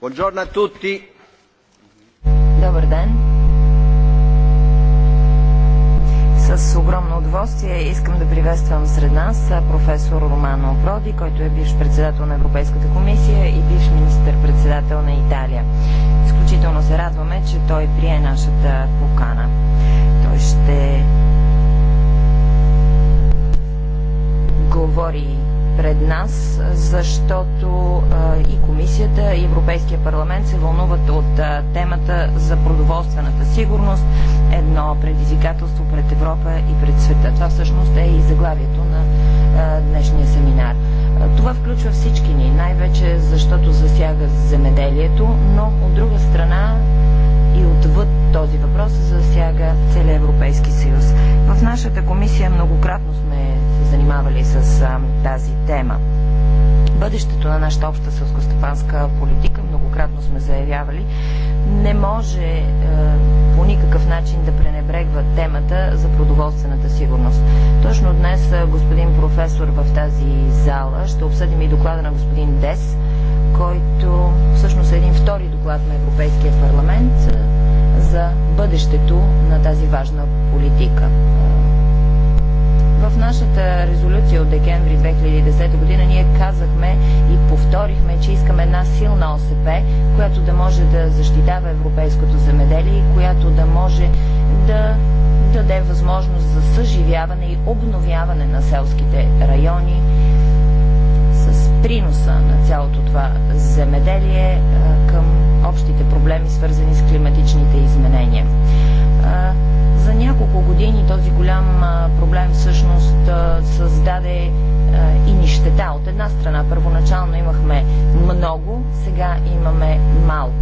Buongiorno a tutti. Добър ден. С огромно удоволствие искам да приветствам сред нас професор Романо Проди, който е бивш председател на Европейската комисия и бивш министър-председател на Италия. Изключително се радваме, че той прие нашата покана. Той ще говори пред нас, защото и комисията, и Европейския парламент се вълнуват от темата за продоволствената сигурност, едно предизвикателство пред Европа и пред света. Това всъщност е и заглавието на днешния семинар. Това включва всички ни, най-вече защото засяга земеделието, но от друга страна и отвъд този въпрос засяга целия Европейски съюз. В нашата комисия многократно сме занимавали с а, тази тема. Бъдещето на нашата обща селскостопанска политика, многократно сме заявявали, не може е, по никакъв начин да пренебрегва темата за продоволствената сигурност. Точно днес е, господин професор в тази зала ще обсъдим и доклада на господин Дес, който всъщност е един втори доклад на Европейския парламент е, за бъдещето на тази важна политика. В нашата резолюция от декември 2010 година ние казахме и повторихме, че искаме една силна ОСП, която да може да защитава европейското земеделие и която да може да даде възможност за съживяване и обновяване на селските райони с приноса на цялото това земеделие към общите проблеми, свързани с климатичните изменения няколко години този голям проблем всъщност създаде и нищета. От една страна, първоначално имахме много, сега имаме малко.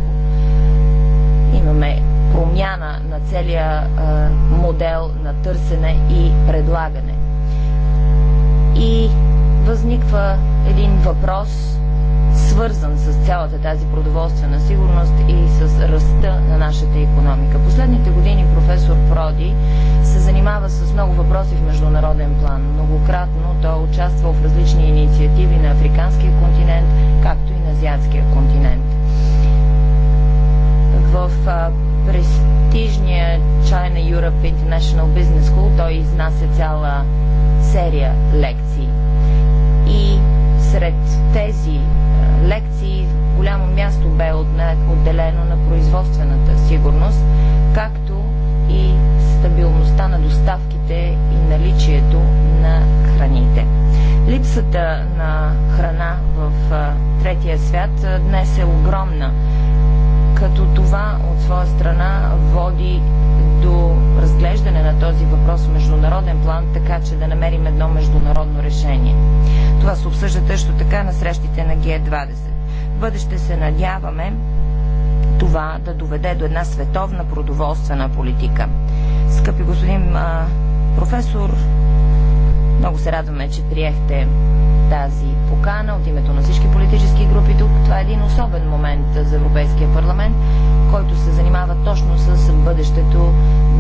Имаме промяна на целия модел на търсене и предлагане. И възниква един въпрос – свързан с цялата тази продоволствена сигурност и с ръста на нашата економика. Последните години професор Проди се занимава с много въпроси в международен план. Многократно той е участвал в различни инициативи на африканския континент, както и на азиатския континент. В престижния China Europe International Business School той изнася цяла серия лекции. И сред тези лекции. Голямо място бе отделено на производствената сигурност, както и стабилността на доставките и наличието на храните. Липсата на храна в третия свят днес е огромна, като това от своя страна води до разглеждане на този въпрос в международен план, така че да намерим едно международно решение. Това се обсъжда също така на срещите на Г20. В бъдеще се надяваме това да доведе до една световна продоволствена политика. Скъпи господин а, професор, много се радваме, че приехте тази покана от името на всички политически групи тук. Това е един особен момент за Европейския парламент, който се занимава точно с бъдещето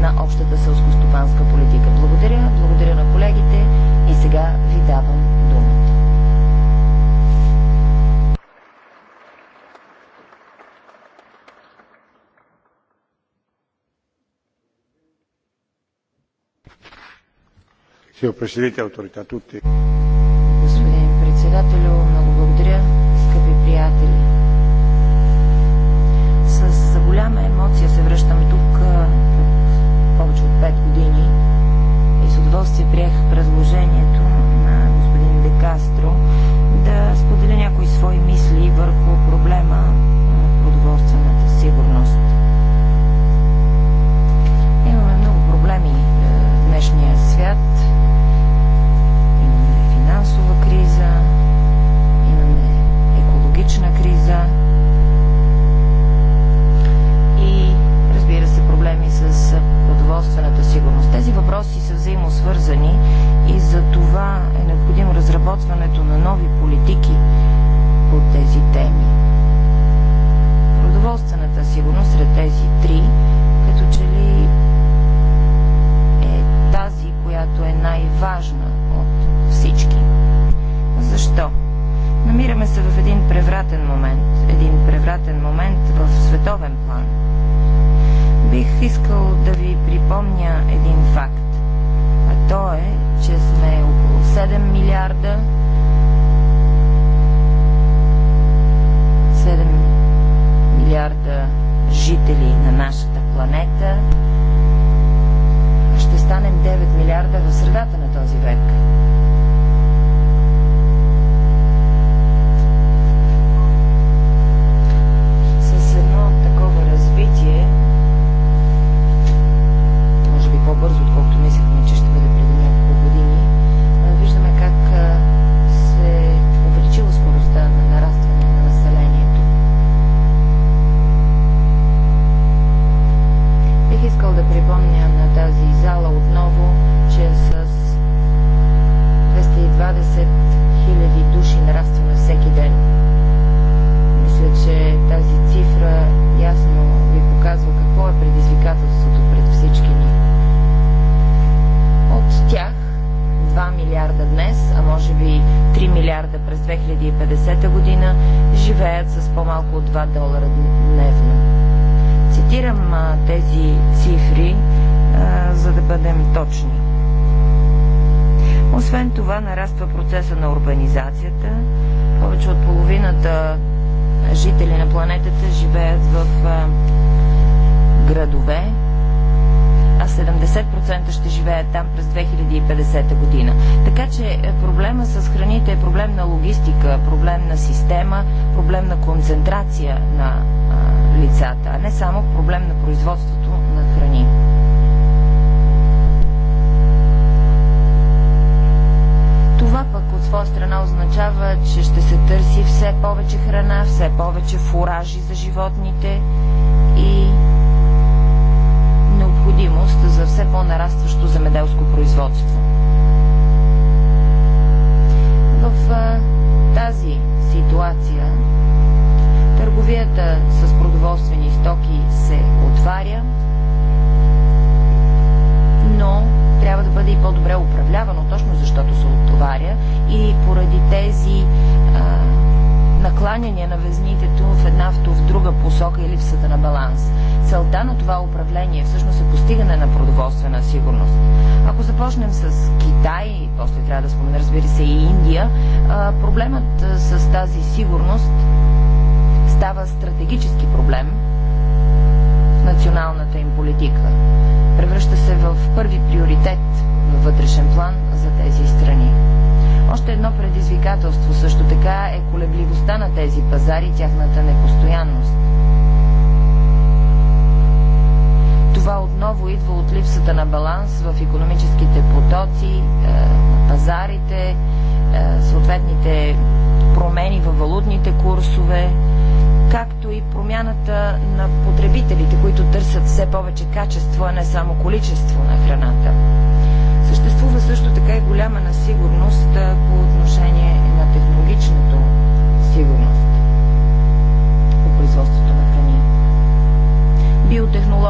на общата сълско-стопанска политика. Благодаря, благодаря на колегите и сега ви давам думата. Signor Presidente, autorità tutti председателю.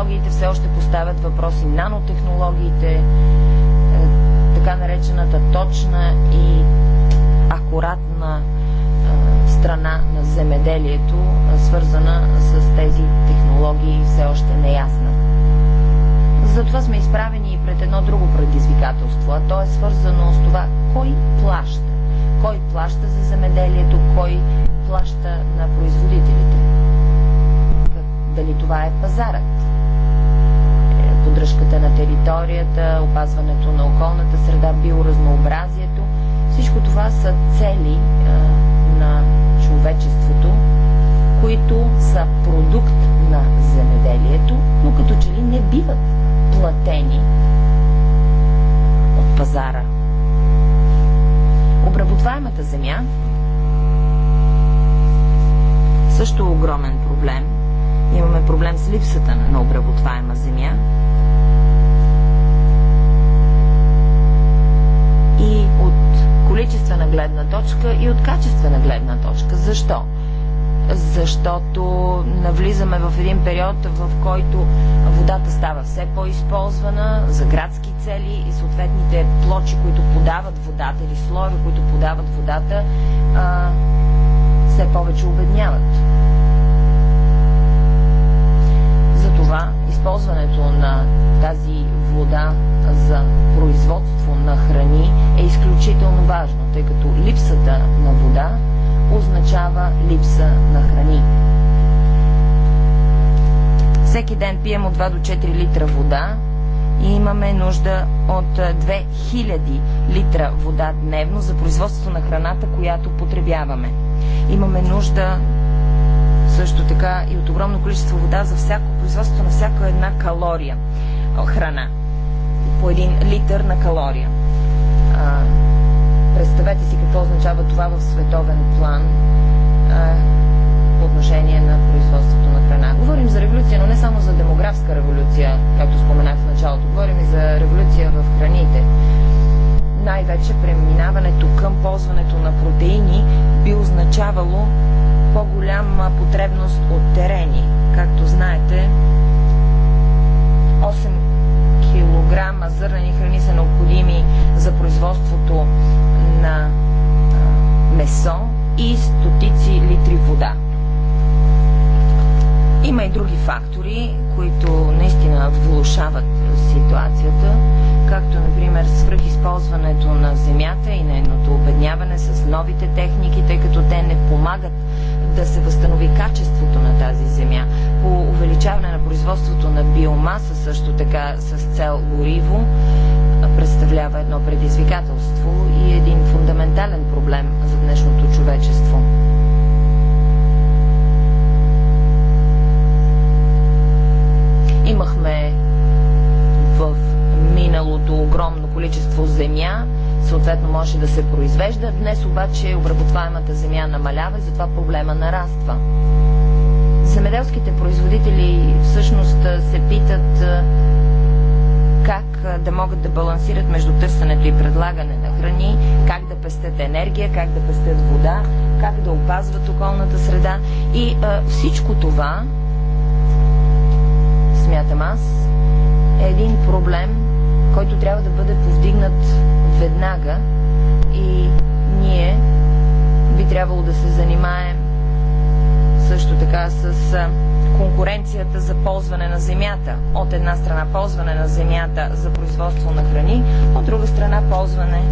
технологиите все още поставят въпроси. Нанотехнологиите, е, така наречената точна и акуратна е, страна на земеделието, е, свързана с тези технологии, все още неясна. Затова сме изправени и пред едно друго предизвикателство, а то е свързано с това кой плаща. Кой плаща за земеделието, кой плаща на производителите. Дали това е пазарът? поддръжката на територията, опазването на околната среда, биоразнообразието. Всичко това са цели а, на човечеството, които са продукт на земеделието, но като че ли не биват платени от пазара. Обработваемата земя също е огромен проблем. Имаме проблем с липсата на обработваема земя, количествена гледна точка и от качествена гледна точка. Защо? Защото навлизаме в един период, в който водата става все по-използвана за градски цели и съответните плочи, които подават водата или слоеве, които подават водата, а, все повече обедняват. Затова използването на тази вода за производство на храни е изключително важно, тъй като липсата на вода означава липса на храни. Всеки ден пием от 2 до 4 литра вода и имаме нужда от 2000 литра вода дневно за производство на храната, която потребяваме. Имаме нужда също така и от огромно количество вода за всяко производство на всяка една калория храна по един литър на калория. А, представете си какво означава това в световен план а, по отношение на производството на храна. Говорим за революция, но не само за демографска революция, както споменах в началото. Говорим и за революция в храните най-вече преминаването към ползването на протеини би означавало по-голяма потребност от терени. Както знаете, 8 килограма зърнени храни са необходими за производството на месо и стотици литри вода. Има и други фактори, които наистина влушават ситуацията, както например свръхизползването на земята и нейното обедняване с новите техники, тъй като те не помагат да се възстанови качеството на тази земя, по увеличаване на производството на биомаса също така с цел гориво представлява едно предизвикателство и един фундаментален проблем за днешното човечество. Имахме в миналото огромно количество земя, съответно може да се произвежда. Днес обаче обработваемата земя намалява и затова проблема нараства. Земеделските производители всъщност се питат как да могат да балансират между търсенето и предлагане на храни, как да пестят енергия, как да пестят вода, как да опазват околната среда. И а, всичко това, смятам аз, е един проблем, който трябва да бъде повдигнат веднага и ние би трябвало да се занимаем също така с конкуренцията за ползване на земята. От една страна ползване на земята за производство на храни, от друга страна ползване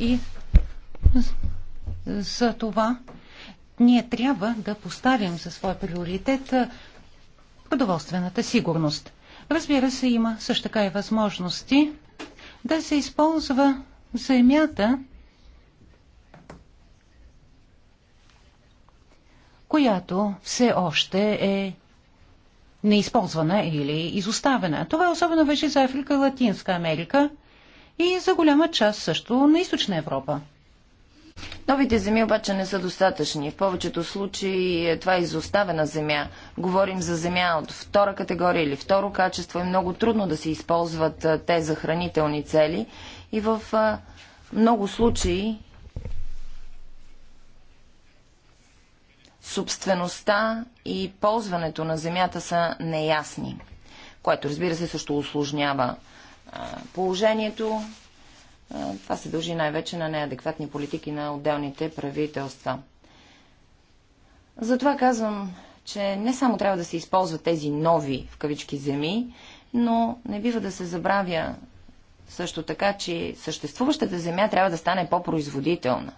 и за това ние трябва да поставим за своя приоритет продоволствената сигурност. Разбира се, има също така и възможности да се използва земята, която все още е неизползвана или изоставена. Това особено вече за Африка и Латинска Америка и за голяма част също на Източна Европа. Новите земи обаче не са достатъчни. В повечето случаи е това е изоставена земя. Говорим за земя от втора категория или второ качество. Е много трудно да се използват те за хранителни цели. И в много случаи собствеността и ползването на земята са неясни, което разбира се също осложнява положението това се дължи най-вече на неадекватни политики на отделните правителства. Затова казвам, че не само трябва да се използват тези нови, в кавички, земи, но не бива да се забравя също така, че съществуващата земя трябва да стане по-производителна.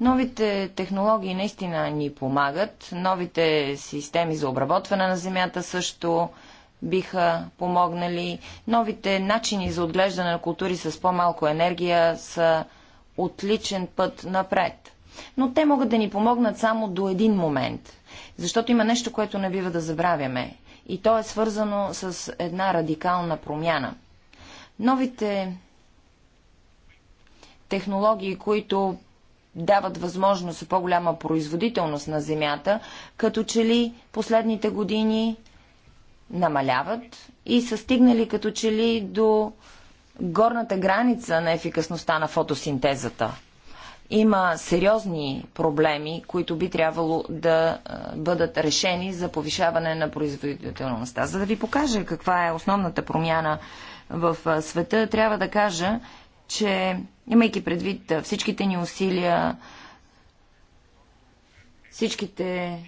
Новите технологии наистина ни помагат, новите системи за обработване на земята също, биха помогнали. Новите начини за отглеждане на култури с по-малко енергия са отличен път напред. Но те могат да ни помогнат само до един момент. Защото има нещо, което не бива да забравяме. И то е свързано с една радикална промяна. Новите технологии, които дават възможност за по-голяма производителност на земята, като че ли последните години намаляват и са стигнали като че ли до горната граница на ефикасността на фотосинтезата. Има сериозни проблеми, които би трябвало да бъдат решени за повишаване на производителността. За да ви покажа каква е основната промяна в света, трябва да кажа, че имайки предвид всичките ни усилия, всичките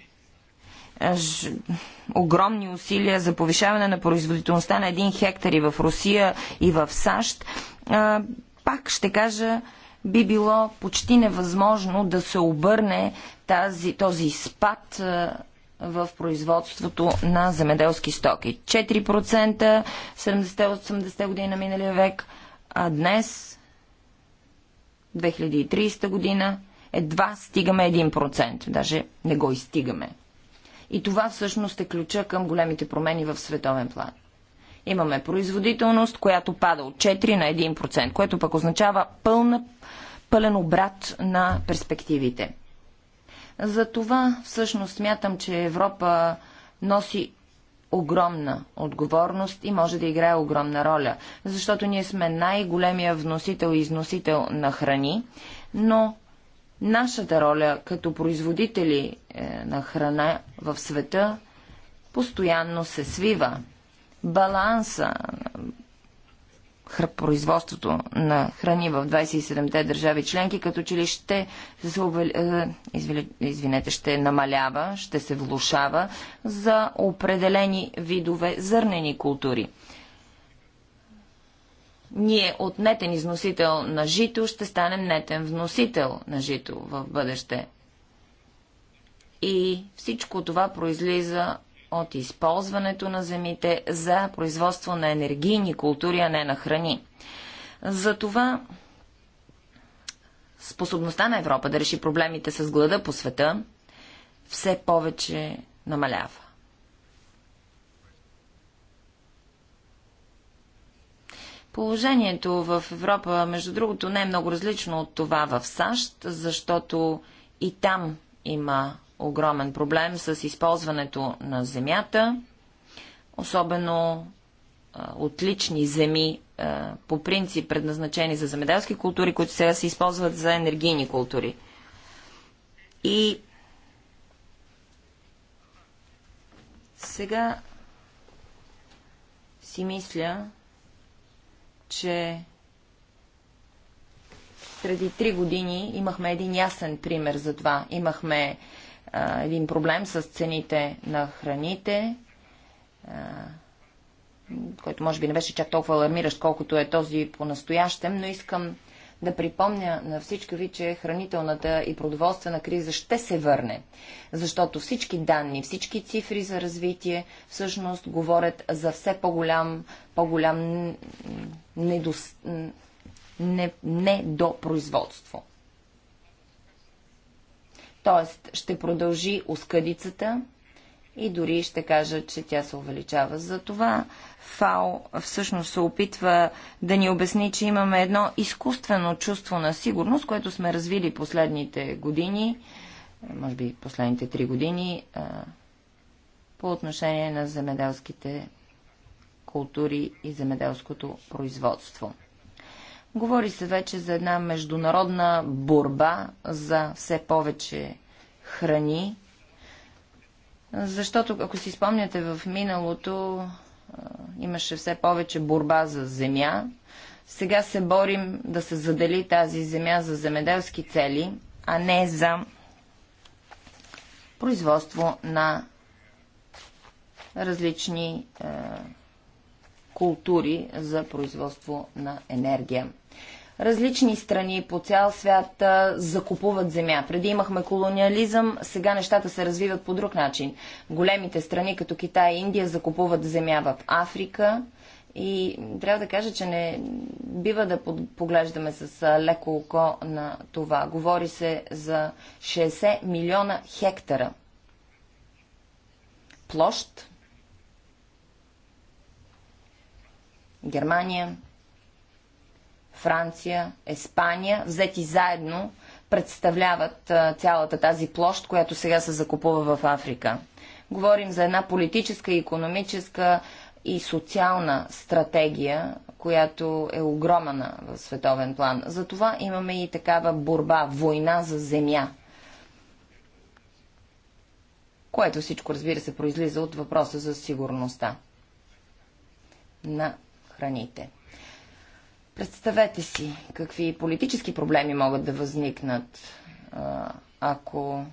огромни усилия за повишаване на производителността на един хектар и в Русия, и в САЩ, пак ще кажа, би било почти невъзможно да се обърне тази, този спад в производството на земеделски стоки. 4% 70-80 години на миналия век, а днес, 2030 година, едва стигаме 1%. Даже не го изстигаме. И това всъщност е ключа към големите промени в световен план. Имаме производителност, която пада от 4 на 1%, което пък означава пълна, пълен обрат на перспективите. За това всъщност смятам, че Европа носи огромна отговорност и може да играе огромна роля, защото ние сме най-големия вносител и износител на храни, но нашата роля като производители е, на храна в света постоянно се свива. Баланса на производството на храни в 27-те държави членки, като че ли ще се е, извинете, ще намалява, ще се влушава за определени видове зърнени култури ние от нетен износител на жито ще станем нетен вносител на жито в бъдеще. И всичко това произлиза от използването на земите за производство на енергийни култури, а не на храни. Затова способността на Европа да реши проблемите с глада по света все повече намалява. Положението в Европа, между другото, не е много различно от това в САЩ, защото и там има огромен проблем с използването на земята, особено отлични земи, по принцип предназначени за земеделски култури, които сега се използват за енергийни култури. И сега си мисля, че преди три години имахме един ясен пример за това. Имахме а, един проблем с цените на храните, а, който може би не беше чак толкова алармиращ, колкото е този по-настоящем, но искам да припомня на всички ви, че хранителната и продоволствена криза ще се върне, защото всички данни, всички цифри за развитие всъщност говорят за все по-голям, по-голям недос... не... недопроизводство. Т.е. ще продължи оскъдицата и дори ще кажа, че тя се увеличава. Затова ФАО всъщност се опитва да ни обясни, че имаме едно изкуствено чувство на сигурност, което сме развили последните години, може би последните три години, по отношение на земеделските култури и земеделското производство. Говори се вече за една международна борба за все повече храни, защото, ако си спомняте, в миналото имаше все повече борба за земя. Сега се борим да се задели тази земя за земеделски цели, а не за производство на различни е, култури за производство на енергия. Различни страни по цял свят закупуват земя. Преди имахме колониализъм, сега нещата се развиват по друг начин. Големите страни, като Китай и Индия, закупуват земя в Африка. И трябва да кажа, че не бива да поглеждаме с леко око на това. Говори се за 60 милиона хектара площ. Германия, Франция, Испания, взети заедно, представляват цялата тази площ, която сега се закупува в Африка. Говорим за една политическа, економическа и социална стратегия, която е огромна в световен план. Затова имаме и такава борба, война за земя. Което всичко, разбира се, произлиза от въпроса за сигурността на храните. Представете си какви политически проблеми могат да възникнат, ако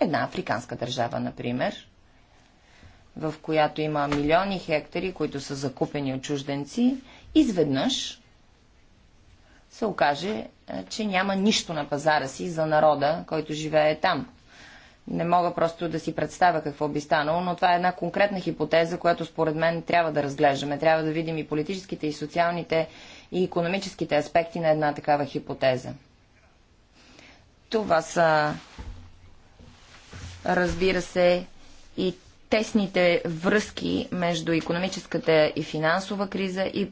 една африканска държава, например, в която има милиони хектари, които са закупени от чужденци, изведнъж се окаже, че няма нищо на пазара си за народа, който живее там. Не мога просто да си представя какво би станало, но това е една конкретна хипотеза, която според мен трябва да разглеждаме. Трябва да видим и политическите, и социалните, и економическите аспекти на една такава хипотеза. Това са, разбира се, и тесните връзки между економическата и финансова криза и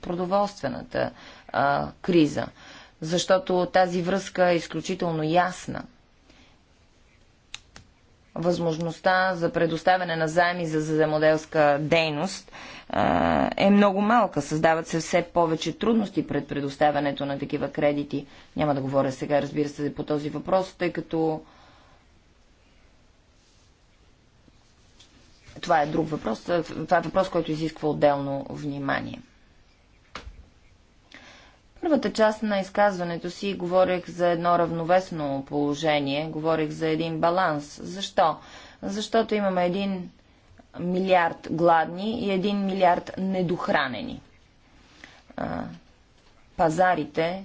продоволствената а, криза, защото тази връзка е изключително ясна – възможността за предоставяне на заеми за земеделска дейност е много малка. Създават се все повече трудности пред предоставянето на такива кредити. Няма да говоря сега, разбира се, по този въпрос, тъй като това е друг въпрос. Това е въпрос, който изисква отделно внимание първата част на изказването си говорих за едно равновесно положение, говорих за един баланс. Защо? Защото имаме един милиард гладни и един милиард недохранени. Пазарите,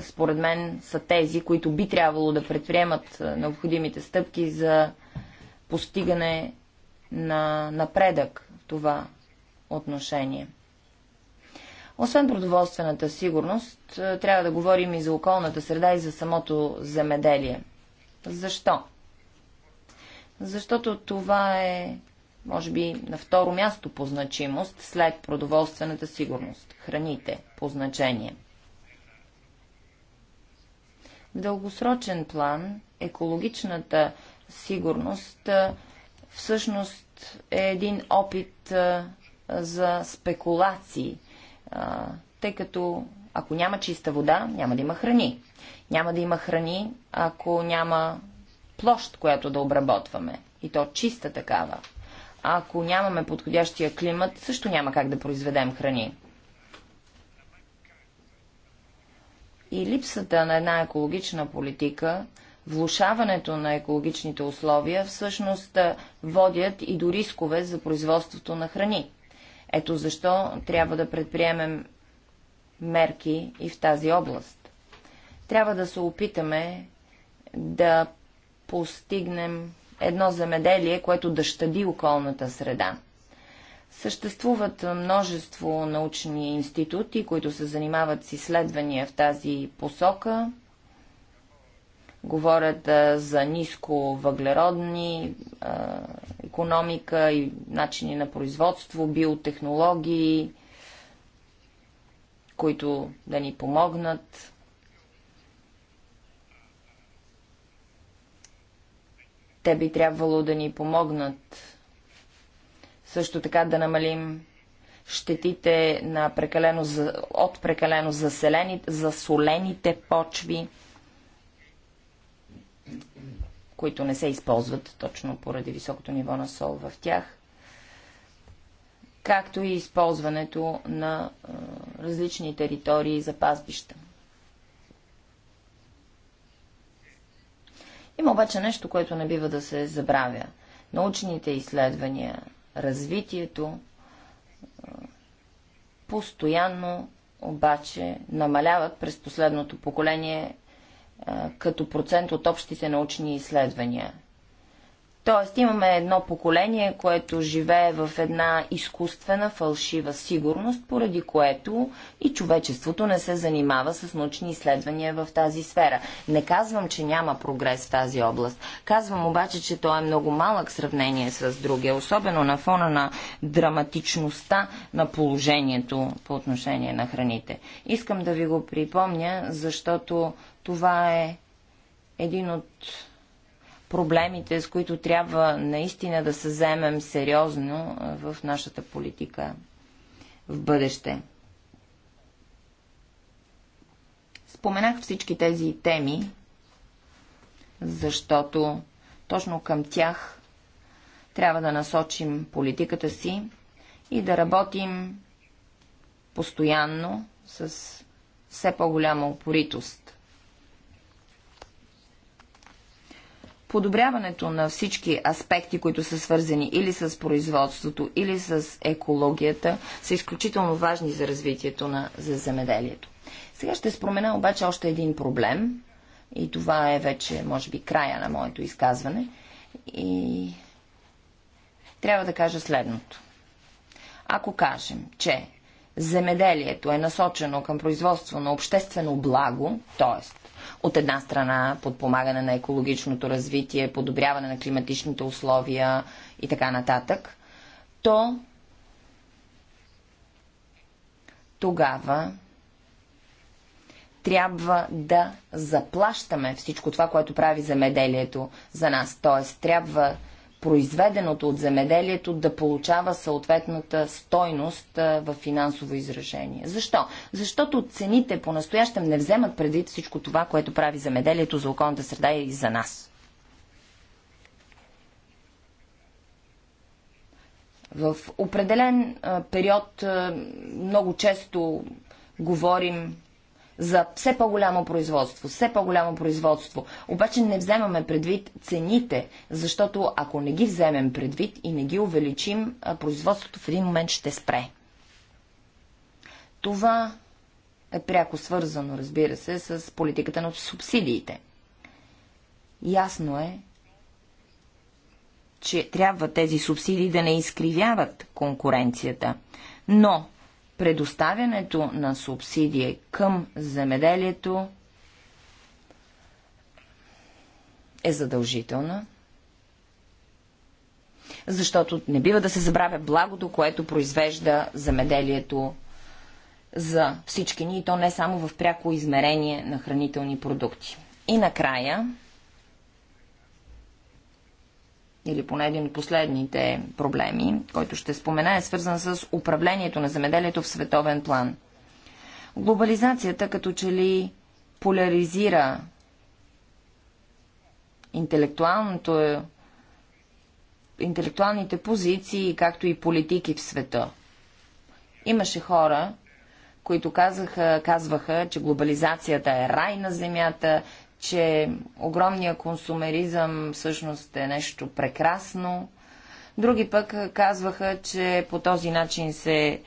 според мен, са тези, които би трябвало да предприемат необходимите стъпки за постигане на напредък в това отношение. Освен продоволствената сигурност, е, трябва да говорим и за околната среда и за самото земеделие. Защо? Защото това е, може би, на второ място по значимост след продоволствената сигурност. Храните по значение. В дългосрочен план екологичната сигурност е, всъщност е един опит е, за спекулации – тъй като ако няма чиста вода, няма да има храни. Няма да има храни, ако няма площ, която да обработваме. И то чиста такава. А ако нямаме подходящия климат, също няма как да произведем храни. И липсата на една екологична политика, влушаването на екологичните условия всъщност водят и до рискове за производството на храни. Ето защо трябва да предприемем мерки и в тази област. Трябва да се опитаме да постигнем едно земеделие, което да щади околната среда. Съществуват множество научни институти, които се занимават с изследвания в тази посока говорят а, за ниско въглеродни а, економика и начини на производство, биотехнологии, които да ни помогнат. Те би трябвало да ни помогнат също така да намалим щетите на прекалено, от прекалено заселените, засолените почви – които не се използват точно поради високото ниво на сол в тях, както и използването на различни територии за пазбища. Има обаче нещо, което не бива да се забравя. Научните изследвания, развитието постоянно обаче намаляват през последното поколение като процент от общите научни изследвания. Тоест имаме едно поколение, което живее в една изкуствена, фалшива сигурност, поради което и човечеството не се занимава с научни изследвания в тази сфера. Не казвам, че няма прогрес в тази област. Казвам обаче, че той е много малък в сравнение с другия, особено на фона на драматичността на положението по отношение на храните. Искам да ви го припомня, защото това е един от проблемите, с които трябва наистина да се вземем сериозно в нашата политика в бъдеще. Споменах всички тези теми, защото точно към тях трябва да насочим политиката си и да работим постоянно с все по-голяма упоритост. подобряването на всички аспекти, които са свързани или с производството, или с екологията, са изключително важни за развитието на за земеделието. Сега ще спомена обаче още един проблем, и това е вече, може би, края на моето изказване. И трябва да кажа следното. Ако кажем, че земеделието е насочено към производство на обществено благо, т.е. От една страна подпомагане на екологичното развитие, подобряване на климатичните условия и така нататък, то тогава трябва да заплащаме всичко това, което прави земеделието за нас. Т.е. трябва произведеното от земеделието да получава съответната стойност в финансово изражение. Защо? Защото цените по-настоящем не вземат предвид всичко това, което прави земеделието за околната среда и за нас. В определен период много често говорим за все по-голямо производство, все по-голямо производство. Обаче не вземаме предвид цените, защото ако не ги вземем предвид и не ги увеличим, производството в един момент ще спре. Това е пряко свързано, разбира се, с политиката на субсидиите. Ясно е, че трябва тези субсидии да не изкривяват конкуренцията. Но предоставянето на субсидия към земеделието е задължителна, защото не бива да се забравя благото, което произвежда земеделието за всички ни, и то не само в пряко измерение на хранителни продукти. И накрая, или поне един от последните проблеми, който ще спомена, е свързан с управлението на земеделието в световен план. Глобализацията като че ли поляризира интелектуалното, интелектуалните позиции, както и политики в света. Имаше хора, които казаха, казваха, че глобализацията е рай на земята, че огромния консумеризъм всъщност е нещо прекрасно. Други пък казваха, че по този начин се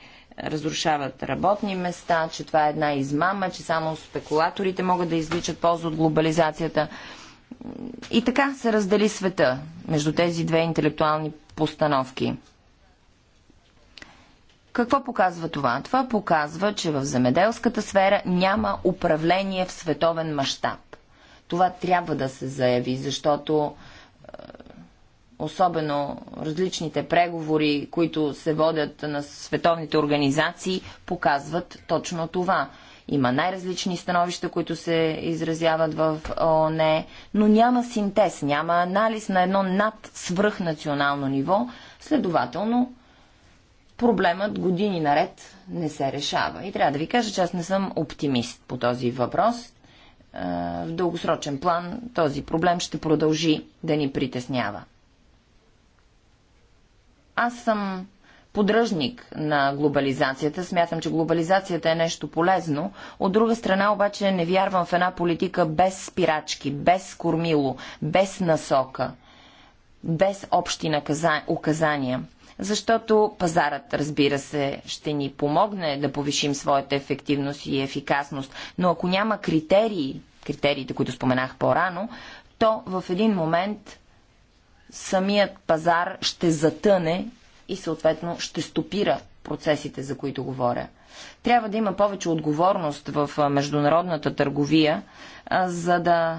разрушават работни места, че това е една измама, че само спекулаторите могат да извличат полза от глобализацията. И така се раздели света между тези две интелектуални постановки. Какво показва това? Това показва, че в земеделската сфера няма управление в световен мащаб. Това трябва да се заяви, защото е, особено различните преговори, които се водят на световните организации, показват точно това. Има най-различни становища, които се изразяват в ООН, но няма синтез, няма анализ на едно над свръхнационално ниво. Следователно, проблемът години наред не се решава. И трябва да ви кажа, че аз не съм оптимист по този въпрос в дългосрочен план този проблем ще продължи да ни притеснява. Аз съм подръжник на глобализацията. Смятам, че глобализацията е нещо полезно. От друга страна обаче не вярвам в една политика без спирачки, без кормило, без насока, без общи указания защото пазарът, разбира се, ще ни помогне да повишим своята ефективност и ефикасност. Но ако няма критерии, критериите, които споменах по-рано, то в един момент самият пазар ще затъне и съответно ще стопира процесите, за които говоря. Трябва да има повече отговорност в международната търговия, за да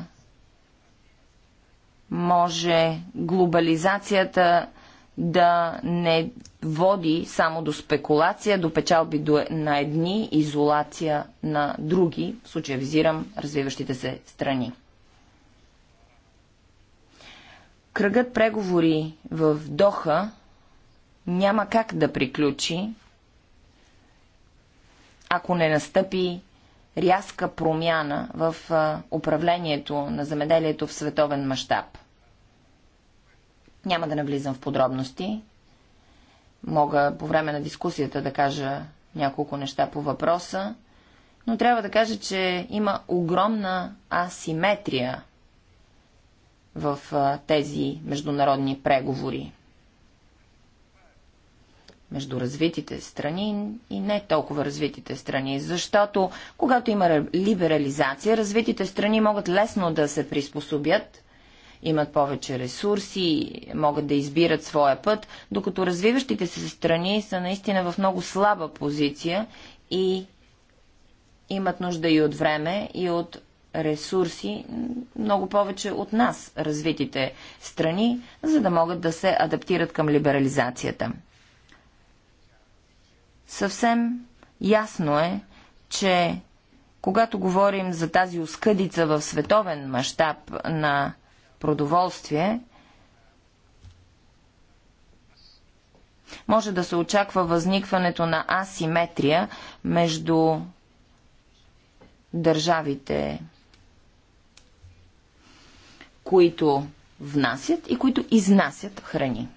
може глобализацията да не води само до спекулация, до печалби на едни, изолация на други, в случая визирам развиващите се страни. Кръгът преговори в Доха няма как да приключи, ако не настъпи рязка промяна в управлението на земеделието в световен мащаб. Няма да навлизам в подробности. Мога по време на дискусията да кажа няколко неща по въпроса, но трябва да кажа, че има огромна асиметрия в тези международни преговори между развитите страни и не толкова развитите страни, защото когато има либерализация, развитите страни могат лесно да се приспособят имат повече ресурси, могат да избират своя път, докато развиващите се страни са наистина в много слаба позиция и имат нужда и от време, и от ресурси, много повече от нас, развитите страни, за да могат да се адаптират към либерализацията. Съвсем ясно е, че когато говорим за тази оскъдица в световен мащаб на продоволствие, може да се очаква възникването на асиметрия между държавите, които внасят и които изнасят храни.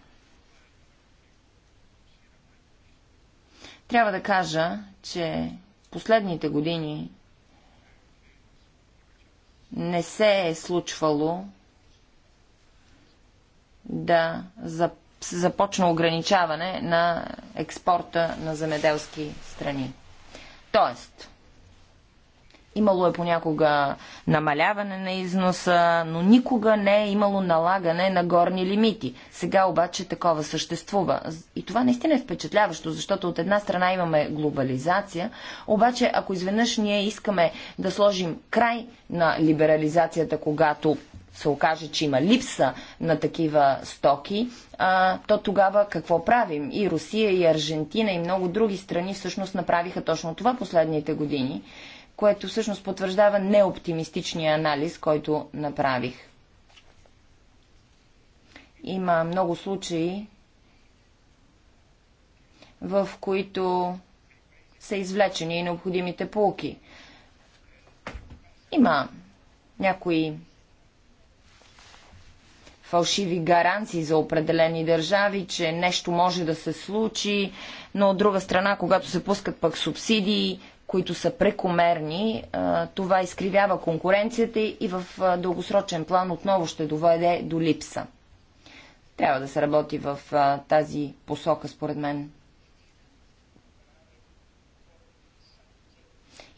Трябва да кажа, че последните години не се е случвало да започна ограничаване на експорта на земеделски страни. Тоест, имало е понякога намаляване на износа, но никога не е имало налагане на горни лимити. Сега обаче такова съществува. И това наистина е впечатляващо, защото от една страна имаме глобализация, обаче ако изведнъж ние искаме да сложим край на либерализацията, когато се окаже, че има липса на такива стоки, а, то тогава какво правим? И Русия, и Аржентина, и много други страни всъщност направиха точно това последните години, което всъщност потвърждава неоптимистичния анализ, който направих. Има много случаи, в които са извлечени и необходимите полки. Има някои фалшиви гаранции за определени държави, че нещо може да се случи, но от друга страна, когато се пускат пък субсидии, които са прекомерни, това изкривява конкуренцията и в дългосрочен план отново ще доведе до липса. Трябва да се работи в тази посока, според мен.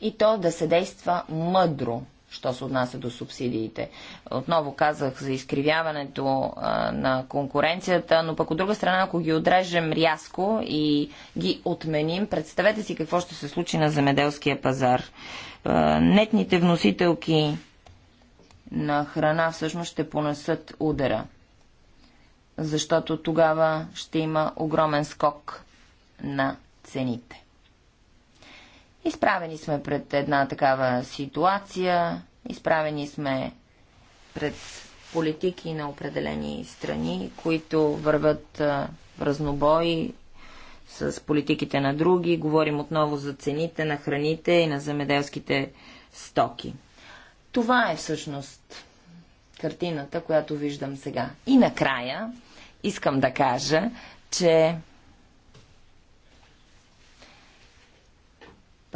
И то да се действа мъдро – що се отнася до субсидиите. Отново казах за изкривяването а, на конкуренцията, но пък от друга страна, ако ги отрежем рязко и ги отменим, представете си какво ще се случи на земеделския пазар. А, нетните вносителки на храна всъщност ще понесат удара, защото тогава ще има огромен скок на цените. Изправени сме пред една такава ситуация, изправени сме пред политики на определени страни, които върват в разнобой с политиките на други. Говорим отново за цените на храните и на земеделските стоки. Това е всъщност картината, която виждам сега. И накрая искам да кажа, че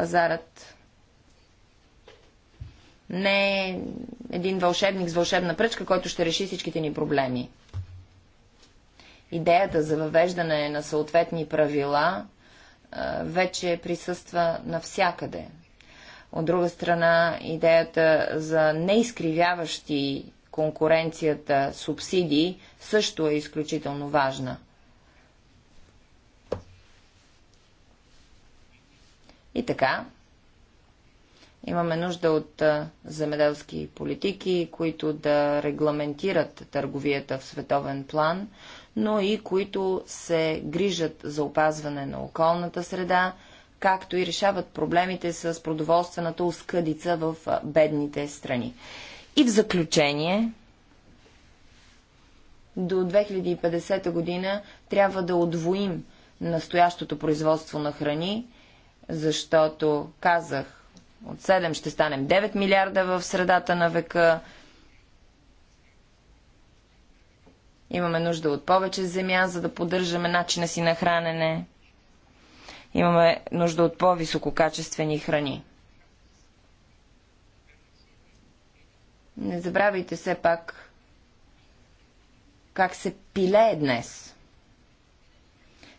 Пазарът не е един вълшебник с вълшебна пръчка, който ще реши всичките ни проблеми. Идеята за въвеждане на съответни правила вече присъства навсякъде. От друга страна, идеята за неизкривяващи конкуренцията субсидии също е изключително важна – И така, имаме нужда от земеделски политики, които да регламентират търговията в световен план, но и които се грижат за опазване на околната среда, както и решават проблемите с продоволствената оскъдица в бедните страни. И в заключение, до 2050 година трябва да отвоим настоящото производство на храни, защото казах, от 7 ще станем 9 милиарда в средата на века. Имаме нужда от повече земя, за да поддържаме начина си на хранене. Имаме нужда от по-висококачествени храни. Не забравяйте все пак как се пилее днес –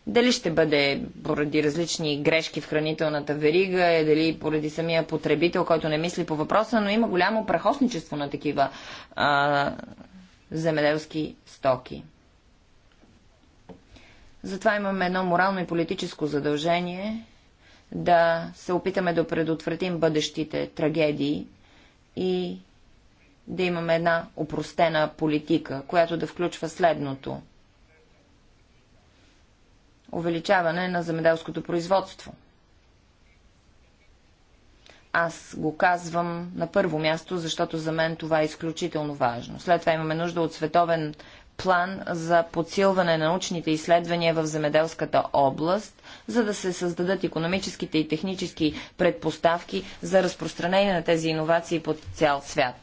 дали ще бъде поради различни грешки в хранителната верига, е дали поради самия потребител, който не мисли по въпроса, но има голямо прахосничество на такива а, земеделски стоки. Затова имаме едно морално и политическо задължение да се опитаме да предотвратим бъдещите трагедии и да имаме една опростена политика, която да включва следното – увеличаване на земеделското производство. Аз го казвам на първо място, защото за мен това е изключително важно. След това имаме нужда от световен план за подсилване на научните изследвания в земеделската област, за да се създадат економическите и технически предпоставки за разпространение на тези иновации по цял свят.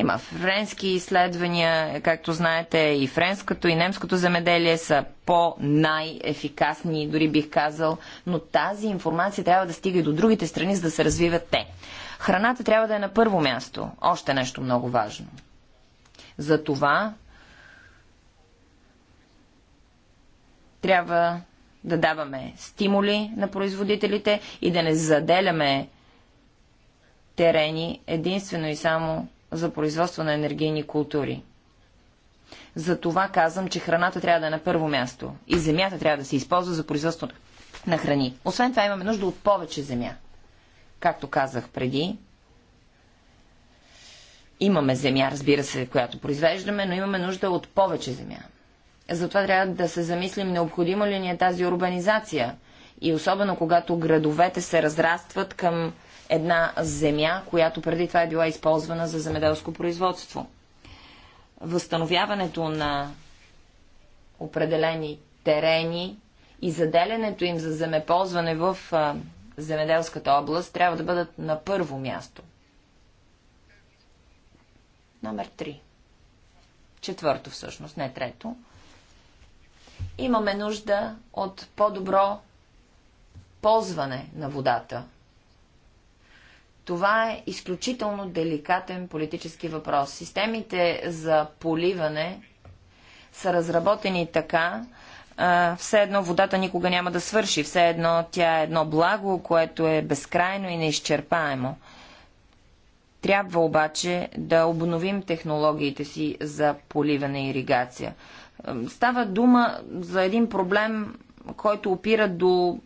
Има френски изследвания, както знаете, и френското, и немското земеделие са по-най-ефикасни, дори бих казал, но тази информация трябва да стига и до другите страни, за да се развиват те. Храната трябва да е на първо място. Още нещо много важно. За това трябва да даваме стимули на производителите и да не заделяме терени единствено и само за производство на енергийни култури. За това казвам, че храната трябва да е на първо място и земята трябва да се използва за производство на храни. Освен това имаме нужда от повече земя. Както казах преди, имаме земя, разбира се, която произвеждаме, но имаме нужда от повече земя. Затова трябва да се замислим необходима ли ни е тази урбанизация. И особено когато градовете се разрастват към една земя, която преди това е била използвана за земеделско производство. Възстановяването на определени терени и заделянето им за земеползване в земеделската област трябва да бъдат на първо място. Номер 3. Четвърто всъщност, не трето. Имаме нужда от по-добро ползване на водата това е изключително деликатен политически въпрос. Системите за поливане са разработени така, все едно водата никога няма да свърши, все едно тя е едно благо, което е безкрайно и неизчерпаемо. Трябва обаче да обновим технологиите си за поливане и иригация. Става дума за един проблем, който опира до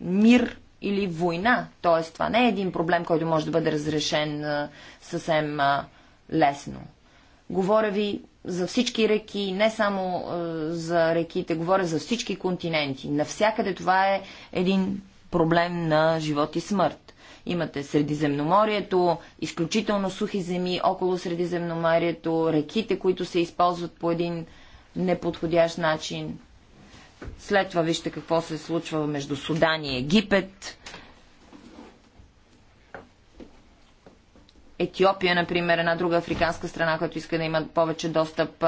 мир или война. Т.е. това не е един проблем, който може да бъде разрешен съвсем лесно. Говоря ви за всички реки, не само за реките, говоря за всички континенти. Навсякъде това е един проблем на живот и смърт. Имате Средиземноморието, изключително сухи земи около Средиземноморието, реките, които се използват по един неподходящ начин. След това вижте какво се случва между Судан и Египет. Етиопия, например, е една друга африканска страна, която иска да има повече достъп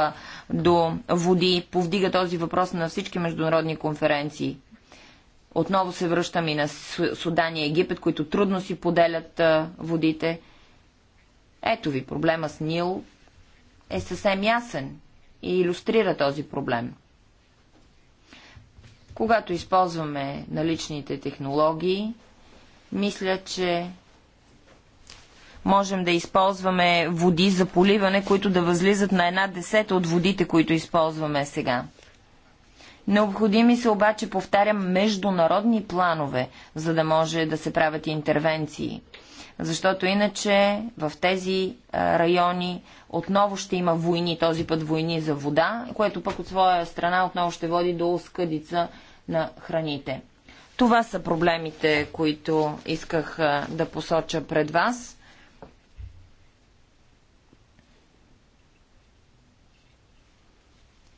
до води, повдига този въпрос на всички международни конференции. Отново се връщам и на Судан и Египет, които трудно си поделят водите. Ето ви, проблема с Нил е съвсем ясен и иллюстрира този проблем. Когато използваме наличните технологии, мисля, че можем да използваме води за поливане, които да възлизат на една десета от водите, които използваме сега. Необходими са обаче, повтарям, международни планове, за да може да се правят интервенции. Защото иначе в тези райони отново ще има войни, този път войни за вода, което пък от своя страна отново ще води до скъдица на храните. Това са проблемите, които исках да посоча пред вас.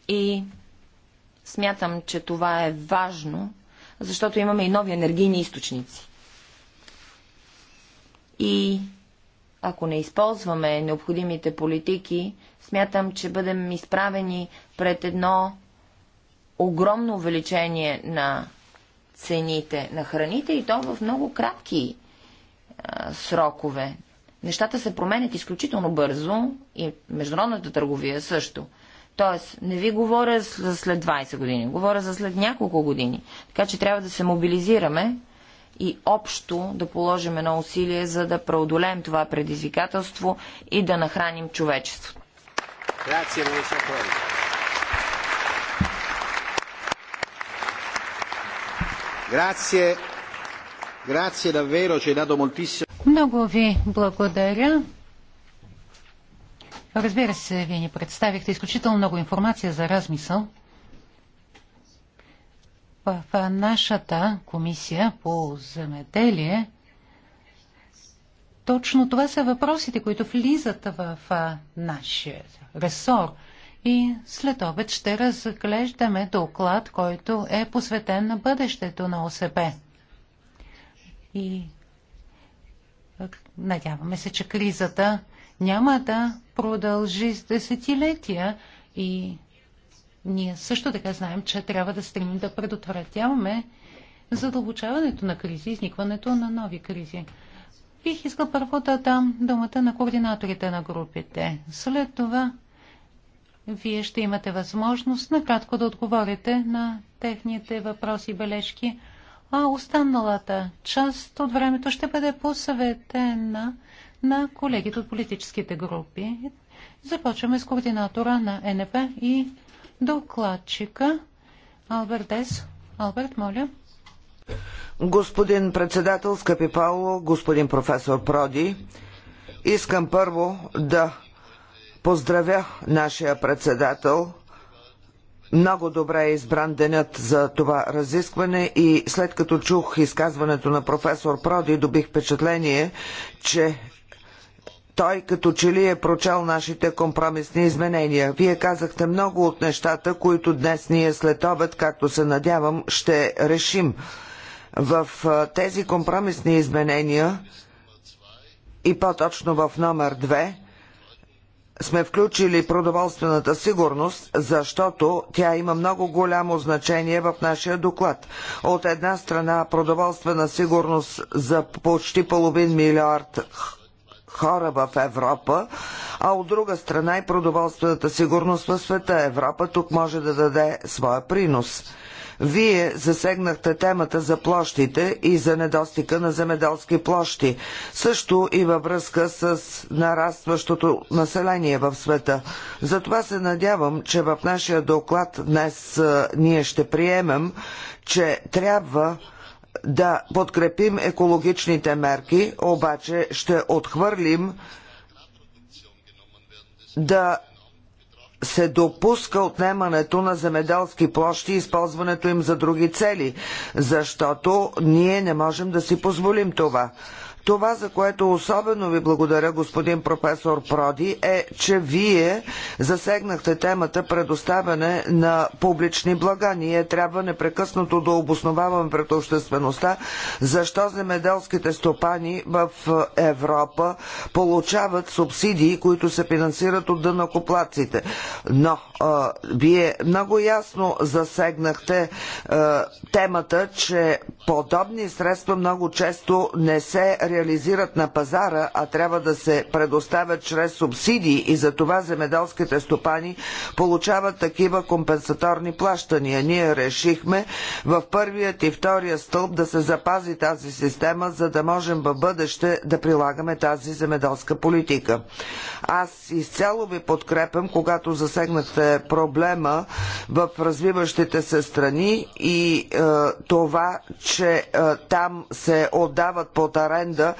И Смятам, че това е важно, защото имаме и нови енергийни източници. И ако не използваме необходимите политики, смятам, че бъдем изправени пред едно огромно увеличение на цените на храните и то в много кратки а, срокове. Нещата се променят изключително бързо и международната търговия също. Тоест, не ви говоря за след 20 години, говоря за след няколко години. Така че трябва да се мобилизираме и общо да положим едно усилие, за да преодолеем това предизвикателство и да нахраним човечеството. Е Много ви благодаря. Разбира се, вие ни представихте изключително много информация за размисъл. В нашата комисия по земеделие точно това са въпросите, които влизат в нашия ресор. И след обед ще разглеждаме доклад, който е посветен на бъдещето на ОСП. И надяваме се, че кризата няма да продължи с десетилетия и ние също така знаем, че трябва да стремим да предотвратяваме задълбочаването на кризи, изникването на нови кризи. Бих искал първо да дам думата на координаторите на групите. След това вие ще имате възможност накратко да отговорите на техните въпроси и бележки, а останалата част от времето ще бъде посъветена на колегите от политическите групи. Започваме с координатора на НП и докладчика Алберт Дес. Алберт, моля. Господин председател, скъпи Пауло, господин професор Проди, искам първо да поздравя нашия председател много добре е избран денят за това разискване и след като чух изказването на професор Проди, добих впечатление, че той като че ли е прочел нашите компромисни изменения. Вие казахте много от нещата, които днес ние след обед, както се надявам, ще решим. В тези компромисни изменения и по-точно в номер 2 сме включили продоволствената сигурност, защото тя има много голямо значение в нашия доклад. От една страна продоволствена сигурност за почти половин милиард хора в Европа, а от друга страна и продоволствената сигурност в света. Европа тук може да даде своя принос. Вие засегнахте темата за площите и за недостига на земеделски площи, също и във връзка с нарастващото население в света. Затова се надявам, че в нашия доклад днес ние ще приемем, че трябва да подкрепим екологичните мерки, обаче ще отхвърлим да се допуска отнемането на земеделски площи и използването им за други цели, защото ние не можем да си позволим това. Това, за което особено ви благодаря, господин професор Проди, е, че вие засегнахте темата предоставяне на публични блага. Ние трябва непрекъснато да обосноваваме пред обществеността защо земеделските стопани в Европа получават субсидии, които се финансират от дънакоплаците. Но а, вие много ясно засегнахте а, темата, че подобни средства много често не се реализират реализират на пазара, а трябва да се предоставят чрез субсидии и за това земеделските стопани получават такива компенсаторни плащания. Ние решихме в първият и втория стълб да се запази тази система, за да можем в бъдеще да прилагаме тази земеделска политика. Аз изцяло ви подкрепям, когато засегнахте проблема в развиващите се страни и е, това, че е, там се отдават под аренда 300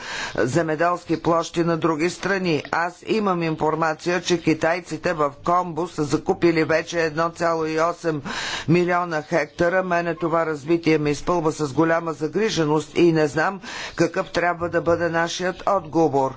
земеделски площи на други страни. Аз имам информация, че китайците в Комбо са закупили вече 1,8 милиона хектара. Мене това развитие ме изпълва с голяма загриженост и не знам какъв трябва да бъде нашият отговор.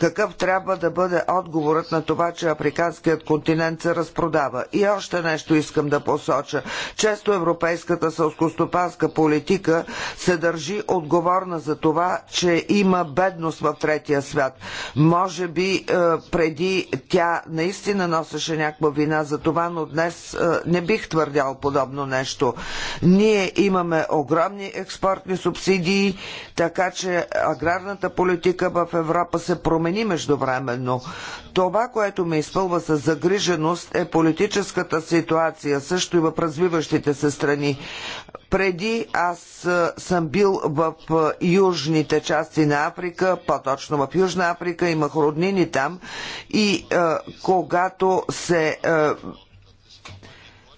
Какъв трябва да бъде отговорът на това, че африканският континент се разпродава. И още нещо искам да посоча. Често европейската сълскостопанска политика се държи отговорна за това, че има има бедност в третия свят. Може би е, преди тя наистина носеше някаква вина за това, но днес е, не бих твърдял подобно нещо. Ние имаме огромни експортни субсидии, така че аграрната политика в Европа се промени междувременно. Това, което ме изпълва с загриженост е политическата ситуация, също и в развиващите се страни. Преди аз е, съм бил в южните части на Южна Африка, по-точно в Южна Африка, имах роднини там и е, когато се е,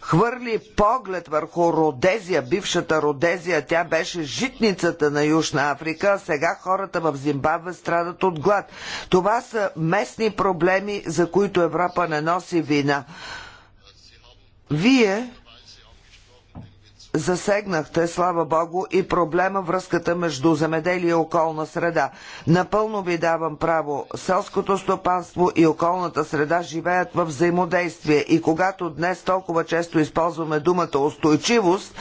хвърли поглед върху Родезия, бившата Родезия, тя беше житницата на Южна Африка, а сега хората в Зимбабве страдат от глад. Това са местни проблеми, за които Европа не носи вина. Вие засегнахте, слава Богу, и проблема връзката между земеделие и околна среда. Напълно ви давам право. Селското стопанство и околната среда живеят в взаимодействие и когато днес толкова често използваме думата устойчивост,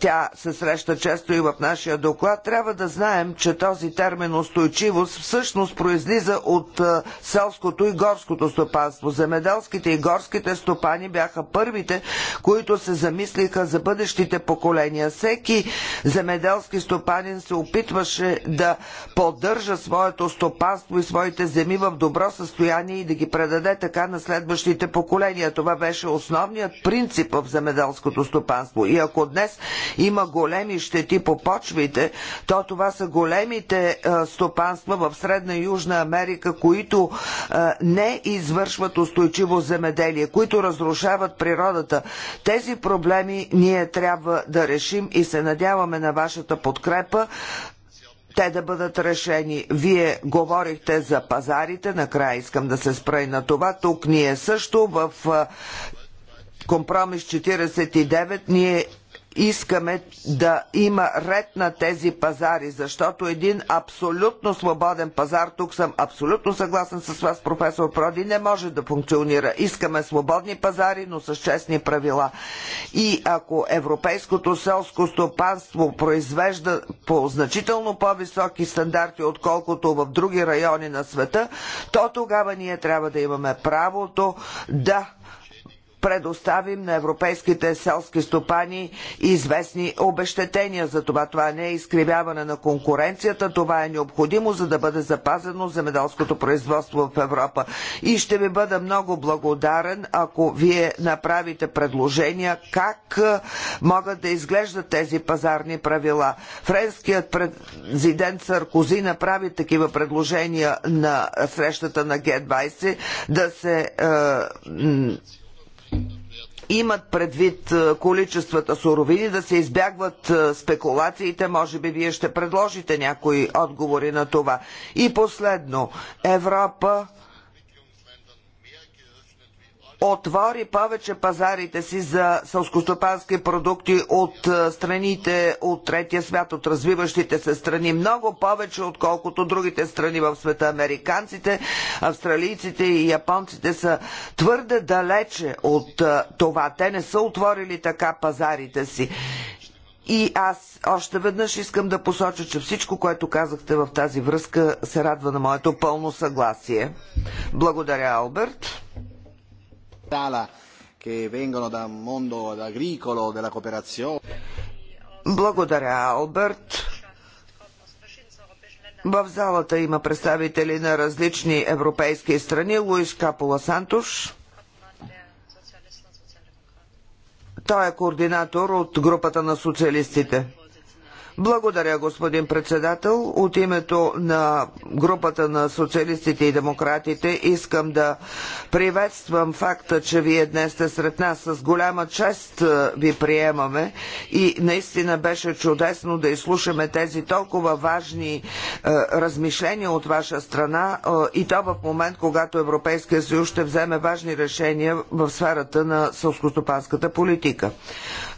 тя се среща често и в нашия доклад, трябва да знаем, че този термин устойчивост всъщност произлиза от селското и горското стопанство. Земеделските и горските стопани бяха първите, които се замислиха за бъдещето следващите поколения. Всеки земеделски стопанин се опитваше да поддържа своето стопанство и своите земи в добро състояние и да ги предаде така на следващите поколения. Това беше основният принцип в земеделското стопанство. И ако днес има големи щети по почвите, то това са големите е, стопанства в Средна и Южна Америка, които е, не извършват устойчиво земеделие, които разрушават природата. Тези проблеми ние трябва трябва да решим и се надяваме на вашата подкрепа те да бъдат решени. Вие говорихте за пазарите, накрая искам да се спра и на това. Тук ние също в компромис 49 ние искаме да има ред на тези пазари, защото един абсолютно свободен пазар, тук съм абсолютно съгласен с вас, професор Проди, не може да функционира. Искаме свободни пазари, но с честни правила. И ако европейското селско стопанство произвежда по значително по-високи стандарти, отколкото в други райони на света, то тогава ние трябва да имаме правото да предоставим на европейските селски стопани известни обещетения за това. Това не е изкривяване на конкуренцията, това е необходимо, за да бъде запазено земеделското производство в Европа. И ще ви бъда много благодарен, ако вие направите предложения как е, могат да изглеждат тези пазарни правила. Френският президент Саркози направи такива предложения на срещата на Г-20 да се е, имат предвид количествата суровини, да се избягват спекулациите. Може би вие ще предложите някои отговори на това. И последно, Европа отвори повече пазарите си за сълскостопански продукти от е, страните от третия свят, от развиващите се страни, много повече отколкото другите страни в света. Американците, австралийците и японците са твърде далече от е, това. Те не са отворили така пазарите си. И аз още веднъж искам да посоча, че всичко, което казахте в тази връзка, се радва на моето пълно съгласие. Благодаря, Алберт. Благодаря, Алберт. В залата има представители на различни европейски страни. Луис Капола Сантуш. Той е координатор от групата на социалистите. Благодаря, господин председател. От името на групата на социалистите и демократите искам да приветствам факта, че вие днес сте сред нас. С голяма чест ви приемаме и наистина беше чудесно да изслушаме тези толкова важни е, размишления от ваша страна е, и то в момент, когато Европейския съюз ще вземе важни решения в сферата на сълскостопанската политика.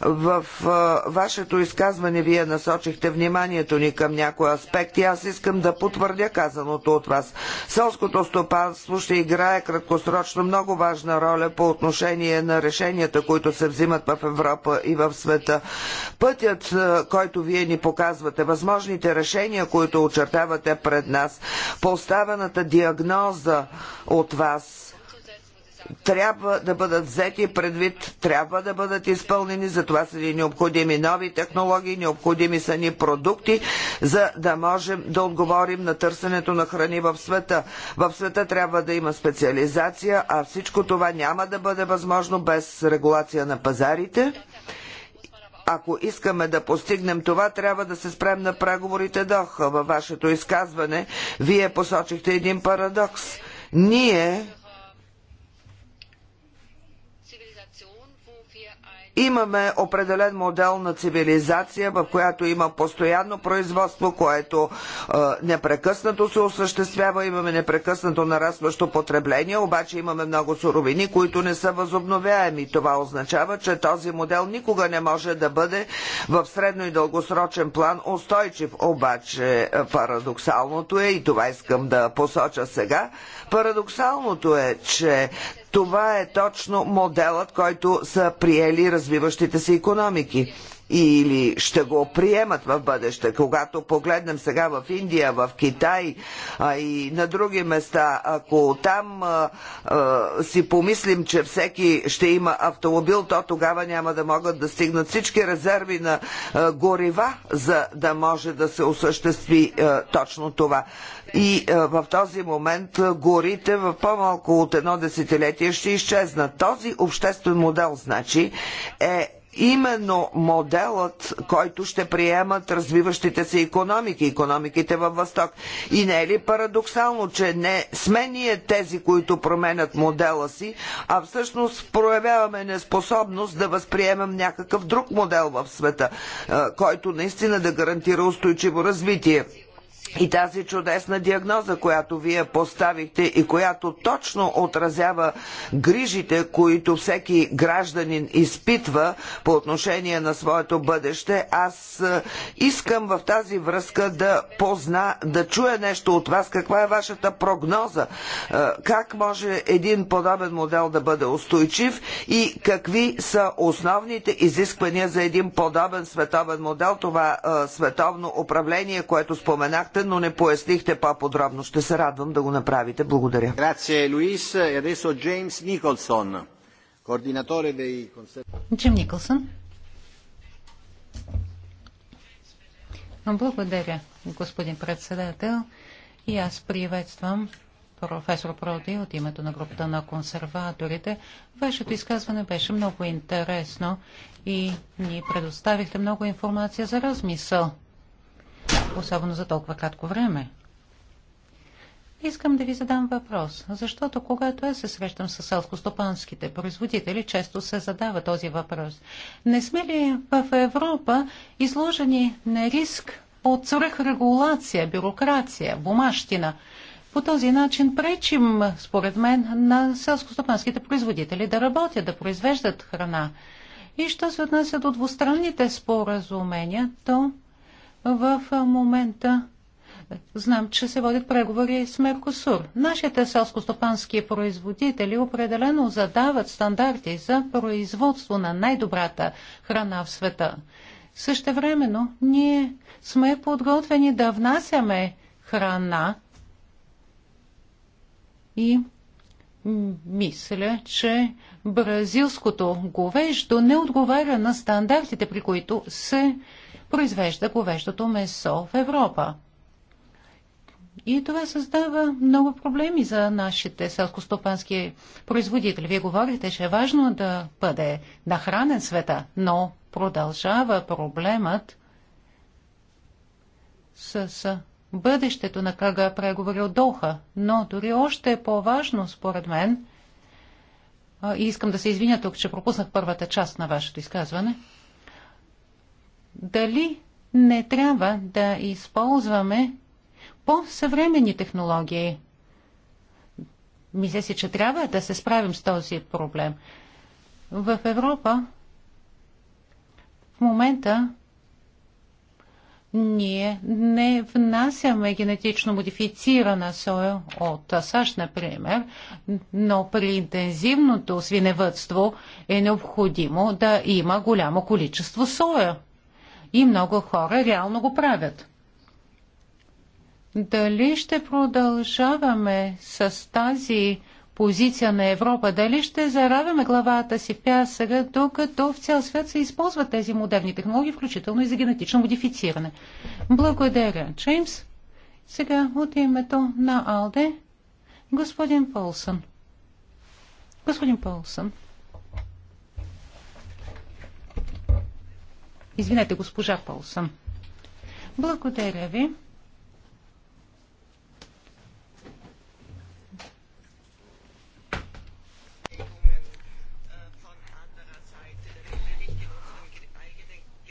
В е, вашето изказване вие насочите насочихте вниманието ни към някои аспекти. Аз искам да потвърдя казаното от вас. Селското стопанство ще играе краткосрочно много важна роля по отношение на решенията, които се взимат в Европа и в света. Пътят, е, който вие ни показвате, възможните решения, които очертавате пред нас, поставената диагноза от вас, трябва да бъдат взети предвид, трябва да бъдат изпълнени, затова са ни необходими нови технологии, необходими са ни продукти, за да можем да отговорим на търсенето на храни в света. В света трябва да има специализация, а всичко това няма да бъде възможно без регулация на пазарите. Ако искаме да постигнем това, трябва да се спрем на преговорите Доха. Във вашето изказване вие посочихте един парадокс. Ние Имаме определен модел на цивилизация, в която има постоянно производство, което е, непрекъснато се осъществява, имаме непрекъснато нарастващо потребление, обаче имаме много суровини, които не са възобновяеми. Това означава, че този модел никога не може да бъде в средно и дългосрочен план устойчив. Обаче е, парадоксалното е, и това искам да посоча сега, парадоксалното е, че това е точно моделът, който са приели развиващите се економики или ще го приемат в бъдеще. Когато погледнем сега в Индия, в Китай а и на други места, ако там а, а, си помислим, че всеки ще има автомобил, то тогава няма да могат да стигнат всички резерви на а, горива, за да може да се осъществи а, точно това. И а, в този момент а, горите в по-малко от едно десетилетие ще изчезнат. Този обществен модел, значи, е именно моделът, който ще приемат развиващите се економики, економиките във Восток. И не е ли парадоксално, че не сме ние тези, които променят модела си, а всъщност проявяваме неспособност да възприемем някакъв друг модел в света, който наистина да гарантира устойчиво развитие и тази чудесна диагноза, която вие поставихте и която точно отразява грижите, които всеки гражданин изпитва по отношение на своето бъдеще, аз е, искам в тази връзка да позна, да чуя нещо от вас, каква е вашата прогноза, е, как може един подобен модел да бъде устойчив и какви са основните изисквания за един подобен световен модел, това е, световно управление, което споменахте, но не пояснихте по-подробно. Ще се радвам да го направите. Благодаря. Луис. И Джеймс Николсон, координаторе Джим Николсон. Благодаря, господин председател. И аз приветствам професор Проди от името на групата на консерваторите. Вашето изказване беше много интересно и ни предоставихте много информация за размисъл особено за толкова кратко време. Искам да ви задам въпрос, защото когато аз се срещам с селскостопанските производители, често се задава този въпрос. Не сме ли в Европа изложени на риск от свръхрегулация, бюрокрация, бумащина? По този начин пречим, според мен, на селскостопанските производители да работят, да произвеждат храна. И що се отнася до двустранните споразумения, то в момента знам, че се водят преговори с Меркосур. Нашите селско-стопански производители определено задават стандарти за производство на най-добрата храна в света. Същевременно ние сме подготвени да внасяме храна и мисля, че бразилското говеждо не отговаря на стандартите, при които се произвежда говеждото месо в Европа. И това създава много проблеми за нашите селскостопански производители. Вие говорите, че е важно да бъде нахранен света, но продължава проблемът с бъдещето на кръга преговори от Доха. Но дори още е по-важно, според мен, и искам да се извиня тук, че пропуснах първата част на вашето изказване – дали не трябва да използваме по-съвремени технологии. Мисля си, че трябва да се справим с този проблем. В Европа в момента ние не внасяме генетично модифицирана соя от САЩ, например, но при интензивното свиневътство е необходимо да има голямо количество соя. И много хора реално го правят. Дали ще продължаваме с тази позиция на Европа? Дали ще заравяме главата си в пясъка, докато в цял свят се използват тези модерни технологии, включително и за генетично модифициране? Благодаря, Джеймс. Сега от името на Алде, господин Полсън. Господин Полсън. Извинете, госпожа Полсън. Благодаря ви.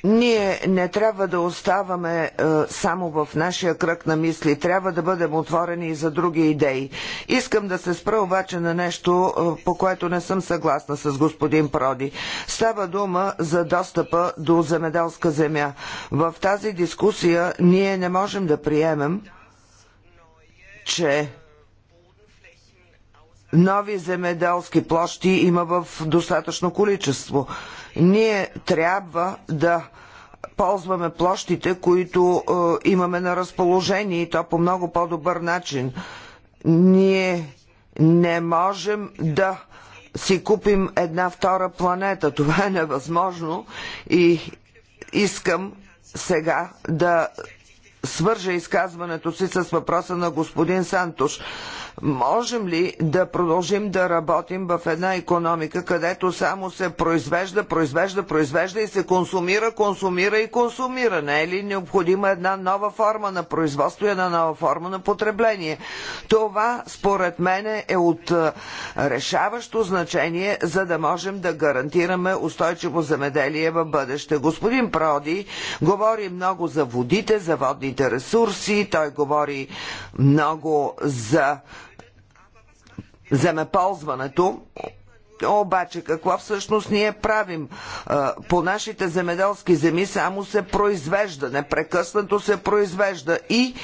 Ние не трябва да оставаме е, само в нашия кръг на мисли, трябва да бъдем отворени и за други идеи. Искам да се спра обаче на нещо, е, по което не съм съгласна с господин Проди. Става дума за достъпа до земеделска земя. В тази дискусия ние не можем да приемем, че нови земеделски площи има в достатъчно количество. Ние трябва да ползваме площите, които е, имаме на разположение и то по много по-добър начин. Ние не можем да си купим една втора планета. Това е невъзможно и искам сега да свържа изказването си с въпроса на господин Сантош. Можем ли да продължим да работим в една економика, където само се произвежда, произвежда, произвежда и се консумира, консумира и консумира? Не е ли необходима една нова форма на производство и една нова форма на потребление? Това, според мен, е от решаващо значение, за да можем да гарантираме устойчиво земеделие в бъдеще. Господин Проди говори много за водите, за водните собствените ресурси, той говори много за земеползването, обаче какво всъщност ние правим? По нашите земеделски земи само се произвежда, непрекъснато се произвежда и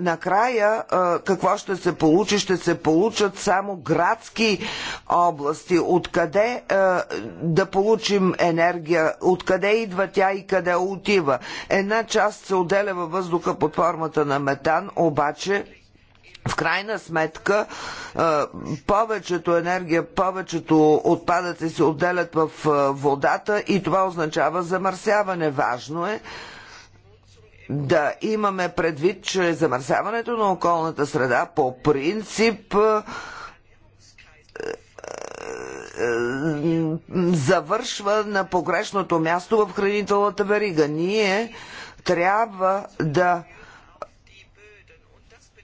накрая какво ще се получи? Ще се получат само градски области. Откъде да получим енергия? Откъде идва тя и къде отива? Една част се отделя във въздуха под формата на метан, обаче в крайна сметка повечето енергия, повечето отпадъци се отделят в водата и това означава замърсяване. Важно е да имаме предвид, че замърсяването на околната среда по принцип завършва на погрешното място в хранителната верига. Ние трябва да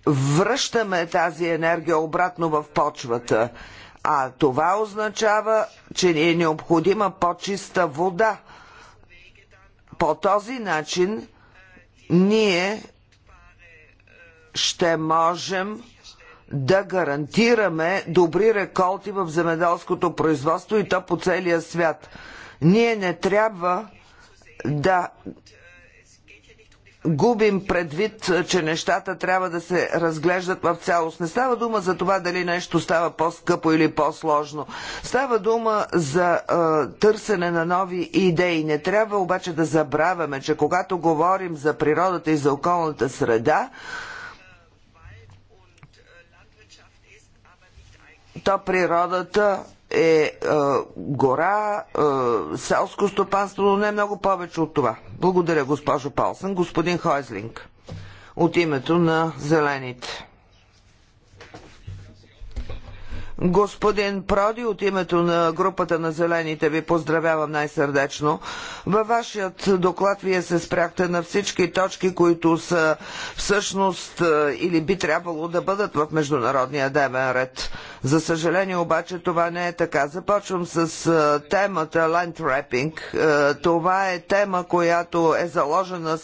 връщаме тази енергия обратно в почвата. А това означава, че ни е необходима по-чиста вода. По този начин ние ще можем да гарантираме добри реколти в земеделското производство и то по целия свят. Ние не трябва да губим предвид, че нещата трябва да се разглеждат в цялост. Не става дума за това дали нещо става по-скъпо или по-сложно. Става дума за е, търсене на нови идеи. Не трябва обаче да забравяме, че когато говорим за природата и за околната среда, то природата е, е, гора, е, селско стопанство, но не много повече от това. Благодаря, госпожо Палсън. Господин Хойзлинг, от името на Зелените. Господин Проди, от името на групата на Зелените ви поздравявам най-сърдечно. Във вашият доклад вие се спряхте на всички точки, които са всъщност е, или би трябвало да бъдат в международния дневен ред. За съжаление обаче това не е така. Започвам с темата Wrapping. Това е тема, която е заложена,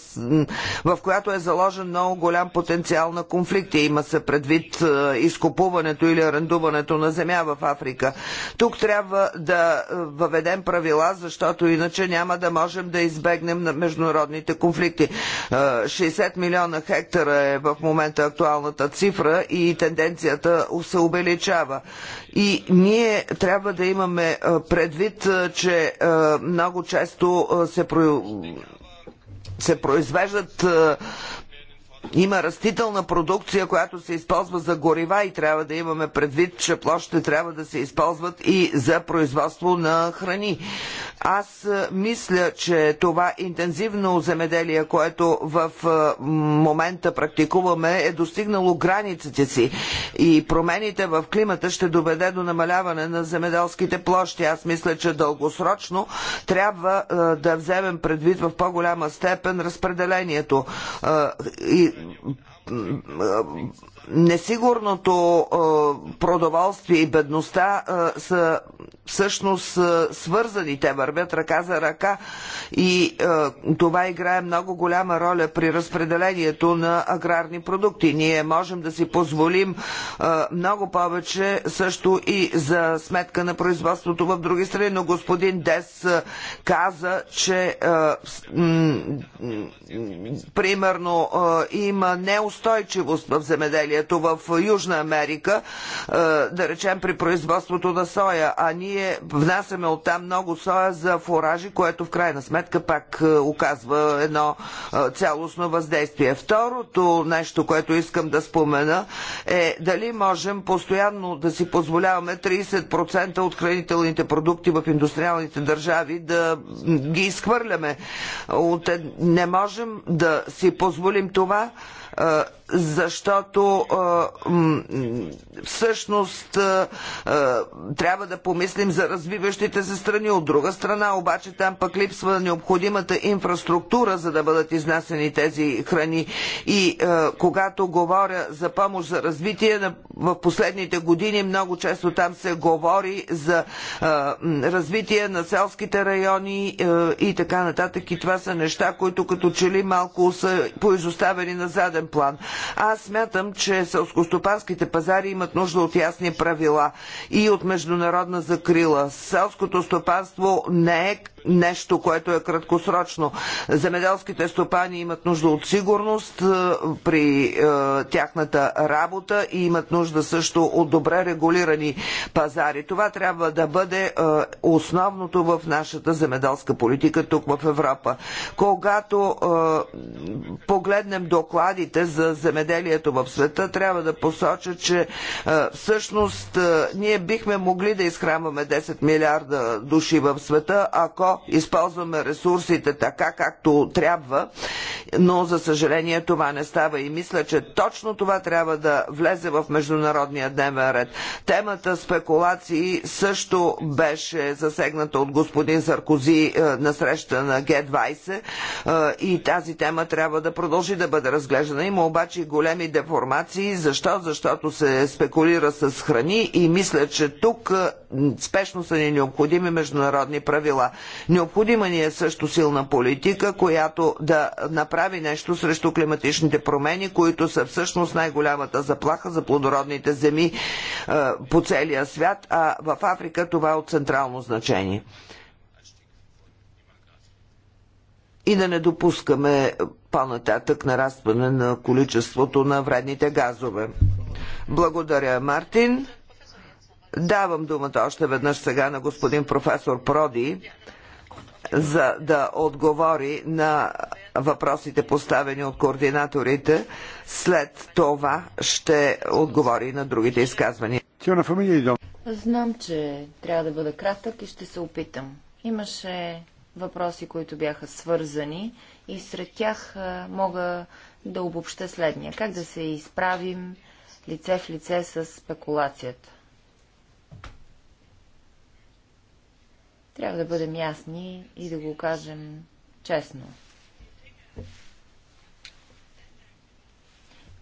в която е заложен много голям потенциал на конфликти. Има се предвид изкупуването или арендуването на земя в Африка. Тук трябва да въведем правила, защото иначе няма да можем да избегнем международните конфликти. 60 милиона хектара е в момента актуалната цифра и тенденцията се увеличава такава. И ние трябва да имаме е, предвид, е, че е, много често се, про... се произвеждат има растителна продукция, която се използва за горива и трябва да имаме предвид, че площите трябва да се използват и за производство на храни. Аз е, мисля, че това интензивно земеделие, което в е, момента практикуваме, е достигнало границите си и промените в климата ще доведе до намаляване на земеделските площи. Аз мисля, че дългосрочно трябва е, да вземем предвид в по-голяма степен разпределението и несигурното продоволствие и бедността са всъщност е, свързани, те вървят ръка за ръка и е, това играе много голяма роля при разпределението на аграрни продукти. Ние можем да си позволим е, много повече също и за сметка на производството в други страни, но господин Дес е, каза, че е, примерно е, има неустойчивост в земеделието в Южна Америка, да речем при производството на соя, а ние ние внасяме оттам много соя за фуражи, което в крайна сметка пак е, оказва едно е, цялостно въздействие. Второто нещо, което искам да спомена е дали можем постоянно да си позволяваме 30% от хранителните продукти в индустриалните държави да ги изхвърляме. Е, не можем да си позволим това, защото всъщност трябва да помислим за развиващите се страни. От друга страна, обаче там пък липсва необходимата инфраструктура, за да бъдат изнасени тези храни. И когато говоря за помощ за развитие, в последните години много често там се говори за развитие на селските райони и така нататък. И това са неща, които като че ли малко са поизоставени на заден план. Аз смятам, че селскостопанските пазари имат нужда от ясни правила и от международна закрила. Селското стопанство не е нещо, което е краткосрочно. Земеделските стопани имат нужда от сигурност е, при е, тяхната работа и имат нужда също от добре регулирани пазари. Това трябва да бъде е, основното в нашата земеделска политика тук в Европа. Когато погледнем докладите за земеделието в света, трябва да посоча, че всъщност ние бихме могли да изхранваме 10 милиарда души в света, ако използваме ресурсите така, както трябва, но за съжаление това не става и мисля, че точно това трябва да влезе в международния дневен ред. Темата спекулации също беше засегната от господин Саркози е, на среща на Г-20 е, и тази тема трябва да продължи да бъде разглеждана. Има обаче и големи деформации. Защо? Защото се спекулира с храни и мисля, че тук е, спешно са ни необходими международни правила. Необходима ни е също силна политика, която да направи нещо срещу климатичните промени, които са всъщност най-голямата заплаха за плодородните земи е, по целия свят, а в Африка това е от централно значение. И да не допускаме по-нататък нарастване на количеството на вредните газове. Благодаря, Мартин. Давам думата още веднъж сега на господин професор Проди, за да отговори на въпросите поставени от координаторите. След това ще отговори на другите изказвания. Знам, че трябва да бъда кратък и ще се опитам. Имаше въпроси, които бяха свързани и сред тях мога да обобща следния. Как да се изправим лице в лице с спекулацията? Трябва да бъдем ясни и да го кажем честно.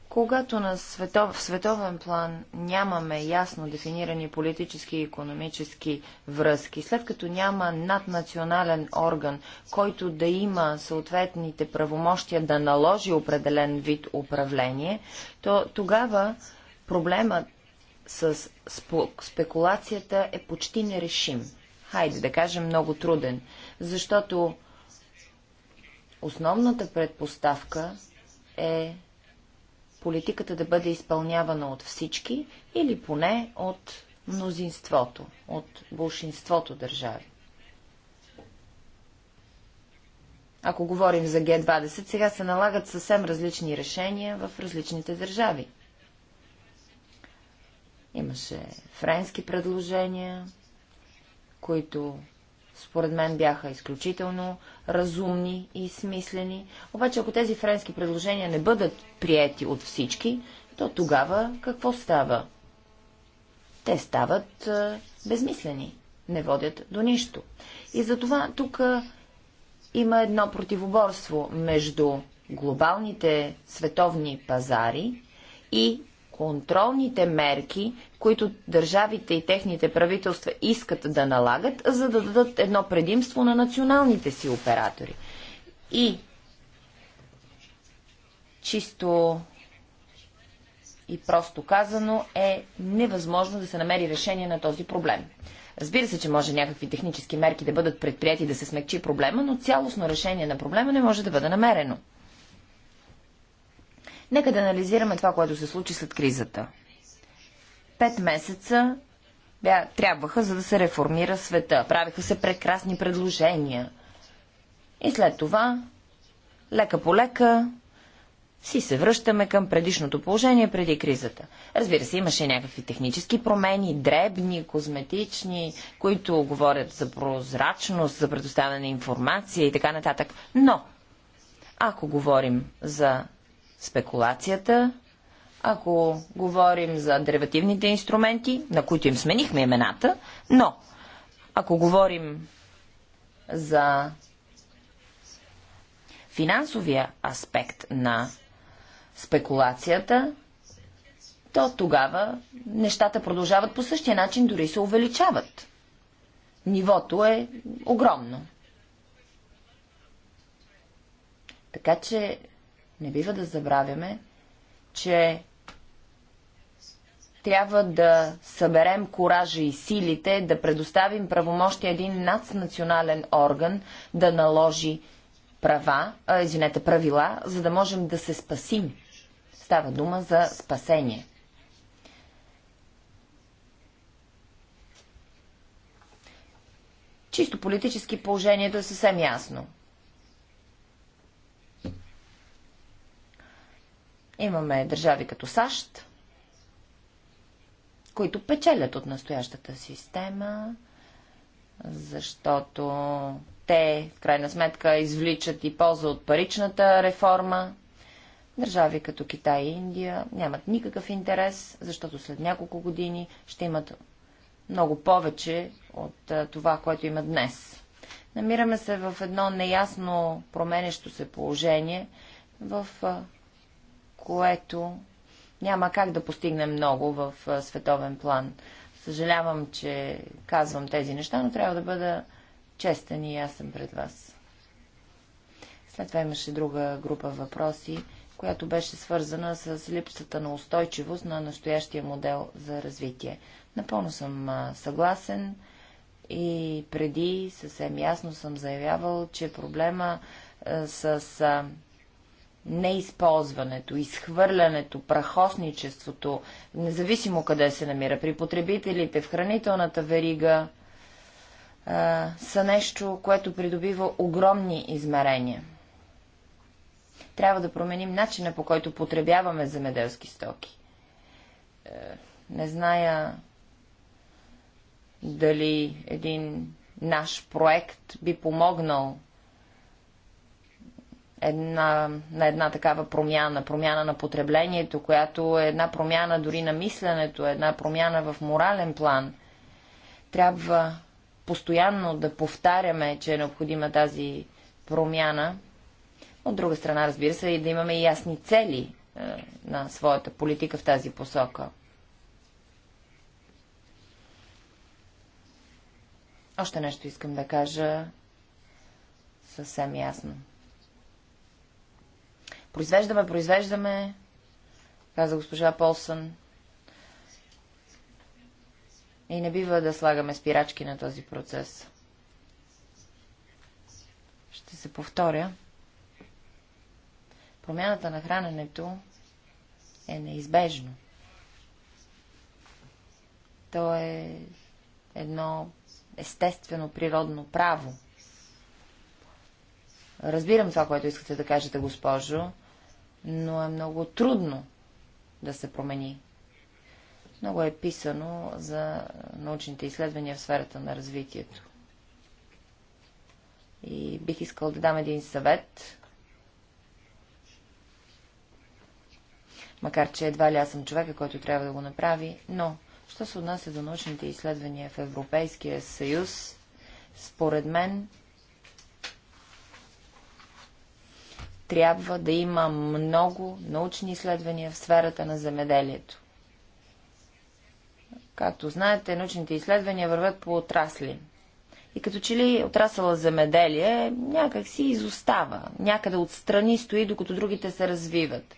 Когато на светов, в световен план нямаме ясно дефинирани политически и економически връзки, след като няма наднационален орган, който да има съответните правомощия да наложи определен вид управление, то тогава проблемът с спекулацията е почти нерешим хайде да кажем, много труден. Защото основната предпоставка е политиката да бъде изпълнявана от всички или поне от мнозинството, от большинството държави. Ако говорим за Г-20, сега се налагат съвсем различни решения в различните държави. Имаше френски предложения, които според мен бяха изключително разумни и смислени. Обаче, ако тези френски предложения не бъдат приети от всички, то тогава какво става? Те стават е, безмислени, не водят до нищо. И затова тук е, има едно противоборство между глобалните световни пазари и контролните мерки, които държавите и техните правителства искат да налагат, за да дадат едно предимство на националните си оператори. И чисто и просто казано е невъзможно да се намери решение на този проблем. Разбира се, че може някакви технически мерки да бъдат предприяти да се смекчи проблема, но цялостно решение на проблема не може да бъде намерено. Нека да анализираме това, което се случи след кризата. Пет месеца бя, трябваха, за да се реформира света. Правиха се прекрасни предложения. И след това, лека по лека, си се връщаме към предишното положение преди кризата. Разбира се, имаше някакви технически промени, дребни, козметични, които говорят за прозрачност, за предоставяне на информация и така нататък. Но, ако говорим за спекулацията, ако говорим за деривативните инструменти, на които им сменихме имената, но ако говорим за финансовия аспект на спекулацията, то тогава нещата продължават по същия начин, дори се увеличават. Нивото е огромно. Така че не бива да забравяме, че трябва да съберем коража и силите, да предоставим правомощи един наднационален орган да наложи права, а, извинете, правила, за да можем да се спасим. Става дума за спасение. Чисто политически положението е съвсем ясно. Имаме държави като САЩ, които печелят от настоящата система, защото те, в крайна сметка, извличат и полза от паричната реформа. Държави като Китай и Индия нямат никакъв интерес, защото след няколко години ще имат много повече от това, което има днес. Намираме се в едно неясно променещо се положение, в което няма как да постигне много в световен план. Съжалявам, че казвам тези неща, но трябва да бъда честен и ясен пред вас. След това имаше друга група въпроси, която беше свързана с липсата на устойчивост на настоящия модел за развитие. Напълно съм съгласен и преди съвсем ясно съм заявявал, че проблема с неизползването, изхвърлянето, прахосничеството, независимо къде се намира, при потребителите, в хранителната верига, са нещо, което придобива огромни измерения. Трябва да променим начина по който потребяваме земеделски стоки. Е, не зная дали един наш проект би помогнал една, на една такава промяна, промяна на потреблението, която е една промяна дори на мисленето, една промяна в морален план. Трябва постоянно да повтаряме, че е необходима тази промяна. От друга страна, разбира се, и да имаме ясни цели е, на своята политика в тази посока. Още нещо искам да кажа съвсем ясно. Произвеждаме, произвеждаме, каза госпожа Полсън. И не бива да слагаме спирачки на този процес. Ще се повторя. Промяната на храненето е неизбежно. То е едно естествено природно право. Разбирам това, което искате да кажете, госпожо, но е много трудно да се промени. Много е писано за научните изследвания в сферата на развитието. И бих искал да дам един съвет, макар че едва ли аз съм човека, който трябва да го направи, но, що се отнася до научните изследвания в Европейския съюз, според мен трябва да има много научни изследвания в сферата на земеделието. Както знаете, научните изследвания върват по отрасли. И като че ли отрасъла земеделие някак си изостава, някъде отстрани стои, докато другите се развиват.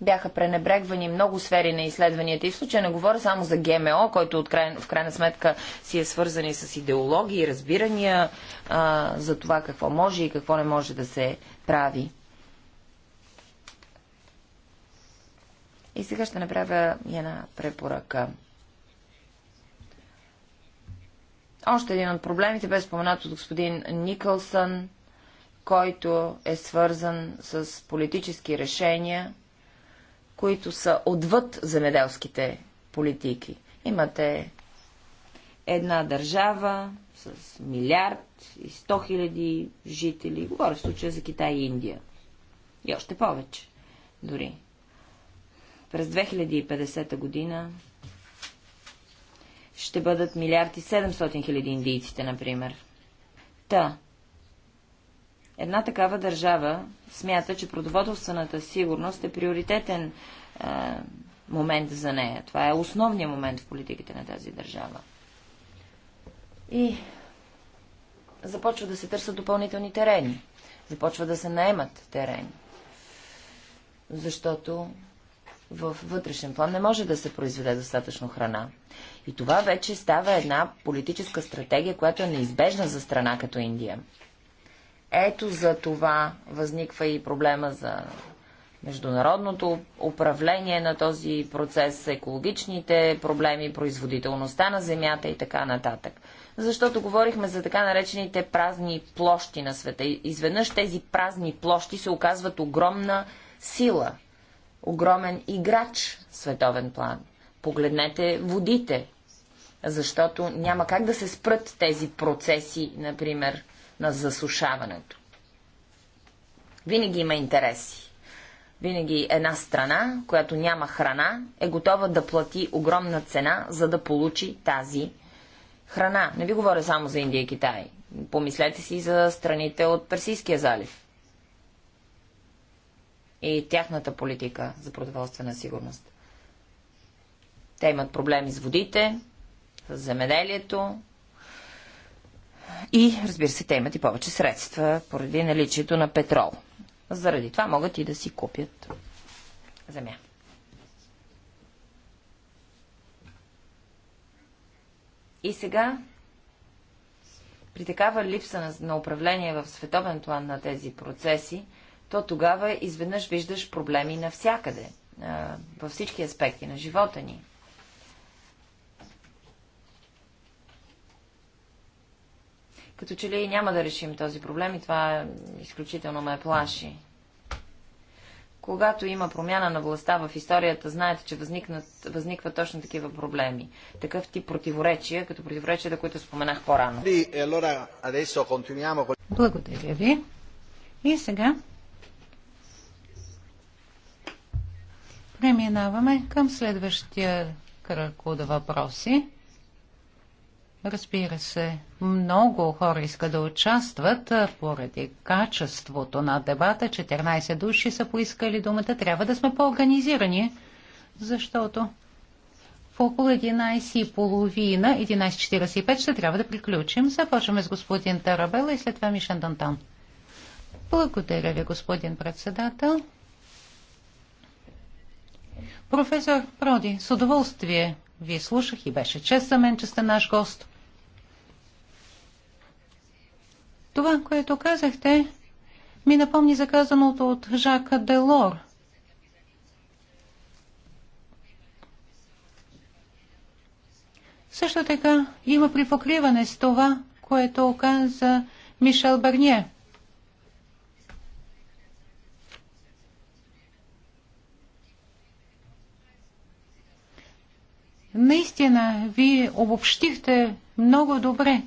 бяха пренебрегвани много сфери на изследванията. И в случая не говоря само за ГМО, който от край, в крайна сметка си е свързан и с идеологии, разбирания а, за това какво може и какво не може да се прави. И сега ще направя една препоръка. Още един от проблемите бе споменат от господин Никълсън, който е свързан с политически решения които са отвъд земеделските политики. Имате една държава с милиард и 100 хиляди жители. Говоря в случая за Китай и Индия. И още повече. Дори. През 2050 година ще бъдат милиард и 700 хиляди индийците, например. Та, Една такава държава смята, че продоволствената сигурност е приоритетен е, момент за нея. Това е основният момент в политиките на тази държава. И започва да се търсят допълнителни терени. Започва да се наемат терени. Защото в вътрешен план не може да се произведе достатъчно храна. И това вече става една политическа стратегия, която е неизбежна за страна като Индия. Ето за това възниква и проблема за международното управление на този процес, екологичните проблеми, производителността на земята и така нататък. Защото говорихме за така наречените празни площи на света. Изведнъж тези празни площи се оказват огромна сила, огромен играч в световен план. Погледнете водите, защото няма как да се спрат тези процеси, например, на засушаването. Винаги има интереси. Винаги една страна, която няма храна, е готова да плати огромна цена, за да получи тази храна. Не ви говоря само за Индия и Китай. Помислете си за страните от Персийския залив. И тяхната политика за продоволствена сигурност. Те имат проблеми с водите, с земеделието, и, разбира се, те имат и повече средства поради наличието на петрол. Заради това могат и да си купят земя. И сега, при такава липса на, на управление в световен план на тези процеси, то тогава изведнъж виждаш проблеми навсякъде, във всички аспекти на живота ни. Като че ли няма да решим този проблем и това изключително ме плаши. Когато има промяна на властта в историята, знаете, че възникнат, възникват точно такива проблеми. Такъв тип противоречия, като противоречията, които споменах по-рано. Благодаря ви. И сега преминаваме към следващия кръг от въпроси. Разбира се, много хора искат да участват поради качеството на дебата. 14 души са поискали думата. Трябва да сме по-организирани, защото в около 11.30, 11.45 ще трябва да приключим. Започваме с господин Тарабела и след това Мишен Дантан. Благодаря ви, господин председател. Професор Проди, с удоволствие ви слушах и беше чест за мен, че сте наш гост. Това, което казахте, ми напомни заказаното от Жак Делор. Също така има припокриване с това, което каза Мишел Барние. Наистина, вие обобщихте много добре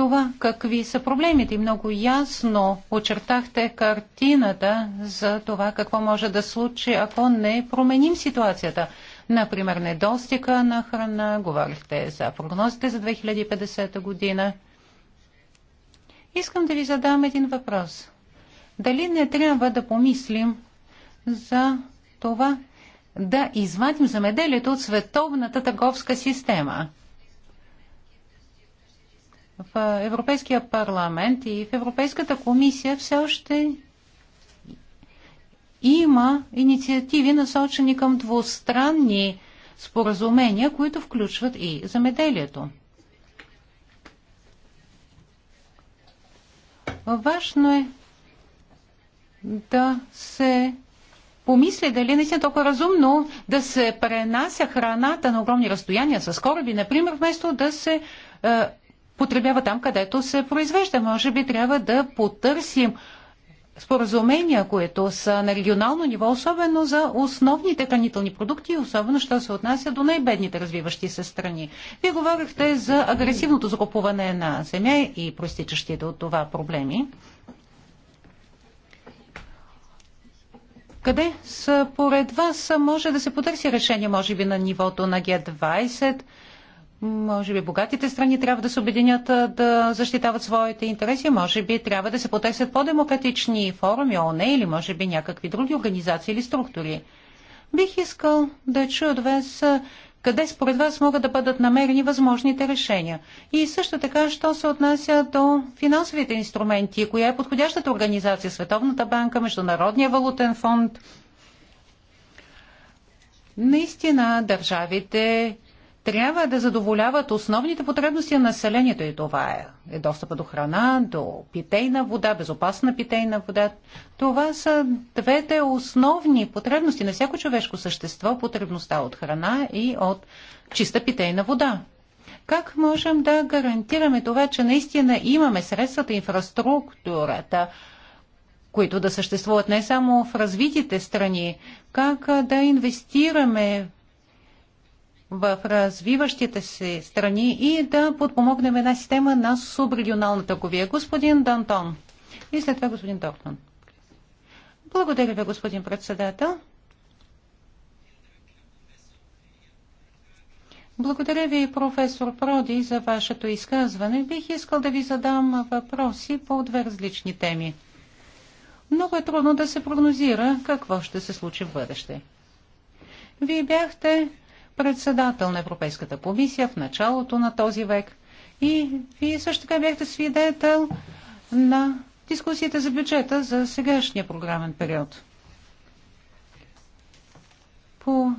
това какви са проблемите. Много ясно очертахте картината за това какво може да случи, ако не променим ситуацията. Например, недостига на храна, говорихте за прогнозите за 2050 година. Искам да ви задам един въпрос. Дали не трябва да помислим за това да извадим замеделието от световната търговска система? в Европейския парламент и в Европейската комисия все още има инициативи насочени към двустранни споразумения, които включват и замеделието. Важно е да се помисли дали е наистина толкова разумно да се пренася храната на огромни разстояния с кораби, например, вместо да се е, потребява там, където се произвежда. Може би трябва да потърсим споразумения, които са на регионално ниво, особено за основните хранителни продукти, особено що се отнася до най-бедните развиващи се страни. Вие говорихте за агресивното закупуване на земя и проистичащите от това проблеми. Къде според вас може да се потърси решение, може би на нивото на Г20, може би богатите страни трябва да се обединят да защитават своите интереси, може би трябва да се потесят по-демократични форуми, ООН или може би някакви други организации или структури. Бих искал да чуя от вас къде според вас могат да бъдат намерени възможните решения. И също така, що се отнася до финансовите инструменти, коя е подходящата организация, Световната банка, Международния валутен фонд. Наистина, държавите трябва да задоволяват основните потребности на населението и това е, е достъпа до храна, до питейна вода, безопасна питейна вода. Това са двете основни потребности на всяко човешко същество, потребността от храна и от чиста питейна вода. Как можем да гарантираме това, че наистина имаме средствата, инфраструктурата, които да съществуват не само в развитите страни, как да инвестираме в развиващите се страни и да подпомогнем една система на субрегионална търговия. Господин Дантон. И след това господин Дортман. Благодаря ви, господин председател. Благодаря ви, професор Проди, за вашето изказване. Бих искал да ви задам въпроси по две различни теми. Много е трудно да се прогнозира какво ще се случи в бъдеще. Вие бяхте председател на Европейската комисия в началото на този век. И вие също така бяхте свидетел на дискусията за бюджета за сегашния програмен период. По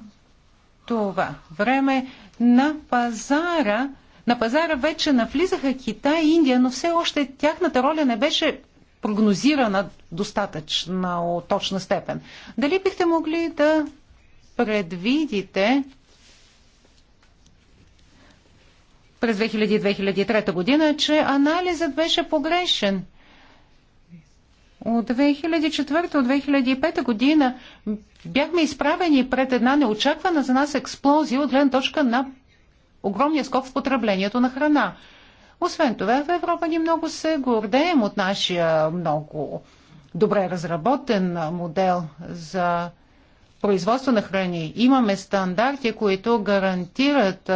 това време на пазара на пазара вече навлизаха Китай и Индия, но все още тяхната роля не беше прогнозирана достатъчно точна степен. Дали бихте могли да предвидите през 2000-2003 година, че анализът беше погрешен. От 2004-2005 година бяхме изправени пред една неочаквана за нас експлозия от гледна точка на огромния скок в потреблението на храна. Освен това, в Европа ни много се гордеем от нашия много добре разработен модел за производство на храни. Имаме стандарти, които гарантират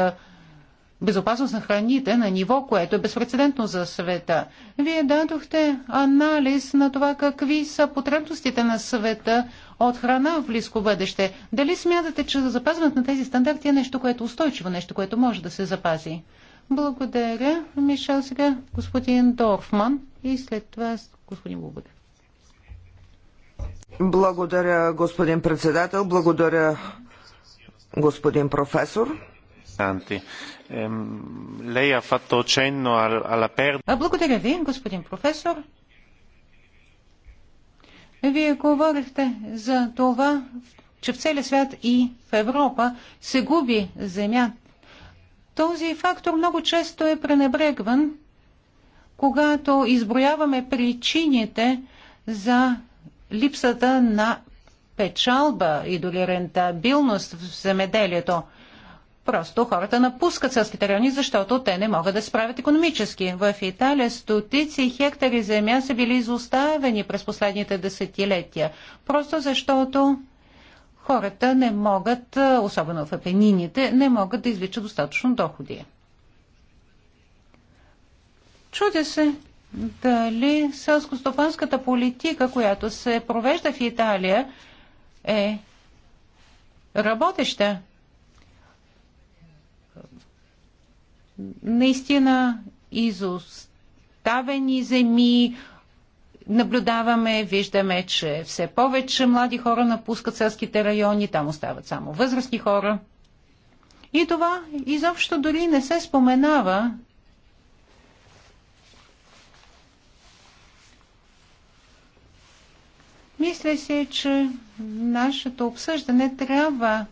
безопасност на храните на ниво, което е безпредседентно за света. Вие дадохте анализ на това какви са потребностите на света от храна в близко бъдеще. Дали смятате, че запазването на тези стандарти е нещо, което е устойчиво, нещо, което може да се запази? Благодаря, Мишел. Сега господин Дорфман и след това господин Бубър. Благодаря, господин председател. Благодаря, господин професор. Анти. Ehm, благодаря ви, господин професор. Вие говорихте за това, че в целия свят и в Европа се губи земя. Този фактор много често е пренебрегван, когато изброяваме причините за липсата на печалба и дори рентабилност в земеделието – Просто хората напускат селските райони, защото те не могат да справят економически. В Италия стотици хектари земя са били изоставени през последните десетилетия. Просто защото хората не могат, особено в апенините, не могат да извличат достатъчно доходи. Чудя се дали селско-стопанската политика, която се провежда в Италия, е работеща. наистина изоставени земи, наблюдаваме, виждаме, че все повече млади хора напускат селските райони, там остават само възрастни хора. И това изобщо дори не се споменава. Мисля си, че нашето обсъждане трябва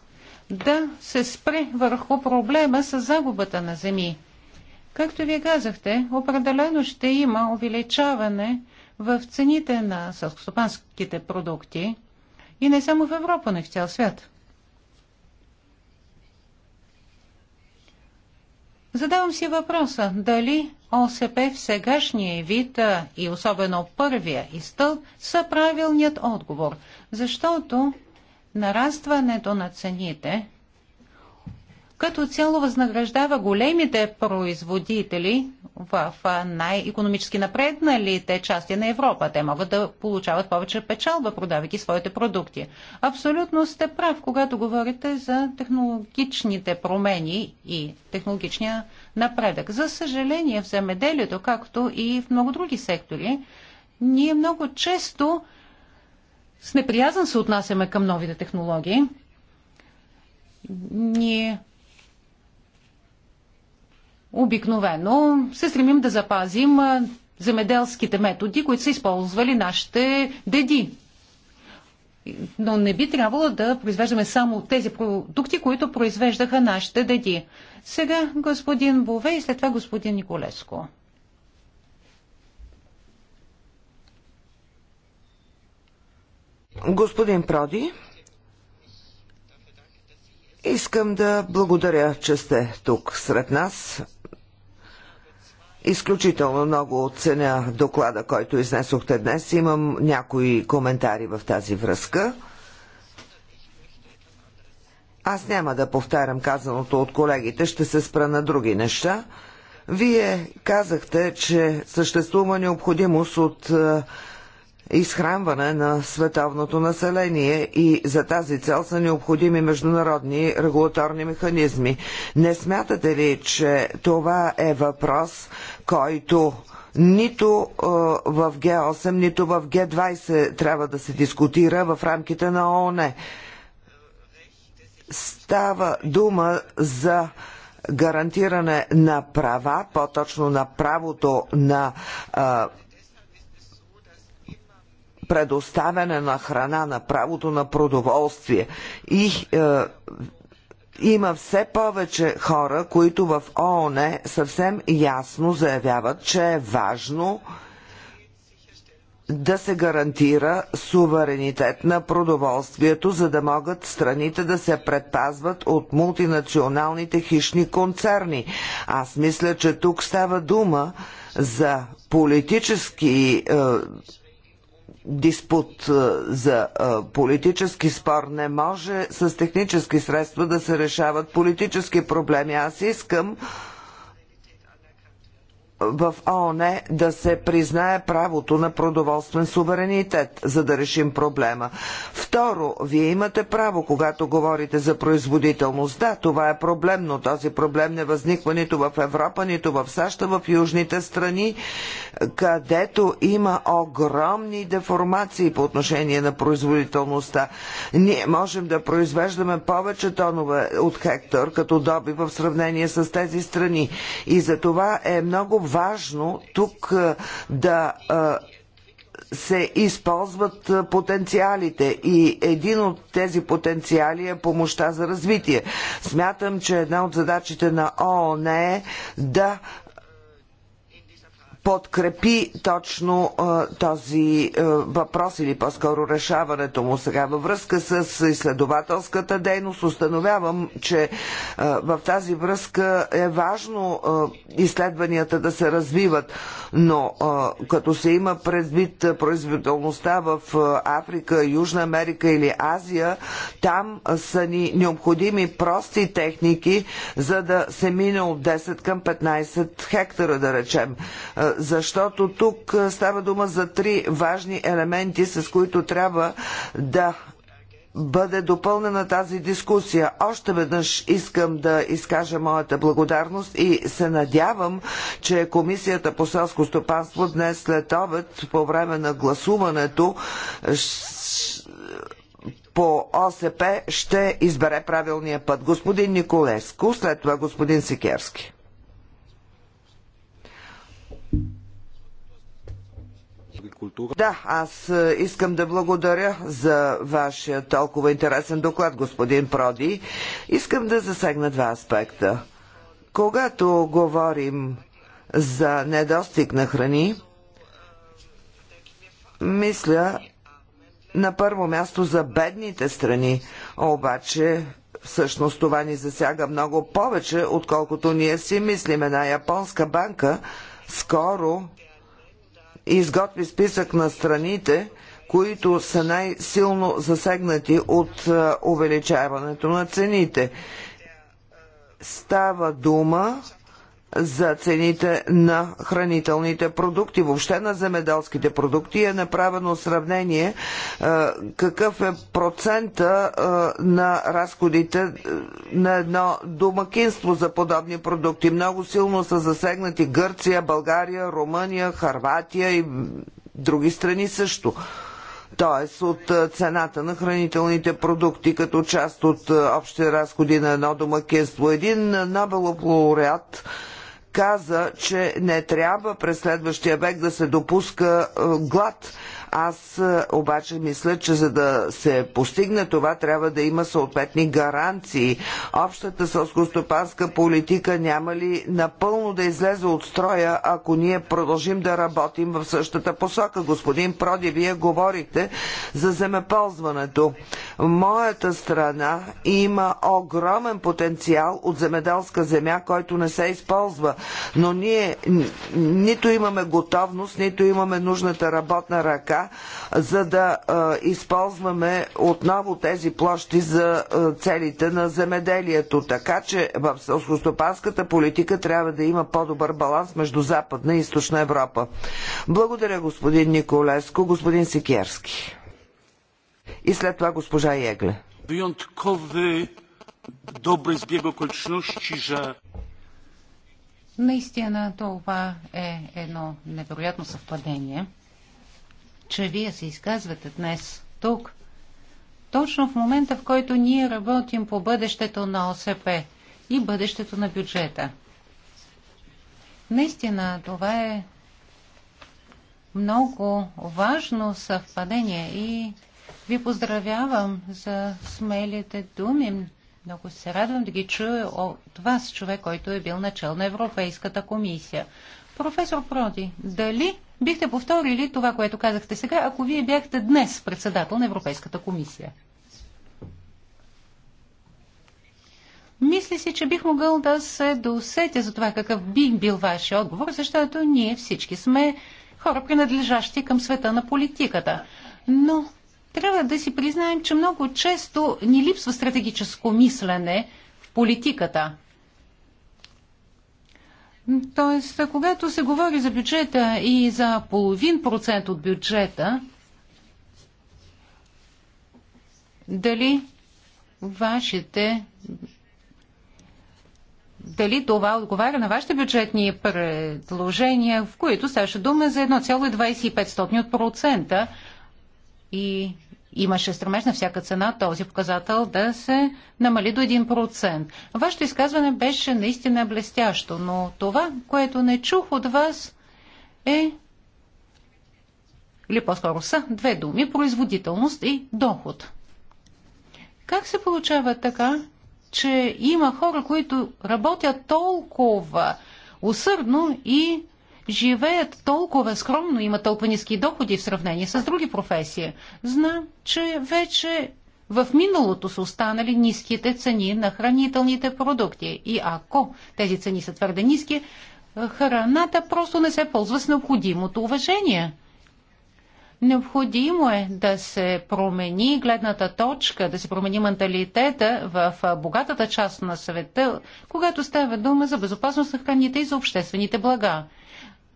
да се спре върху проблема с загубата на земи. Както вие казахте, определено ще има увеличаване в цените на селскостопанските продукти и не само в Европа, но и в цял свят. Задавам си въпроса, дали ОСП в сегашния вид и особено първия и стълб са правилният отговор, защото нарастването на цените като цяло възнаграждава големите производители в най-економически напредналите части на Европа. Те могат да получават повече печалба, продавайки своите продукти. Абсолютно сте прав, когато говорите за технологичните промени и технологичния напредък. За съжаление, в земеделието, както и в много други сектори, ние много често с неприязан се отнасяме към новите технологии. Ние обикновено се стремим да запазим земеделските методи, които са използвали нашите деди. Но не би трябвало да произвеждаме само тези продукти, които произвеждаха нашите деди. Сега господин Бове и след това господин Николеско. Господин Проди, искам да благодаря, че сте тук сред нас. Изключително много оценя доклада, който изнесохте днес. Имам някои коментари в тази връзка. Аз няма да повтарям казаното от колегите, ще се спра на други неща. Вие казахте, че съществува необходимост от е, изхранване на световното население и за тази цел са необходими международни регулаторни механизми. Не смятате ли, че това е въпрос, който нито в Г8, нито в Г20 трябва да се дискутира в рамките на ООН? Става дума за гарантиране на права, по-точно на правото на а, предоставяне на храна, на правото на продоволствие и е, има все повече хора, които в ООН съвсем ясно заявяват, че е важно да се гарантира суверенитет на продоволствието, за да могат страните да се предпазват от мултинационалните хищни концерни. Аз мисля, че тук става дума за политически е, диспут за политически спор. Не може с технически средства да се решават политически проблеми. Аз искам в ООН е да се признае правото на продоволствен суверенитет, за да решим проблема. Второ, вие имате право, когато говорите за производителност. Да, това е проблем, но този проблем не възниква нито в Европа, нито в САЩ, в южните страни, където има огромни деформации по отношение на производителността. Ние можем да произвеждаме повече тонове от хектар като доби в сравнение с тези страни. И за това е много важно тук е, да е, се използват е, потенциалите и един от тези потенциали е помощта за развитие. Смятам, че една от задачите на ООН е да подкрепи точно този въпрос или по-скоро решаването му сега. Във връзка с изследователската дейност установявам, че в тази връзка е важно изследванията да се развиват, но като се има предвид производителността в Африка, Южна Америка или Азия, там са ни необходими прости техники, за да се мине от 10 към 15 хектара, да речем защото тук става дума за три важни елементи, с които трябва да бъде допълнена тази дискусия. Още веднъж искам да изкажа моята благодарност и се надявам, че Комисията по селско стопанство днес след обед по време на гласуването по ОСП ще избере правилния път. Господин Николеско, след това господин Сикерски. култура. Да, аз е, искам да благодаря за вашия толкова интересен доклад, господин Проди. Искам да засегна два аспекта. Когато говорим за недостиг на храни, мисля на първо място за бедните страни, обаче всъщност това ни засяга много повече, отколкото ние си мислим. Една японска банка скоро изготви списък на страните, които са най-силно засегнати от е, увеличаването на цените. Става дума за цените на хранителните продукти, въобще на земеделските продукти. Е направено сравнение е, какъв е процента е, на разходите е, на едно домакинство за подобни продукти. Много силно са засегнати Гърция, България, Румъния, Харватия и други страни също т.е. от цената на хранителните продукти като част от общите разходи на едно домакинство. Един Нобелов лауреат каза, че не трябва през следващия век да се допуска е, глад. Аз е, обаче мисля, че за да се постигне това, трябва да има съответни гаранции. Общата сълскостопанска политика няма ли напълно да излезе от строя, ако ние продължим да работим в същата посока? Господин Проди, вие говорихте за земеползването. моята страна има огромен потенциал от земеделска земя, който не се използва. Но ние нито имаме готовност, нито имаме нужната работна ръка за да използваме отново тези площи за целите на земеделието. Така че в селскостопанската политика трябва да има по-добър баланс между Западна и Източна Европа. Благодаря господин Николеско, господин Секерски. И след това госпожа Егле. Наистина това е едно невероятно съвпадение – че вие се изказвате днес тук, точно в момента, в който ние работим по бъдещето на ОСП и бъдещето на бюджета. Наистина, това е много важно съвпадение и ви поздравявам за смелите думи. Много се радвам да ги чуя от вас, човек, който е бил начал на Европейската комисия. Професор Проди, дали Бихте повторили това, което казахте сега, ако вие бяхте днес председател на Европейската комисия? Мисля си, че бих могъл да се досетя за това какъв би бил вашия отговор, защото ние всички сме хора, принадлежащи към света на политиката. Но трябва да си признаем, че много често ни липсва стратегическо мислене в политиката. Тоест, когато се говори за бюджета и за половин процент от бюджета, дали вашите дали това отговаря на вашите бюджетни предложения, в които ставаше дума за 1,25% и имаше стремеж на всяка цена този показател да се намали до 1%. Вашето изказване беше наистина блестящо, но това, което не чух от вас е или по-скоро са две думи – производителност и доход. Как се получава така, че има хора, които работят толкова усърдно и живеят толкова скромно, имат толкова ниски доходи в сравнение с други професии. Знам, че вече в миналото са останали ниските цени на хранителните продукти. И ако тези цени са твърде ниски, храната просто не се ползва с необходимото уважение. Необходимо е да се промени гледната точка, да се промени менталитета в богатата част на света, когато става дума за безопасност на храните и за обществените блага.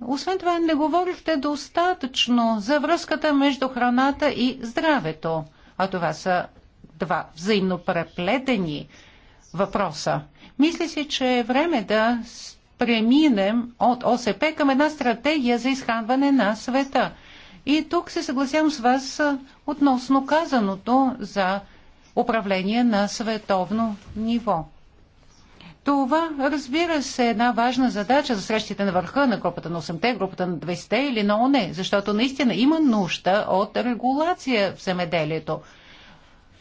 Освен това, не говорихте достатъчно за връзката между храната и здравето, а това са два взаимно преплетени въпроса. Мисля си, че е време да преминем от ОСП към една стратегия за изхранване на света. И тук се съгласявам с вас относно казаното за управление на световно ниво. Това, разбира се, е една важна задача за срещите на върха на групата на 8-те, групата на 20-те или на ОНЕ, защото наистина има нужда от регулация в земеделието.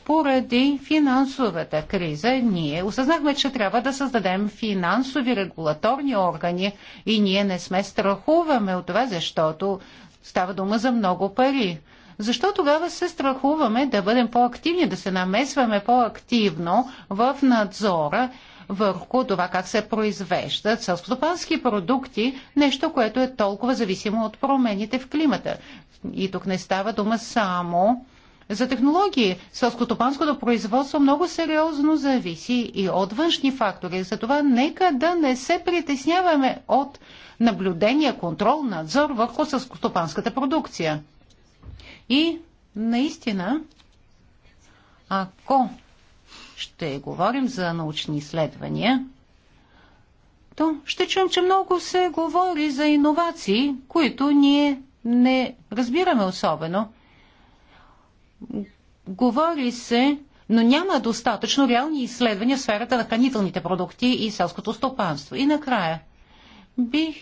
Поради финансовата криза ние осъзнахме, че трябва да създадем финансови регулаторни органи и ние не сме страхуваме от това, защото става дума за много пари. Защо тогава се страхуваме да бъдем по-активни, да се намесваме по-активно в надзора върху това как се произвеждат селскостопански продукти, нещо, което е толкова зависимо от промените в климата. И тук не става дума само за технологии. Селскостопанското производство много сериозно зависи и от външни фактори. Затова нека да не се притесняваме от наблюдение, контрол, надзор върху селскостопанската продукция. И наистина, ако ще говорим за научни изследвания, то ще чуем, че много се говори за иновации, които ние не разбираме особено. Говори се, но няма достатъчно реални изследвания в сферата на хранителните продукти и селското стопанство. И накрая бих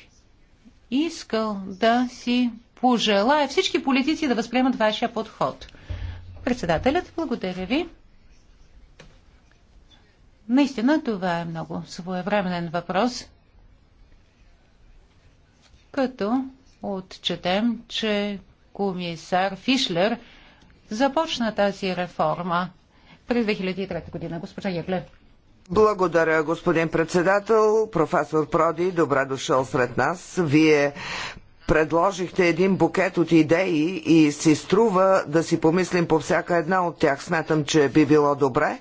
искал да си пожелая всички политици да възприемат вашия подход. Председателят, благодаря ви. Наистина това е много своевременен въпрос, като отчетем, че комисар Фишлер започна тази реформа през 2003 година. Госпожа Ягле. Благодаря, господин председател. Професор Проди, добре дошъл сред нас. Вие предложихте един букет от идеи и си струва да си помислим по всяка една от тях. Смятам, че би било добре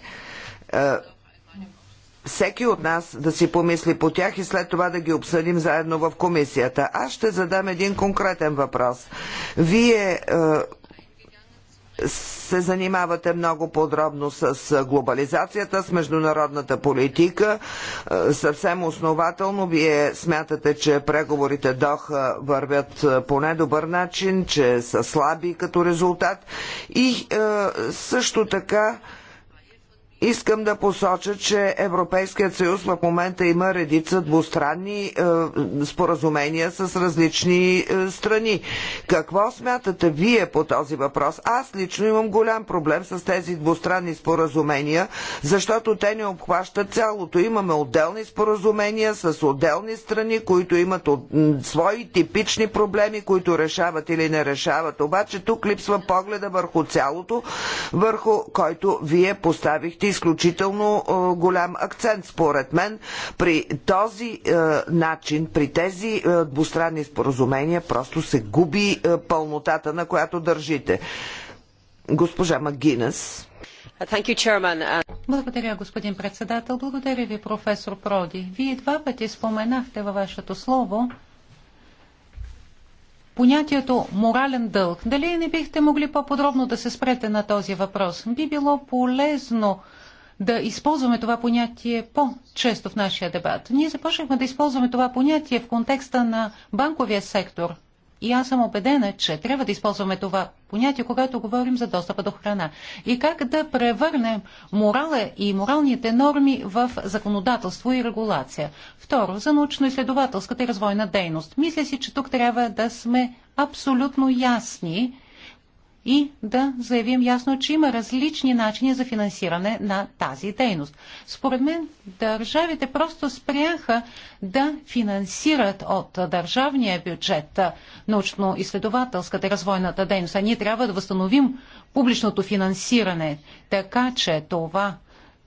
е, всеки от нас да си помисли по тях и след това да ги обсъдим заедно в комисията. Аз ще задам един конкретен въпрос. Вие е, се занимавате много подробно с глобализацията, с международната политика. Е, съвсем основателно вие смятате, че преговорите Доха вървят е, по недобър начин, че са слаби като резултат и също така Искам да посоча, че Европейският съюз в момента има редица двустранни е, споразумения с различни е, страни. Какво смятате вие по този въпрос? Аз лично имам голям проблем с тези двустранни споразумения, защото те не обхващат цялото. Имаме отделни споразумения с отделни страни, които имат от, свои типични проблеми, които решават или не решават. Обаче тук липсва погледа върху цялото, върху който вие поставихте изключително е, голям акцент, според мен. При този е, начин, при тези е, двустранни споразумения, просто се губи пълнотата, на която държите. Госпожа Магинес. Uh, Благодаря, господин председател. Благодаря ви, професор Проди. Вие два пъти споменахте във вашето слово понятието морален дълг. Дали не бихте могли по-подробно да се спрете на този въпрос? Би било полезно да използваме това понятие по-често в нашия дебат. Ние започнахме да използваме това понятие в контекста на банковия сектор. И аз съм убедена, че трябва да използваме това понятие, когато говорим за достъпа до храна. И как да превърнем морала и моралните норми в законодателство и регулация. Второ, за научно-изследователската и развойна дейност. Мисля си, че тук трябва да сме абсолютно ясни и да заявим ясно, че има различни начини за финансиране на тази дейност. Според мен държавите просто спряха да финансират от държавния бюджет научно-изследователската и развойната дейност, а ние трябва да възстановим публичното финансиране, така че това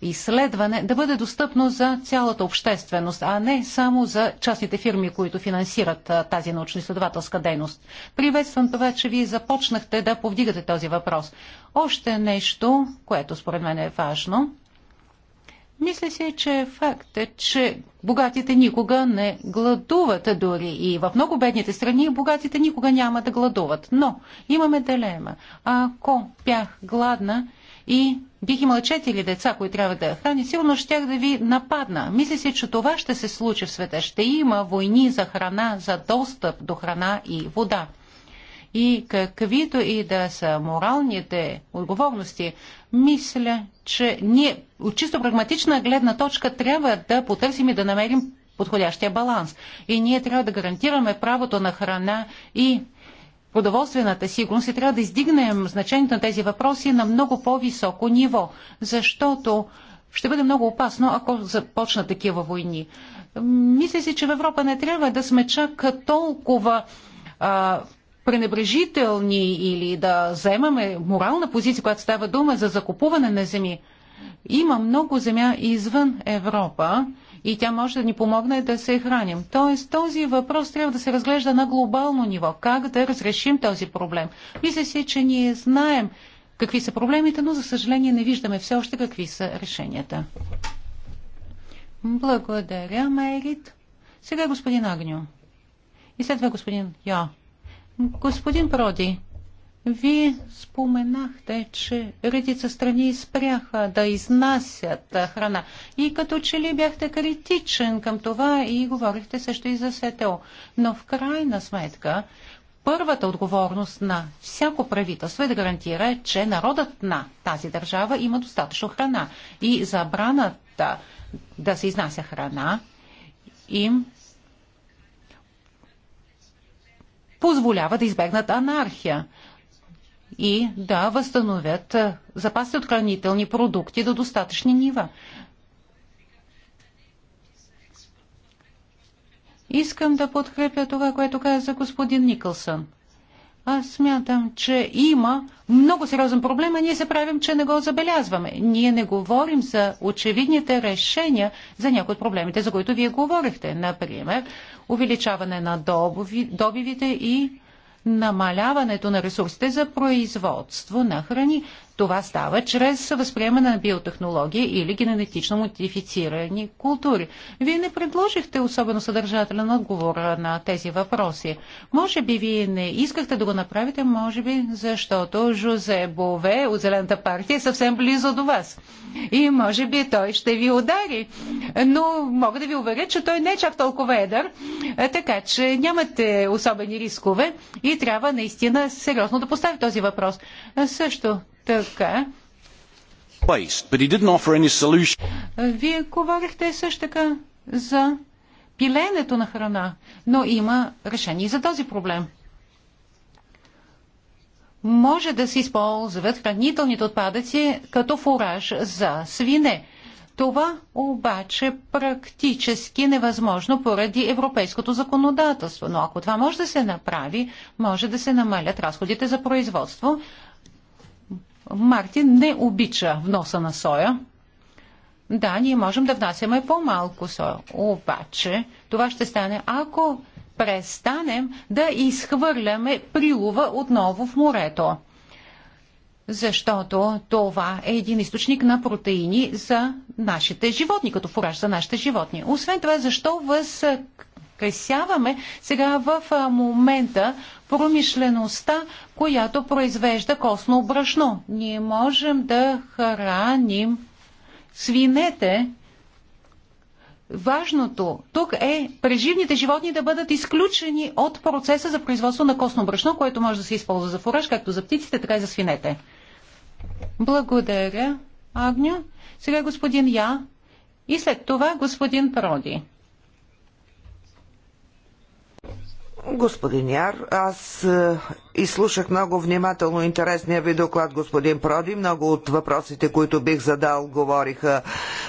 изследване да бъде достъпно за цялата общественост, а не само за частните фирми, които финансират тази научно-изследователска дейност. Приветствам това, че вие започнахте да повдигате този въпрос. Още нещо, което според мен е важно. Мисля си, че факт е, че богатите никога не гладуват дори и в много бедните страни богатите никога няма да гладуват. Но имаме дилема. Ако бях гладна, и бих имал четири деца, които трябва да храня, сигурно щях да ви нападна. Мисля си, че това ще се случи в света. Ще има войни за храна, за достъп до храна и вода. И каквито и да са моралните отговорности, мисля, че ние от чисто прагматична гледна точка трябва да потърсим и да намерим подходящия баланс. И ние трябва да гарантираме правото на храна и продоволствената сигурност и трябва да издигнем значението на тези въпроси на много по-високо ниво, защото ще бъде много опасно, ако започнат такива войни. Мисля си, че в Европа не трябва да сме чак толкова а, пренебрежителни или да заемаме морална позиция, която става дума за закупуване на земи. Има много земя извън Европа, и тя може да ни помогне да се храним. Тоест този въпрос трябва да се разглежда на глобално ниво. Как да разрешим този проблем? Мисля си, че ние знаем какви са проблемите, но за съжаление не виждаме все още какви са решенията. Благодаря, Мерит. Сега господин Агню. И след това господин Йо. Господин Проди, вие споменахте, че редица страни спряха да изнасят храна. И като че ли бяхте критичен към това и говорихте също и за СТО. Но в крайна сметка, първата отговорност на всяко правителство е да гарантира, че народът на тази държава има достатъчно храна. И забраната да се изнася храна им позволява да избегнат анархия и да възстановят запаси от хранителни продукти до достатъчни нива. Искам да подкрепя това, което каза господин Никълсън. Аз смятам, че има много сериозен проблем, а ние се правим, че не го забелязваме. Ние не говорим за очевидните решения за някои от проблемите, за които вие говорихте. Например, увеличаване на добивите и намаляването на ресурсите за производство на храни, това става чрез възприемане на биотехнологии или генетично модифицирани култури. Вие не предложихте особено съдържателен отговор на тези въпроси. Може би вие не искахте да го направите, може би защото Жозе Бове от Зелената партия е съвсем близо до вас. И може би той ще ви удари. Но мога да ви уверя, че той не е чак толкова едър, е, така че нямате особени рискове и трябва наистина сериозно да постави този въпрос. Е, също така. Вие говорихте също така за пиленето на храна, но има решение за този проблем. Може да се използват хранителните отпадъци като фураж за свине. Това обаче практически невъзможно поради европейското законодателство. Но ако това може да се направи, може да се намалят разходите за производство, Мартин не обича вноса на соя. Да, ние можем да внасяме по-малко соя. Обаче това ще стане, ако престанем да изхвърляме прилова отново в морето. Защото това е един източник на протеини за нашите животни, като фураж за нашите животни. Освен това, защо възкресяваме сега в момента промишлеността, която произвежда косно брашно. Ние можем да храним свинете. Важното тук е преживните животни да бъдат изключени от процеса за производство на косно брашно, което може да се използва за фураж, както за птиците, така и за свинете. Благодаря, Агня. Сега господин Я и след това господин Проди. Господин Яр, аз Изслушах много внимателно интересния ви доклад, господин Проди. Много от въпросите, които бих задал, говориха,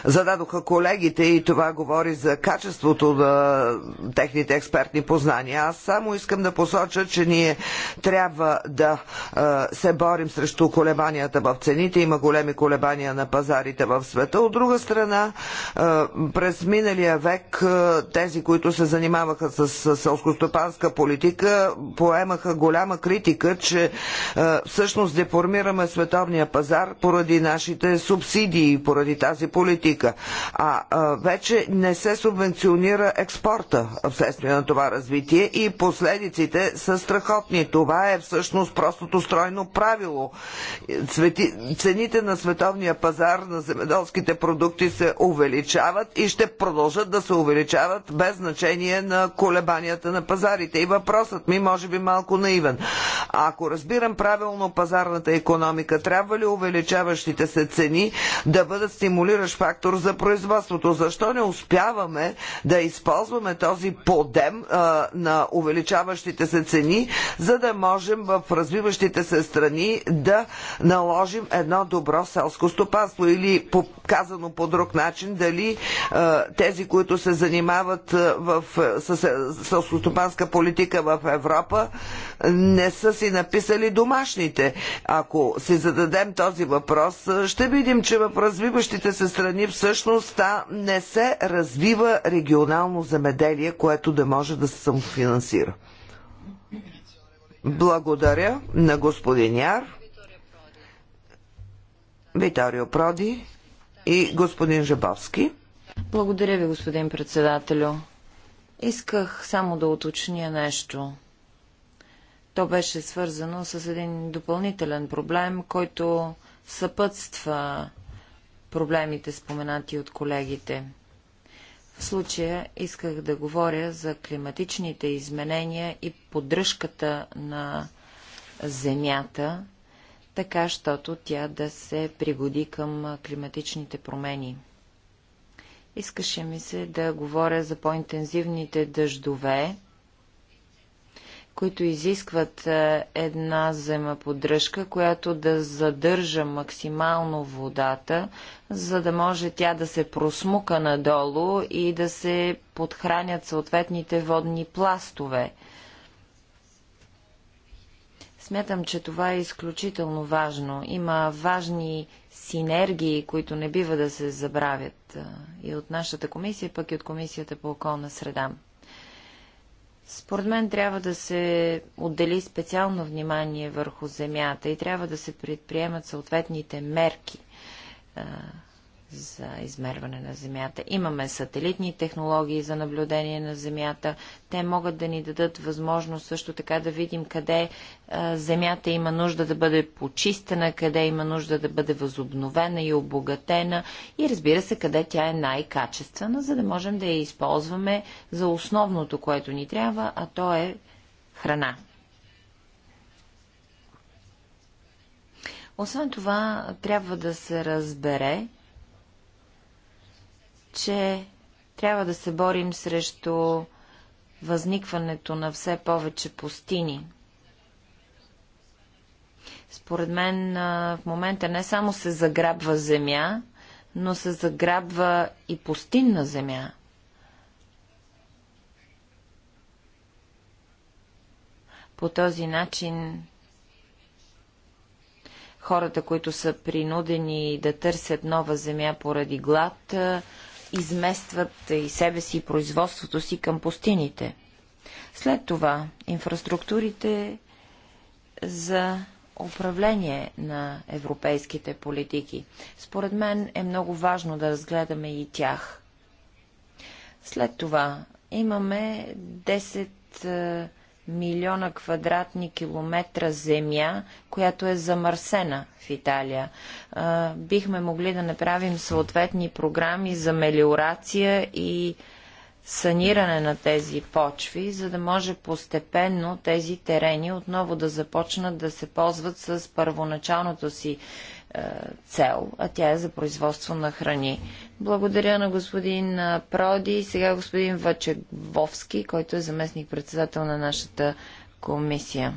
зададоха колегите и това говори за качеството на техните експертни познания. Аз само искам да посоча, че ние трябва да се борим срещу колебанията в цените. Има големи колебания на пазарите в света. От друга страна, през миналия век тези, които се занимаваха с селскостопанска политика, поемаха голяма криза политика, че всъщност деформираме световния пазар поради нашите субсидии, поради тази политика. А вече не се субвенционира експорта вследствие на това развитие и последиците са страхотни. Това е всъщност простото стройно правило. Цените на световния пазар на земеделските продукти се увеличават и ще продължат да се увеличават без значение на колебанията на пазарите. И въпросът ми може би малко наивен. Ако разбирам правилно пазарната економика, трябва ли увеличаващите се цени да бъдат стимулиращ фактор за производството? Защо не успяваме да използваме този подем а, на увеличаващите се цени, за да можем в развиващите се страни да наложим едно добро селско стопанство или по, казано по друг начин, дали а, тези, които се занимават в, с, с, политика в Европа, не са си написали домашните. Ако си зададем този въпрос, ще видим, че в развиващите се страни всъщност не се развива регионално земеделие, което да може да се самофинансира. Благодаря на господин Яр, Виторио Проди и господин Жабовски. Благодаря ви, господин председателю. Исках само да уточня нещо. То беше свързано с един допълнителен проблем, който съпътства проблемите, споменати от колегите. В случая исках да говоря за климатичните изменения и поддръжката на Земята, така, щото тя да се пригоди към климатичните промени. Искаше ми се да говоря за по-интензивните дъждове които изискват е, една земеподдръжка, която да задържа максимално водата, за да може тя да се просмука надолу и да се подхранят съответните водни пластове. Смятам, че това е изключително важно. Има важни синергии, които не бива да се забравят е, и от нашата комисия, пък и от Комисията по околна среда. Според мен трябва да се отдели специално внимание върху земята и трябва да се предприемат съответните мерки за измерване на Земята. Имаме сателитни технологии за наблюдение на Земята. Те могат да ни дадат възможност също така да видим къде а, Земята има нужда да бъде почистена, къде има нужда да бъде възобновена и обогатена и разбира се къде тя е най-качествена, за да можем да я използваме за основното, което ни трябва, а то е храна. Освен това, трябва да се разбере че трябва да се борим срещу възникването на все повече пустини. Според мен в момента не само се заграбва земя, но се заграбва и пустинна земя. По този начин хората, които са принудени да търсят нова земя поради глад, изместват и себе си, и производството си към пустините. След това инфраструктурите за управление на европейските политики. Според мен е много важно да разгледаме и тях. След това имаме 10 милиона квадратни километра земя, която е замърсена в Италия. бихме могли да направим съответни програми за мелиорация и саниране на тези почви, за да може постепенно тези терени отново да започнат да се ползват с първоначалното си е, цел, а тя е за производство на храни. Благодаря на господин Проди. и Сега господин Вачевовски, който е заместник-председател на нашата комисия.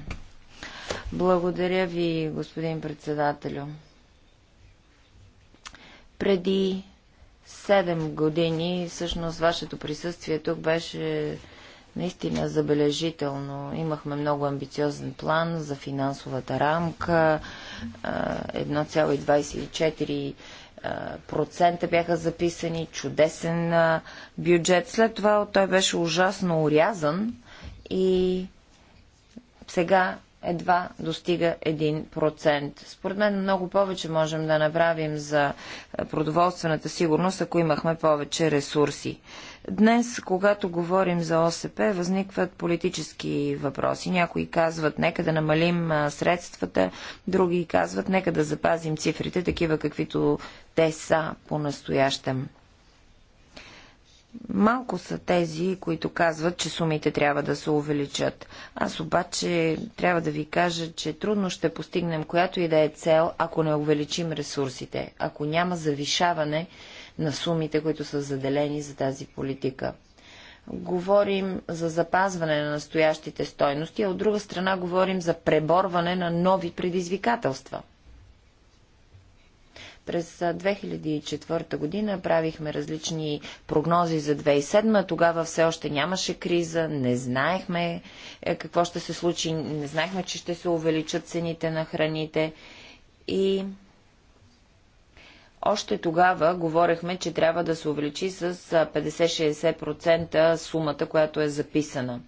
Благодаря ви, господин председателю. Преди 7 години, всъщност, вашето присъствие тук беше наистина забележително. Имахме много амбициозен план за финансовата рамка. 1,24 бяха записани, чудесен бюджет. След това той беше ужасно урязан и сега едва достига 1%. Според мен много повече можем да направим за продоволствената сигурност, ако имахме повече ресурси. Днес, когато говорим за ОСП, възникват политически въпроси. Някои казват, нека да намалим средствата, други казват, нека да запазим цифрите, такива каквито те са по-настоящем. Малко са тези, които казват, че сумите трябва да се увеличат. Аз обаче трябва да ви кажа, че трудно ще постигнем която и да е цел, ако не увеличим ресурсите, ако няма завишаване на сумите, които са заделени за тази политика. Говорим за запазване на настоящите стойности, а от друга страна говорим за преборване на нови предизвикателства. През 2004 година правихме различни прогнози за 2007. Тогава все още нямаше криза, не знаехме е, какво ще се случи, не знаехме, че ще се увеличат цените на храните. И още тогава говорехме, че трябва да се увеличи с 50-60% сумата, която е записана.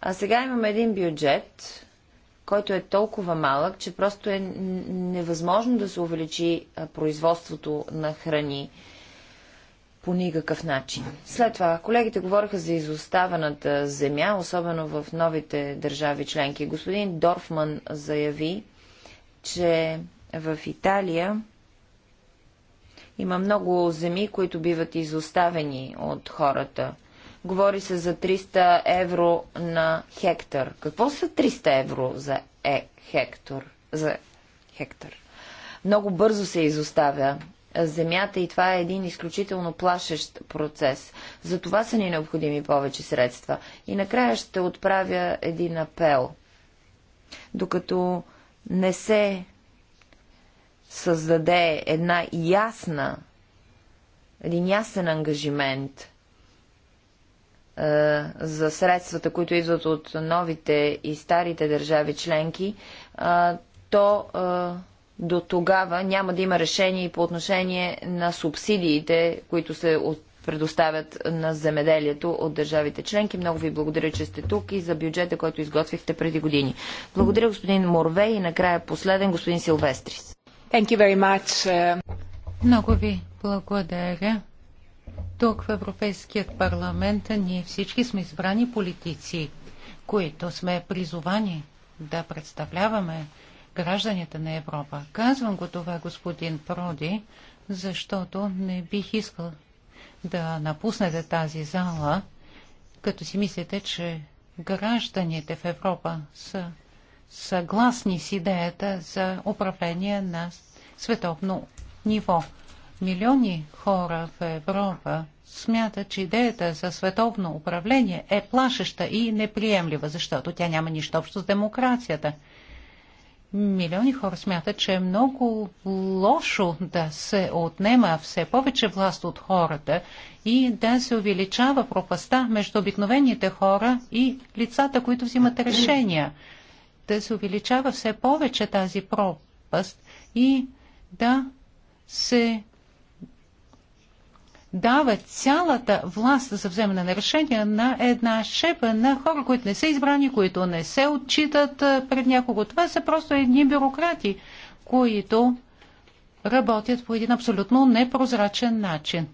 А сега имаме един бюджет, който е толкова малък, че просто е невъзможно да се увеличи производството на храни по никакъв начин. След това, колегите говориха за изоставената земя, особено в новите държави членки. Господин Дорфман заяви, че в Италия има много земи, които биват изоставени от хората. Говори се за 300 евро на хектар. Какво са 300 евро за е хектар? За хектар. Много бързо се изоставя земята и това е един изключително плашещ процес. За това са ни необходими повече средства. И накрая ще отправя един апел. Докато не се създаде една ясна, един ясен ангажимент е, за средствата, които идват от новите и старите държави членки, е, то е, до тогава няма да има решение и по отношение на субсидиите, които се предоставят на земеделието от държавите членки. Много ви благодаря, че сте тук и за бюджета, който изготвихте преди години. Благодаря господин Морвей и накрая последен господин Силвестрис. Uh, Много ви благодаря. Тук в Европейският парламент ние всички сме избрани политици, които сме призовани да представляваме гражданите на Европа. Казвам го това, господин Проди, защото не бих искал да напуснете тази зала, като си мислите, че гражданите в Европа са съгласни с идеята за управление на световно ниво. Милиони хора в Европа смятат, че идеята за световно управление е плашеща и неприемлива, защото тя няма нищо общо с демокрацията. Милиони хора смятат, че е много лошо да се отнема все повече власт от хората и да се увеличава пропаста между обикновените хора и лицата, които взимат решения да се увеличава все повече тази пропаст и да се дава цялата власт за вземане на решения на една шепа на хора, които не са избрани, които не се отчитат пред някого. Това са просто едни бюрократи, които работят по един абсолютно непрозрачен начин.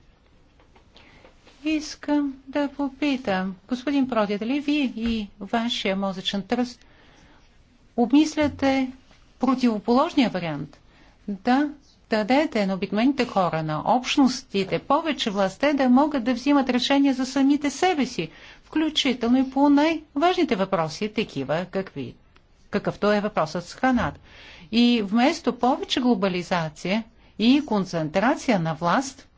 Искам да попитам, господин Проди, дали вие и вашия мозъчен тръст обмисляте противоположния вариант. Да дадете на обикновените хора, на общностите, повече власте да могат да взимат решения за самите себе си, включително и по най-важните въпроси, такива какви, какъвто е въпросът с храната. И вместо повече глобализация и концентрация на власт,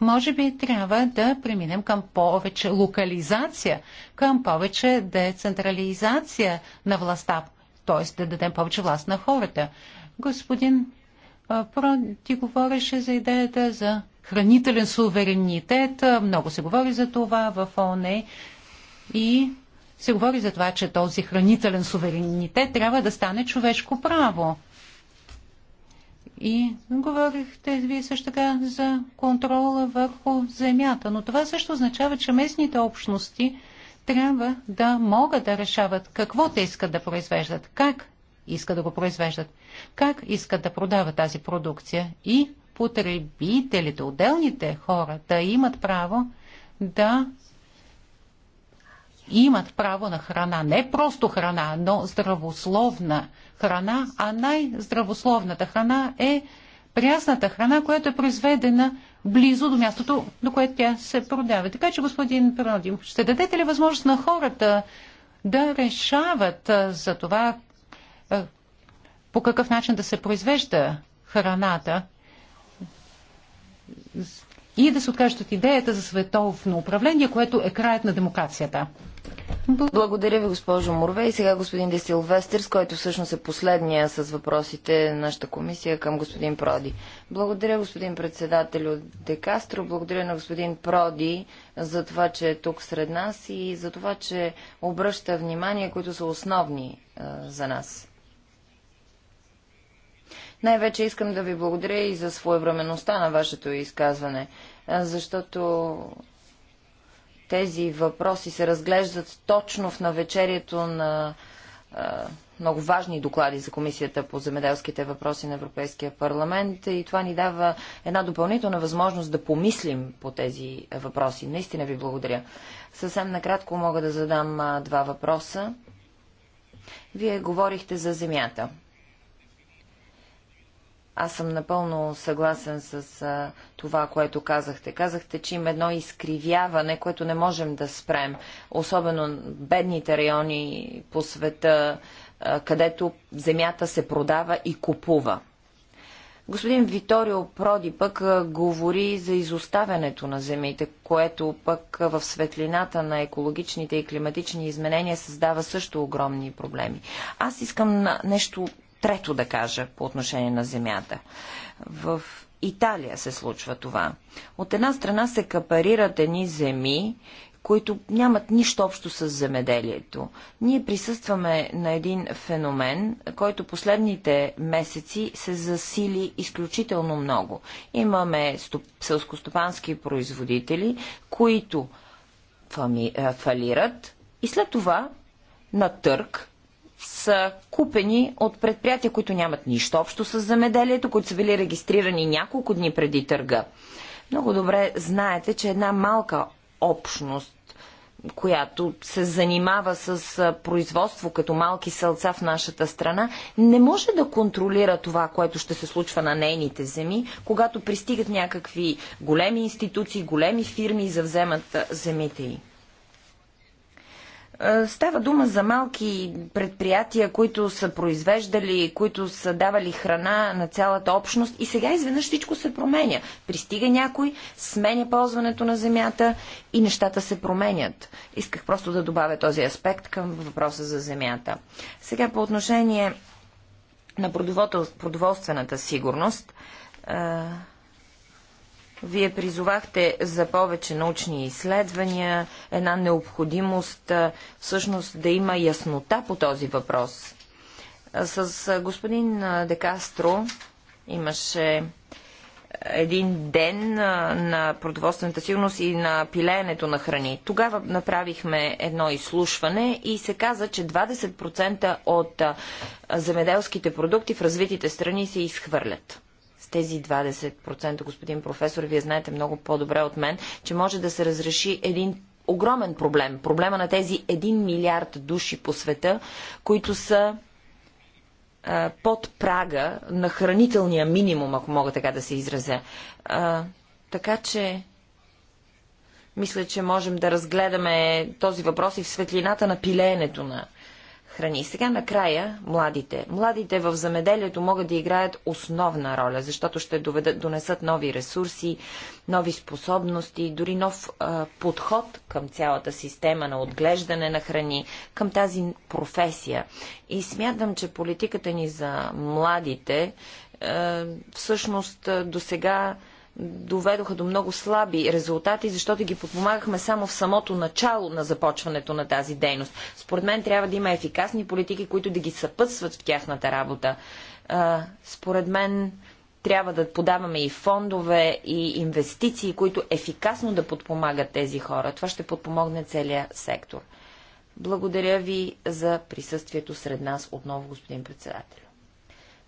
може би трябва да преминем към повече локализация, към повече децентрализация на властта, т.е. да дадем повече власт на хората. Господин ти говореше за идеята за хранителен суверенитет. Много се говори за това в ОНЕ и се говори за това, че този хранителен суверенитет трябва да стане човешко право. И говорихте вие също така за контрола върху земята, но това също означава, че местните общности – трябва да могат да решават какво те искат да произвеждат, как искат да го произвеждат, как искат да продават тази продукция и потребителите, отделните хора да имат право да имат право на храна. Не просто храна, но здравословна храна, а най-здравословната храна е прясната храна, която е произведена близо до мястото, до което тя се продава. Така че, господин Пронодим, ще дадете ли възможност на хората да решават за това по какъв начин да се произвежда храната и да се откажат от идеята за световно управление, което е краят на демокрацията? Благодаря ви, госпожо Мурве. И сега господин Десилвестър, с който всъщност е последния с въпросите на нашата комисия към господин Проди. Благодаря, господин председател от Декастро. Благодаря на господин Проди за това, че е тук сред нас и за това, че обръща внимание, които са основни за нас. Най-вече искам да ви благодаря и за своевременността на вашето изказване, защото тези въпроси се разглеждат точно в навечерието на а, много важни доклади за Комисията по земеделските въпроси на Европейския парламент и това ни дава една допълнителна възможност да помислим по тези въпроси. Наистина ви благодаря. Съвсем накратко мога да задам а, два въпроса. Вие говорихте за земята. Аз съм напълно съгласен с а, това, което казахте. Казахте, че има едно изкривяване, което не можем да спрем. Особено бедните райони по света, а, където земята се продава и купува. Господин Виторио Проди пък а, говори за изоставянето на земите, което пък в светлината на екологичните и климатични изменения създава също огромни проблеми. Аз искам нещо трето да кажа по отношение на земята. В Италия се случва това. От една страна се капарират едни земи, които нямат нищо общо с земеделието. Ние присъстваме на един феномен, който последните месеци се засили изключително много. Имаме селскостопански производители, които фами... фалират и след това на търг са купени от предприятия, които нямат нищо общо с замеделието, които са били регистрирани няколко дни преди търга. Много добре знаете, че една малка общност която се занимава с производство като малки селца в нашата страна, не може да контролира това, което ще се случва на нейните земи, когато пристигат някакви големи институции, големи фирми и завземат земите й. Е, става дума за малки предприятия, които са произвеждали, които са давали храна на цялата общност и сега изведнъж всичко се променя. Пристига някой, сменя ползването на земята и нещата се променят. Исках просто да добавя този аспект към въпроса за земята. Сега по отношение на продоволствената сигурност. Е, вие призовахте за повече научни изследвания, една необходимост всъщност да има яснота по този въпрос. С господин Декастро имаше един ден на продоволствената сигурност и на пилеенето на храни. Тогава направихме едно изслушване и се каза, че 20% от земеделските продукти в развитите страни се изхвърлят с тези 20%, господин професор, вие знаете много по-добре от мен, че може да се разреши един огромен проблем. Проблема на тези 1 милиард души по света, които са под прага на хранителния минимум, ако мога така да се изразя. А, така че мисля, че можем да разгледаме този въпрос и в светлината на пилеенето на храни. Сега накрая младите. Младите в замеделието могат да играят основна роля, защото ще доведат, донесат нови ресурси, нови способности, дори нов а, подход към цялата система на отглеждане на храни, към тази професия. И смятам, че политиката ни за младите а, всъщност до сега доведоха до много слаби резултати, защото ги подпомагахме само в самото начало на започването на тази дейност. Според мен трябва да има ефикасни политики, които да ги съпътстват в тяхната работа. Според мен трябва да подаваме и фондове, и инвестиции, които ефикасно да подпомагат тези хора. Това ще подпомогне целия сектор. Благодаря ви за присъствието сред нас отново, господин председател.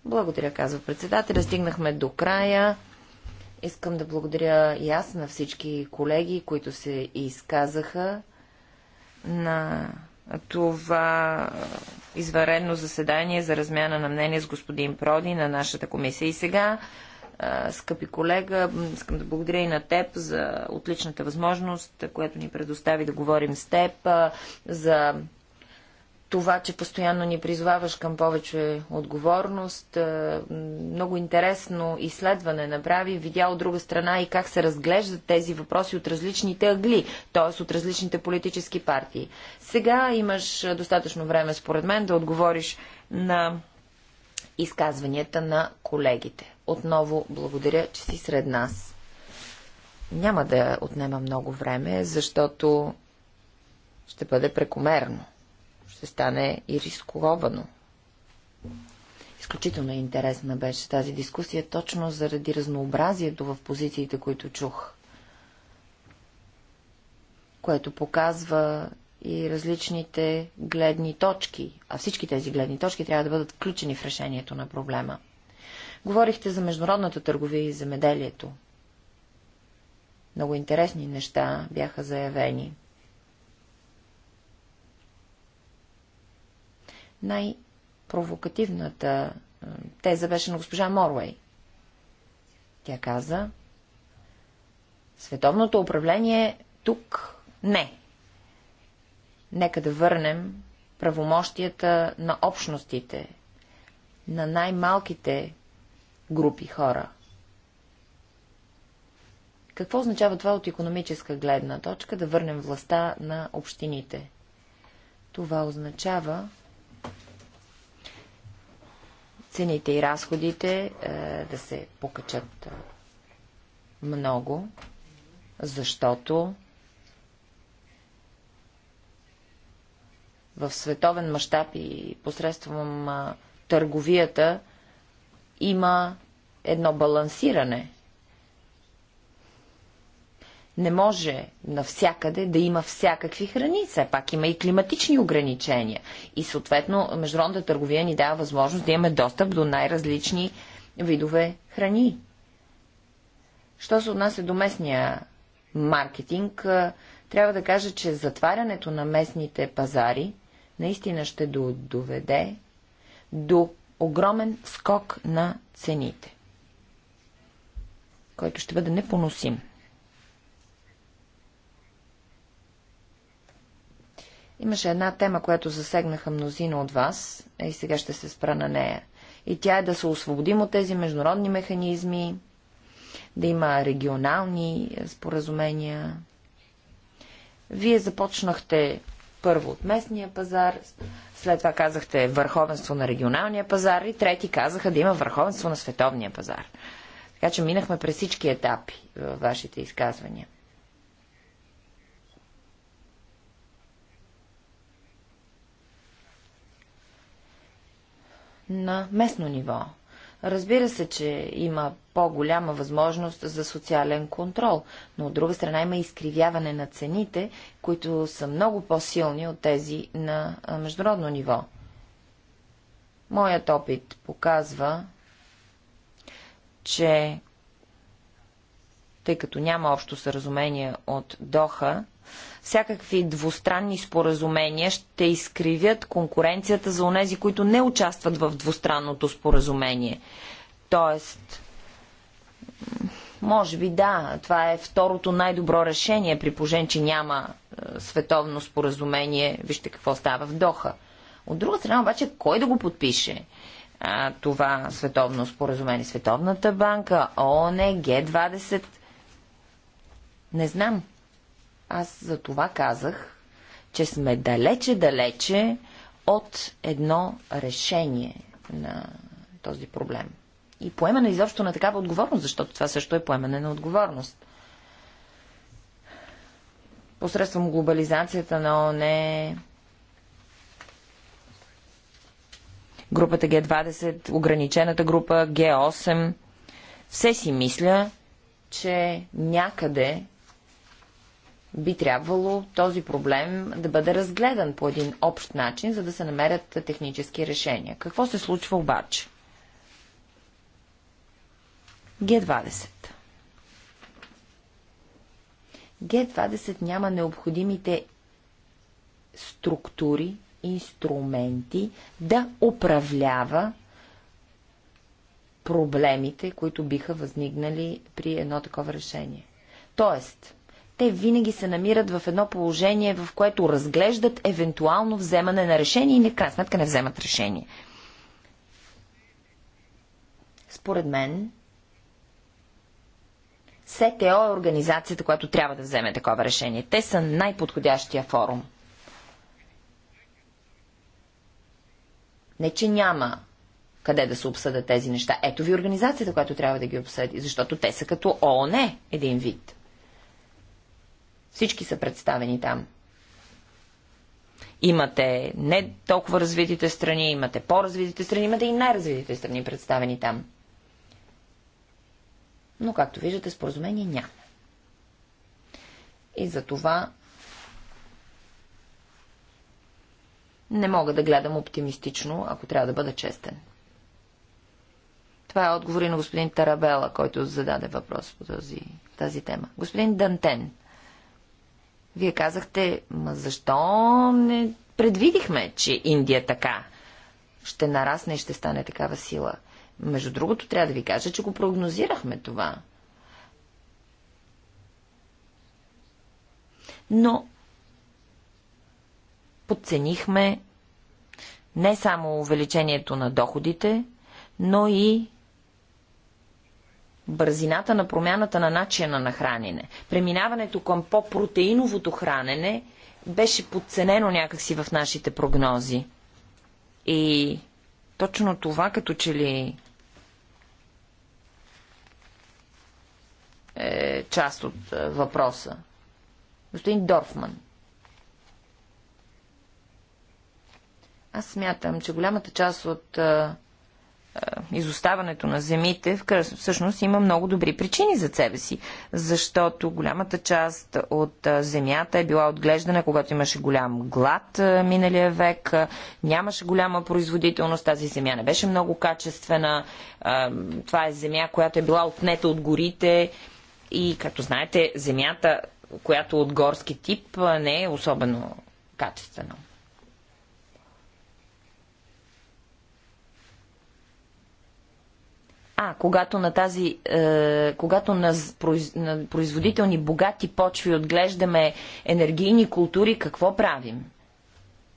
Благодаря, казва председателя. Стигнахме до края. Искам да благодаря и аз на всички колеги, които се изказаха на това изварено заседание за размяна на мнение с господин Проди на нашата комисия. И сега, скъпи колега, искам да благодаря и на теб за отличната възможност, която ни предостави да говорим с теб за това, че постоянно ни призоваваш към повече отговорност. Е, много интересно изследване направи, видя от друга страна и как се разглеждат тези въпроси от различните агли, т.е. от различните политически партии. Сега имаш е, достатъчно време, според мен, да отговориш на изказванията на колегите. Отново благодаря, че си сред нас. Няма да отнема много време, защото ще бъде прекомерно ще стане и рисковано. Изключително интересна беше тази дискусия, точно заради разнообразието в позициите, които чух, което показва и различните гледни точки, а всички тези гледни точки трябва да бъдат включени в решението на проблема. Говорихте за международната търговия и земеделието. Много интересни неща бяха заявени. Най-провокативната теза беше на госпожа Морвей. Тя каза, световното управление тук не. Нека да върнем правомощията на общностите, на най-малките групи хора. Какво означава това от економическа гледна точка да върнем властта на общините? Това означава цените и разходите е, да се покачат е, много, защото в световен мащаб и посредством е, търговията има едно балансиране – не може навсякъде да има всякакви храни. Все пак има и климатични ограничения. И съответно международната търговия ни дава възможност да имаме достъп до най-различни видове храни. Що се отнася до местния маркетинг, трябва да кажа, че затварянето на местните пазари наистина ще доведе до огромен скок на цените, който ще бъде непоносим. Имаше една тема, която засегнаха мнозина от вас, е, и сега ще се спра на нея. И тя е да се освободим от тези международни механизми, да има регионални е, споразумения. Вие започнахте първо от местния пазар, след това казахте върховенство на регионалния пазар и трети казаха да има върховенство на световния пазар. Така че минахме през всички етапи във е, вашите изказвания. на местно ниво. Разбира се, че има по-голяма възможност за социален контрол, но от друга страна има изкривяване на цените, които са много по-силни от тези на международно ниво. Моят опит показва, че тъй като няма общо съразумение от Доха, всякакви двустранни споразумения ще изкривят конкуренцията за онези, които не участват в двустранното споразумение. Тоест, може би да, това е второто най-добро решение, при пожен, че няма е, световно споразумение. Вижте какво става в Доха. От друга страна обаче, кой да го подпише? А, е, това световно споразумение. Световната банка, ООН, Г20. Не знам. Аз за това казах, че сме далече-далече от едно решение на този проблем. И поемане изобщо на такава отговорност, защото това също е поемане на отговорност. Посредством глобализацията на ОНЕ, групата Г20, ограничената група Г8, все си мисля, че някъде би трябвало този проблем да бъде разгледан по един общ начин, за да се намерят технически решения. Какво се случва обаче? Г20 Г20 няма необходимите структури, инструменти да управлява проблемите, които биха възникнали при едно такова решение. Тоест, те винаги се намират в едно положение, в което разглеждат евентуално вземане на решение и не крайна сметка не вземат решение. Според мен, СТО е организацията, която трябва да вземе такова решение. Те са най-подходящия форум. Не, че няма къде да се обсъдят тези неща. Ето ви организацията, която трябва да ги обсъди, защото те са като ООН е, един вид. Всички са представени там. Имате не толкова развитите страни, имате по-развитите страни, имате и най-развитите страни представени там. Но, както виждате, споразумение няма. И за това не мога да гледам оптимистично, ако трябва да бъда честен. Това е отговори на господин Тарабела, който зададе въпрос по тази, тази тема. Господин Дантен – вие казахте, ма защо не предвидихме, че Индия така ще нарасне и ще стане такава сила? Между другото, трябва да ви кажа, че го прогнозирахме това. Но подценихме не само увеличението на доходите, но и бързината на промяната на начина на хранене. Преминаването към по-протеиновото хранене беше подценено някакси в нашите прогнози. И точно това като че ли е част от е, въпроса. Господин Дорфман. Аз смятам, че голямата част от е, е, изоставането на земите, всъщност има много добри причини за себе си, защото голямата част от е, земята е била отглеждана, когато имаше голям глад е, миналия век, нямаше голяма производителност, тази земя не беше много качествена, това е земя, която е била отнета от горите и, като знаете, земята, която от горски тип не е особено качествена. А, когато на тази, е, когато на, произ, на производителни богати почви отглеждаме енергийни култури, какво правим?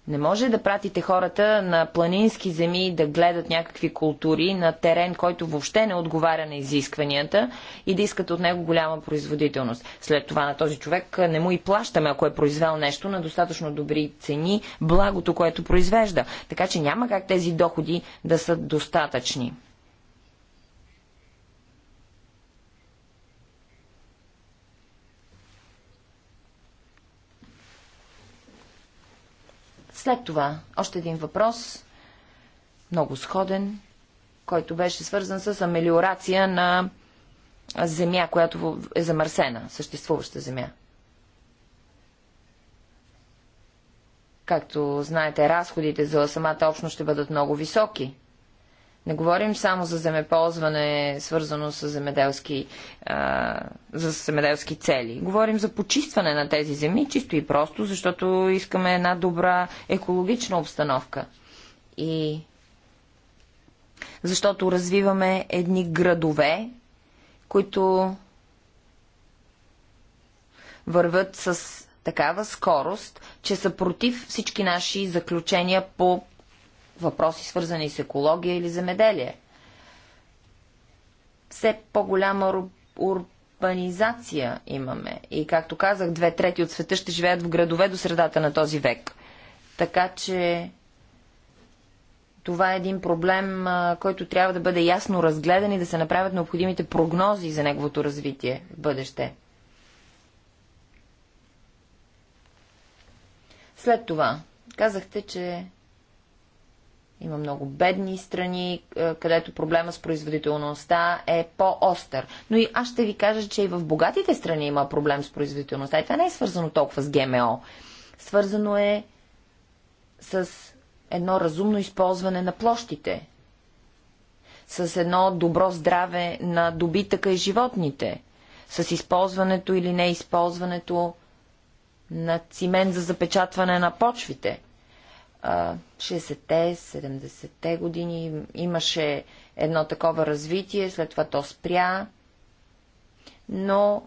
Не може да пратите хората на планински земи да гледат някакви култури на терен, който въобще не отговаря на изискванията и да искат от него голяма производителност. След това на този човек не му и плащаме, ако е произвел нещо на достатъчно добри цени, благото, което произвежда. Така че няма как тези доходи да са достатъчни. След това, още един въпрос, много сходен, който беше свързан с амелиорация на земя, която е замърсена, съществуваща земя. Както знаете, разходите за самата общност ще бъдат много високи. Не говорим само за земеползване, свързано с земеделски, а, за земеделски цели. Говорим за почистване на тези земи, чисто и просто, защото искаме една добра екологична обстановка. И защото развиваме едни градове, които върват с такава скорост, че са против всички наши заключения по въпроси, свързани с екология или земеделие. Все по-голяма урбанизация имаме. И, както казах, две трети от света ще живеят в градове до средата на този век. Така че това е един проблем, който трябва да бъде ясно разгледан и да се направят необходимите прогнози за неговото развитие в бъдеще. След това казахте, че има много бедни страни, е, където проблема с производителността е по-остър. Но и аз ще ви кажа, че и в богатите страни има проблем с производителността. И това не е свързано толкова с ГМО. Свързано е с едно разумно използване на площите, с едно добро здраве на добитъка и животните, с използването или използването на цимент за запечатване на почвите – 60-те, 70-те години имаше едно такова развитие, след това то спря, но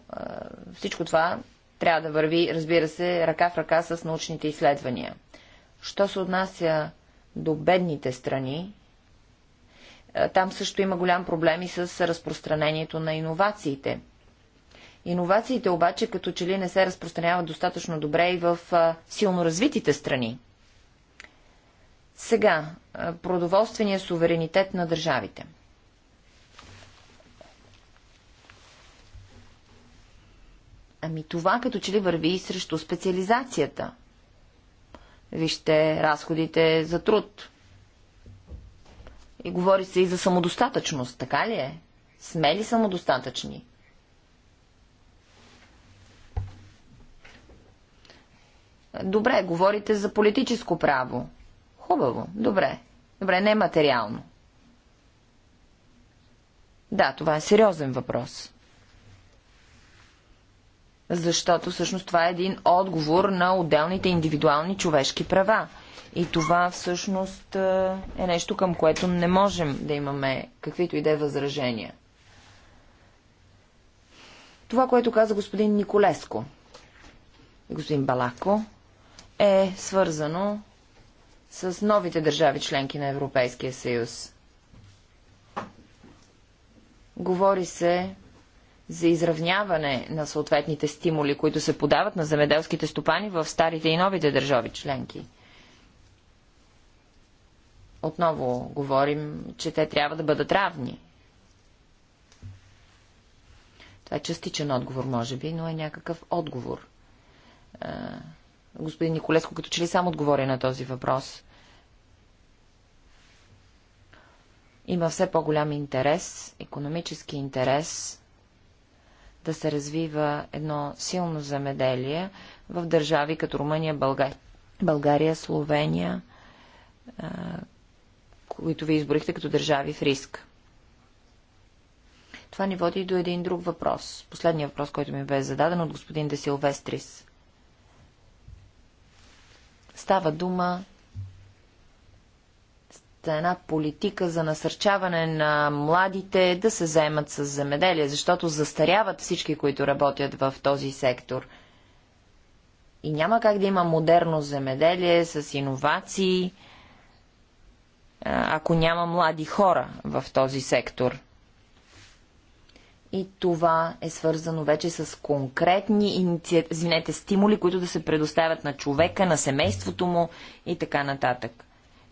всичко това трябва да върви, разбира се, ръка в ръка с научните изследвания. Що се отнася до бедните страни, там също има голям проблем и с разпространението на иновациите. Иновациите обаче като че ли не се разпространяват достатъчно добре и в силно развитите страни. Сега, продоволствения суверенитет на държавите. Ами това като че ли върви и срещу специализацията. Вижте разходите за труд. И говори се и за самодостатъчност, така ли е? Сме ли самодостатъчни? Добре, говорите за политическо право. Хубаво, добре. Добре, не е материално. Да, това е сериозен въпрос. Защото всъщност това е един отговор на отделните индивидуални човешки права. И това всъщност е нещо, към което не можем да имаме каквито и да е възражения. Това, което каза господин Николеско и господин Балако, е свързано с новите държави членки на Европейския съюз. Говори се за изравняване на съответните стимули, които се подават на земеделските стопани в старите и новите държави членки. Отново говорим, че те трябва да бъдат равни. Това е частичен отговор, може би, но е някакъв отговор господин Николеско като че ли сам отговори на този въпрос. Има все по-голям интерес, економически интерес да се развива едно силно замеделие в държави като Румъния, България, България Словения, които ви изборихте като държави в риск. Това ни води до един друг въпрос. Последният въпрос, който ми бе зададен от господин Десилвестрис. Става дума за една политика за насърчаване на младите да се заемат с земеделие, защото застаряват всички, които работят в този сектор. И няма как да има модерно земеделие с иновации, ако няма млади хора в този сектор. И това е свързано вече с конкретни извинете, стимули, които да се предоставят на човека, на семейството му и така нататък.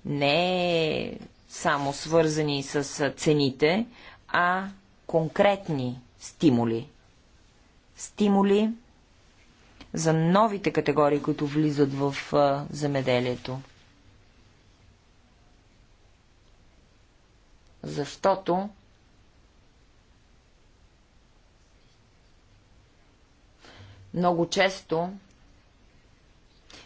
Не само свързани с цените, а конкретни стимули. Стимули за новите категории, които влизат в земеделието. Защото Много често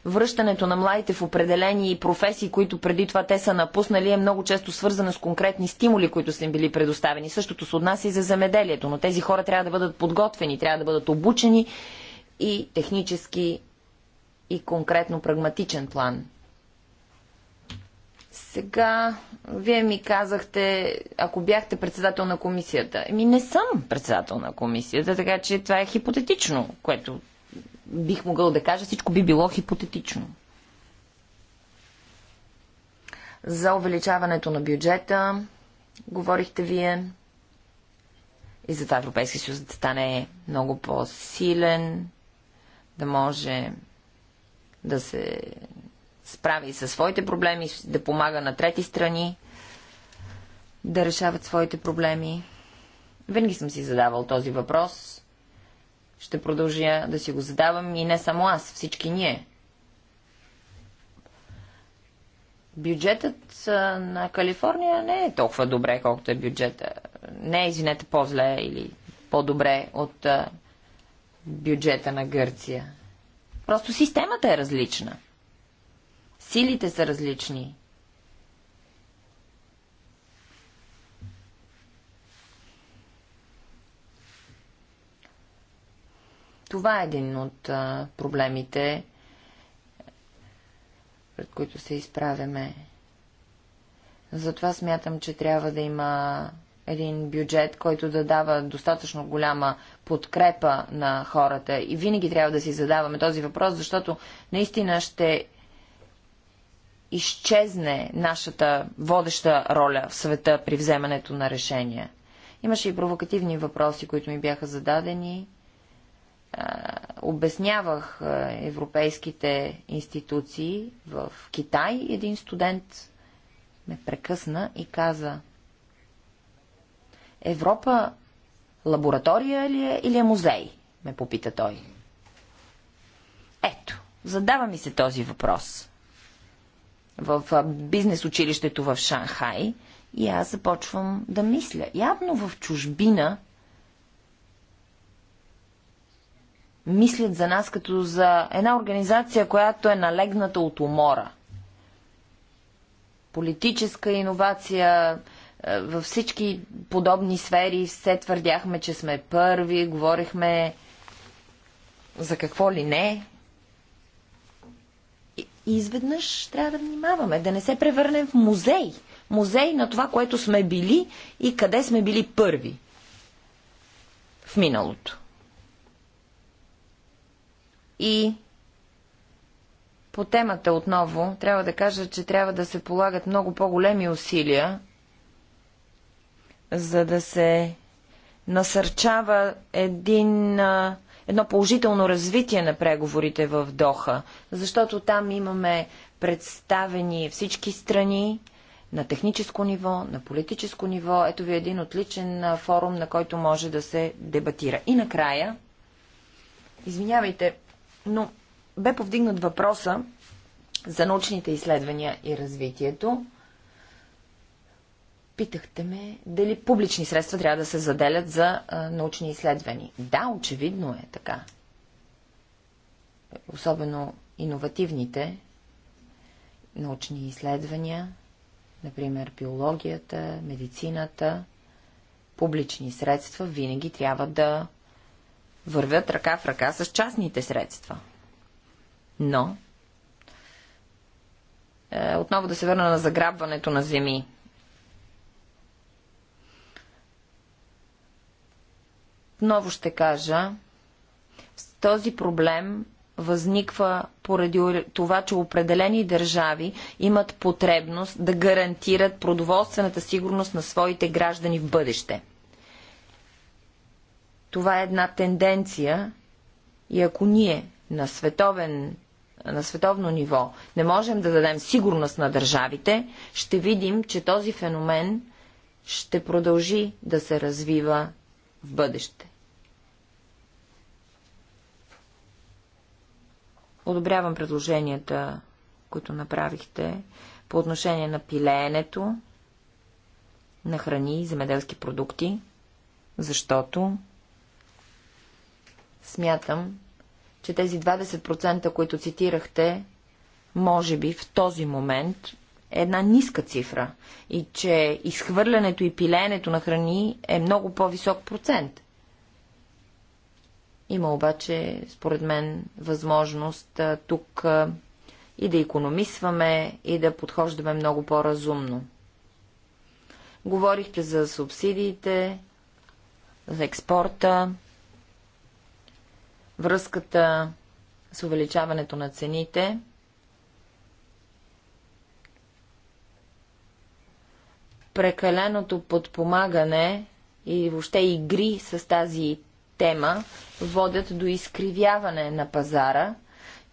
връщането на младите в определени професии, които преди това те са напуснали, е много често свързано с конкретни стимули, които са им били предоставени. Същото се отнася и за земеделието, но тези хора трябва да бъдат подготвени, трябва да бъдат обучени и технически и конкретно прагматичен план. Сега, вие ми казахте, ако бяхте председател на комисията. Еми не съм председател на комисията, така че това е хипотетично, което бих могъл да кажа, всичко би било хипотетично. За увеличаването на бюджета говорихте вие и за това Европейски съюз да стане много по-силен, да може да се справи със своите проблеми, да помага на трети страни да решават своите проблеми. Винаги съм си задавал този въпрос. Ще продължа да си го задавам и не само аз, всички ние. Бюджетът на Калифорния не е толкова добре, колкото е бюджета. Не е, извинете, по-зле или по-добре от бюджета на Гърция. Просто системата е различна. Силите са различни. Това е един от а, проблемите, пред които се изправяме. Затова смятам, че трябва да има един бюджет, който да дава достатъчно голяма подкрепа на хората. И винаги трябва да си задаваме този въпрос, защото наистина ще изчезне нашата водеща роля в света при вземането на решения. Имаше и провокативни въпроси, които ми бяха зададени. Обяснявах европейските институции в Китай. Един студент ме прекъсна и каза Европа лаборатория ли е или е музей? ме попита той. Ето, задава ми се този въпрос в бизнес училището в Шанхай и аз започвам да мисля. Явно в чужбина мислят за нас като за една организация, която е налегната от умора. Политическа иновация, във всички подобни сфери все твърдяхме, че сме първи, говорихме за какво ли не, и изведнъж трябва да внимаваме, да не се превърнем в музей. Музей на това, което сме били и къде сме били първи в миналото. И по темата отново трябва да кажа, че трябва да се полагат много по-големи усилия, за да се насърчава един а, едно положително развитие на преговорите в Доха, защото там имаме представени всички страни на техническо ниво, на политическо ниво. Ето ви един отличен форум, на който може да се дебатира. И накрая, извинявайте, но бе повдигнат въпроса за научните изследвания и развитието. Питахте ме дали публични средства трябва да се заделят за а, научни изследвания. Да, очевидно е така. Особено иновативните научни изследвания, например биологията, медицината, публични средства винаги трябва да вървят ръка в ръка с частните средства. Но, е, отново да се върна на заграбването на земи. Отново ще кажа, този проблем възниква поради това, че определени държави имат потребност да гарантират продоволствената сигурност на своите граждани в бъдеще. Това е една тенденция и ако ние на, световен, на световно ниво не можем да дадем сигурност на държавите, ще видим, че този феномен ще продължи да се развива в бъдеще. Одобрявам предложенията, които направихте по отношение на пилеенето, на храни и земеделски продукти, защото смятам, че тези 20%, които цитирахте, може би в този момент е една ниска цифра и че изхвърлянето и пилеенето на храни е много по-висок процент. Има обаче, според мен, възможност тук и да економисваме, и да подхождаме много по-разумно. Говорихте за субсидиите, за експорта, връзката с увеличаването на цените. Прекаленото подпомагане и въобще игри с тази тема водят до изкривяване на пазара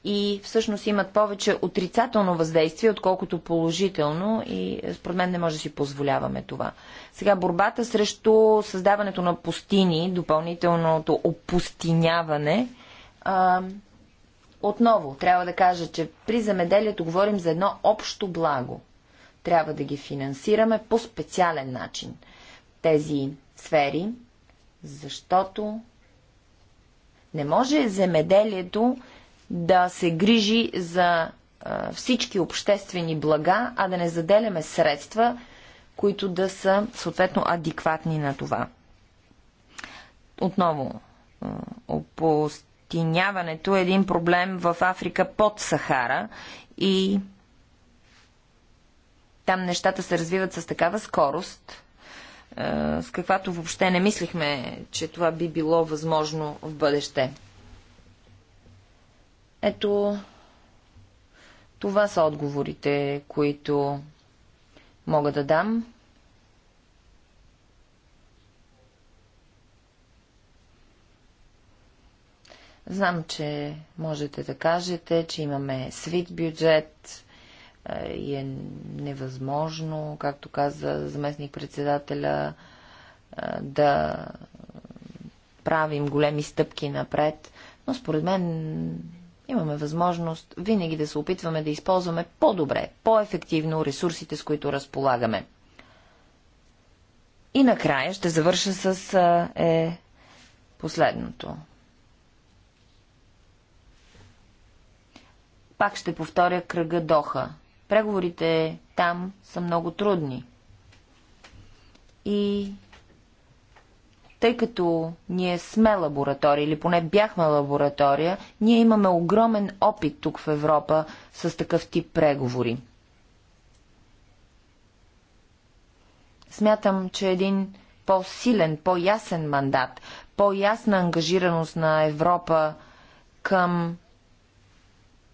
и всъщност имат повече отрицателно въздействие, отколкото положително и е, според мен не може да си позволяваме това. Сега борбата срещу създаването на пустини, допълнителното опустиняване, а, отново трябва да кажа, че при замеделието говорим за едно общо благо. Трябва да ги финансираме по специален начин тези сфери, защото не може земеделието да се грижи за а, всички обществени блага, а да не заделяме средства, които да са съответно адекватни на това. Отново, опустиняването е един проблем в Африка под Сахара и там нещата се развиват с такава скорост, с каквато въобще не мислихме, че това би било възможно в бъдеще. Ето, това са отговорите, които мога да дам. Знам, че можете да кажете, че имаме свит бюджет, е, и е невъзможно, както каза заместник-председателя, е, да правим големи стъпки напред, но според мен имаме възможност винаги да се опитваме да използваме по-добре, по-ефективно ресурсите, с които разполагаме. И накрая ще завърша с е, е последното. Пак ще повторя кръга Доха – Преговорите там са много трудни. И тъй като ние сме лаборатория или поне бяхме лаборатория, ние имаме огромен опит тук в Европа с такъв тип преговори. Смятам, че един по-силен, по-ясен мандат, по-ясна ангажираност на Европа към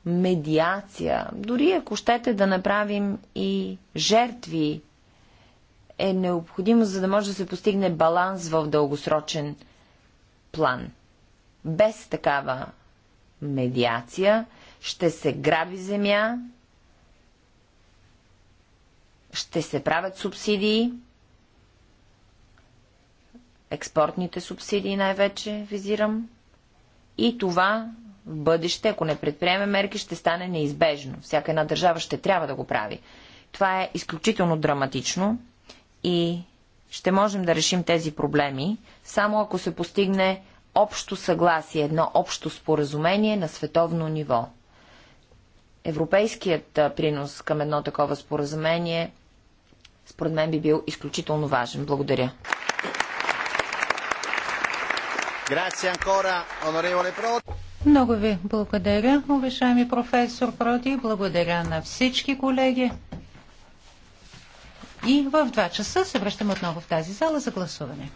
медиация, дори ако щете да направим и жертви, е необходимо, за да може да се постигне баланс в дългосрочен план. Без такава медиация ще се граби земя, ще се правят субсидии, експортните субсидии най-вече визирам, и това бъдеще, ако не предприеме мерки, ще стане неизбежно. Всяка една държава ще трябва да го прави. Това е изключително драматично и ще можем да решим тези проблеми, само ако се постигне общо съгласие, едно общо споразумение на световно ниво. Европейският принос към едно такова споразумение, според мен, би бил изключително важен. Благодаря. Grazie ancora, onorevole Prodi. Много ви благодаря, уважаеми професор Проди. Благодаря на всички колеги. И в 2 часа се връщам отново в тази зала за гласуване.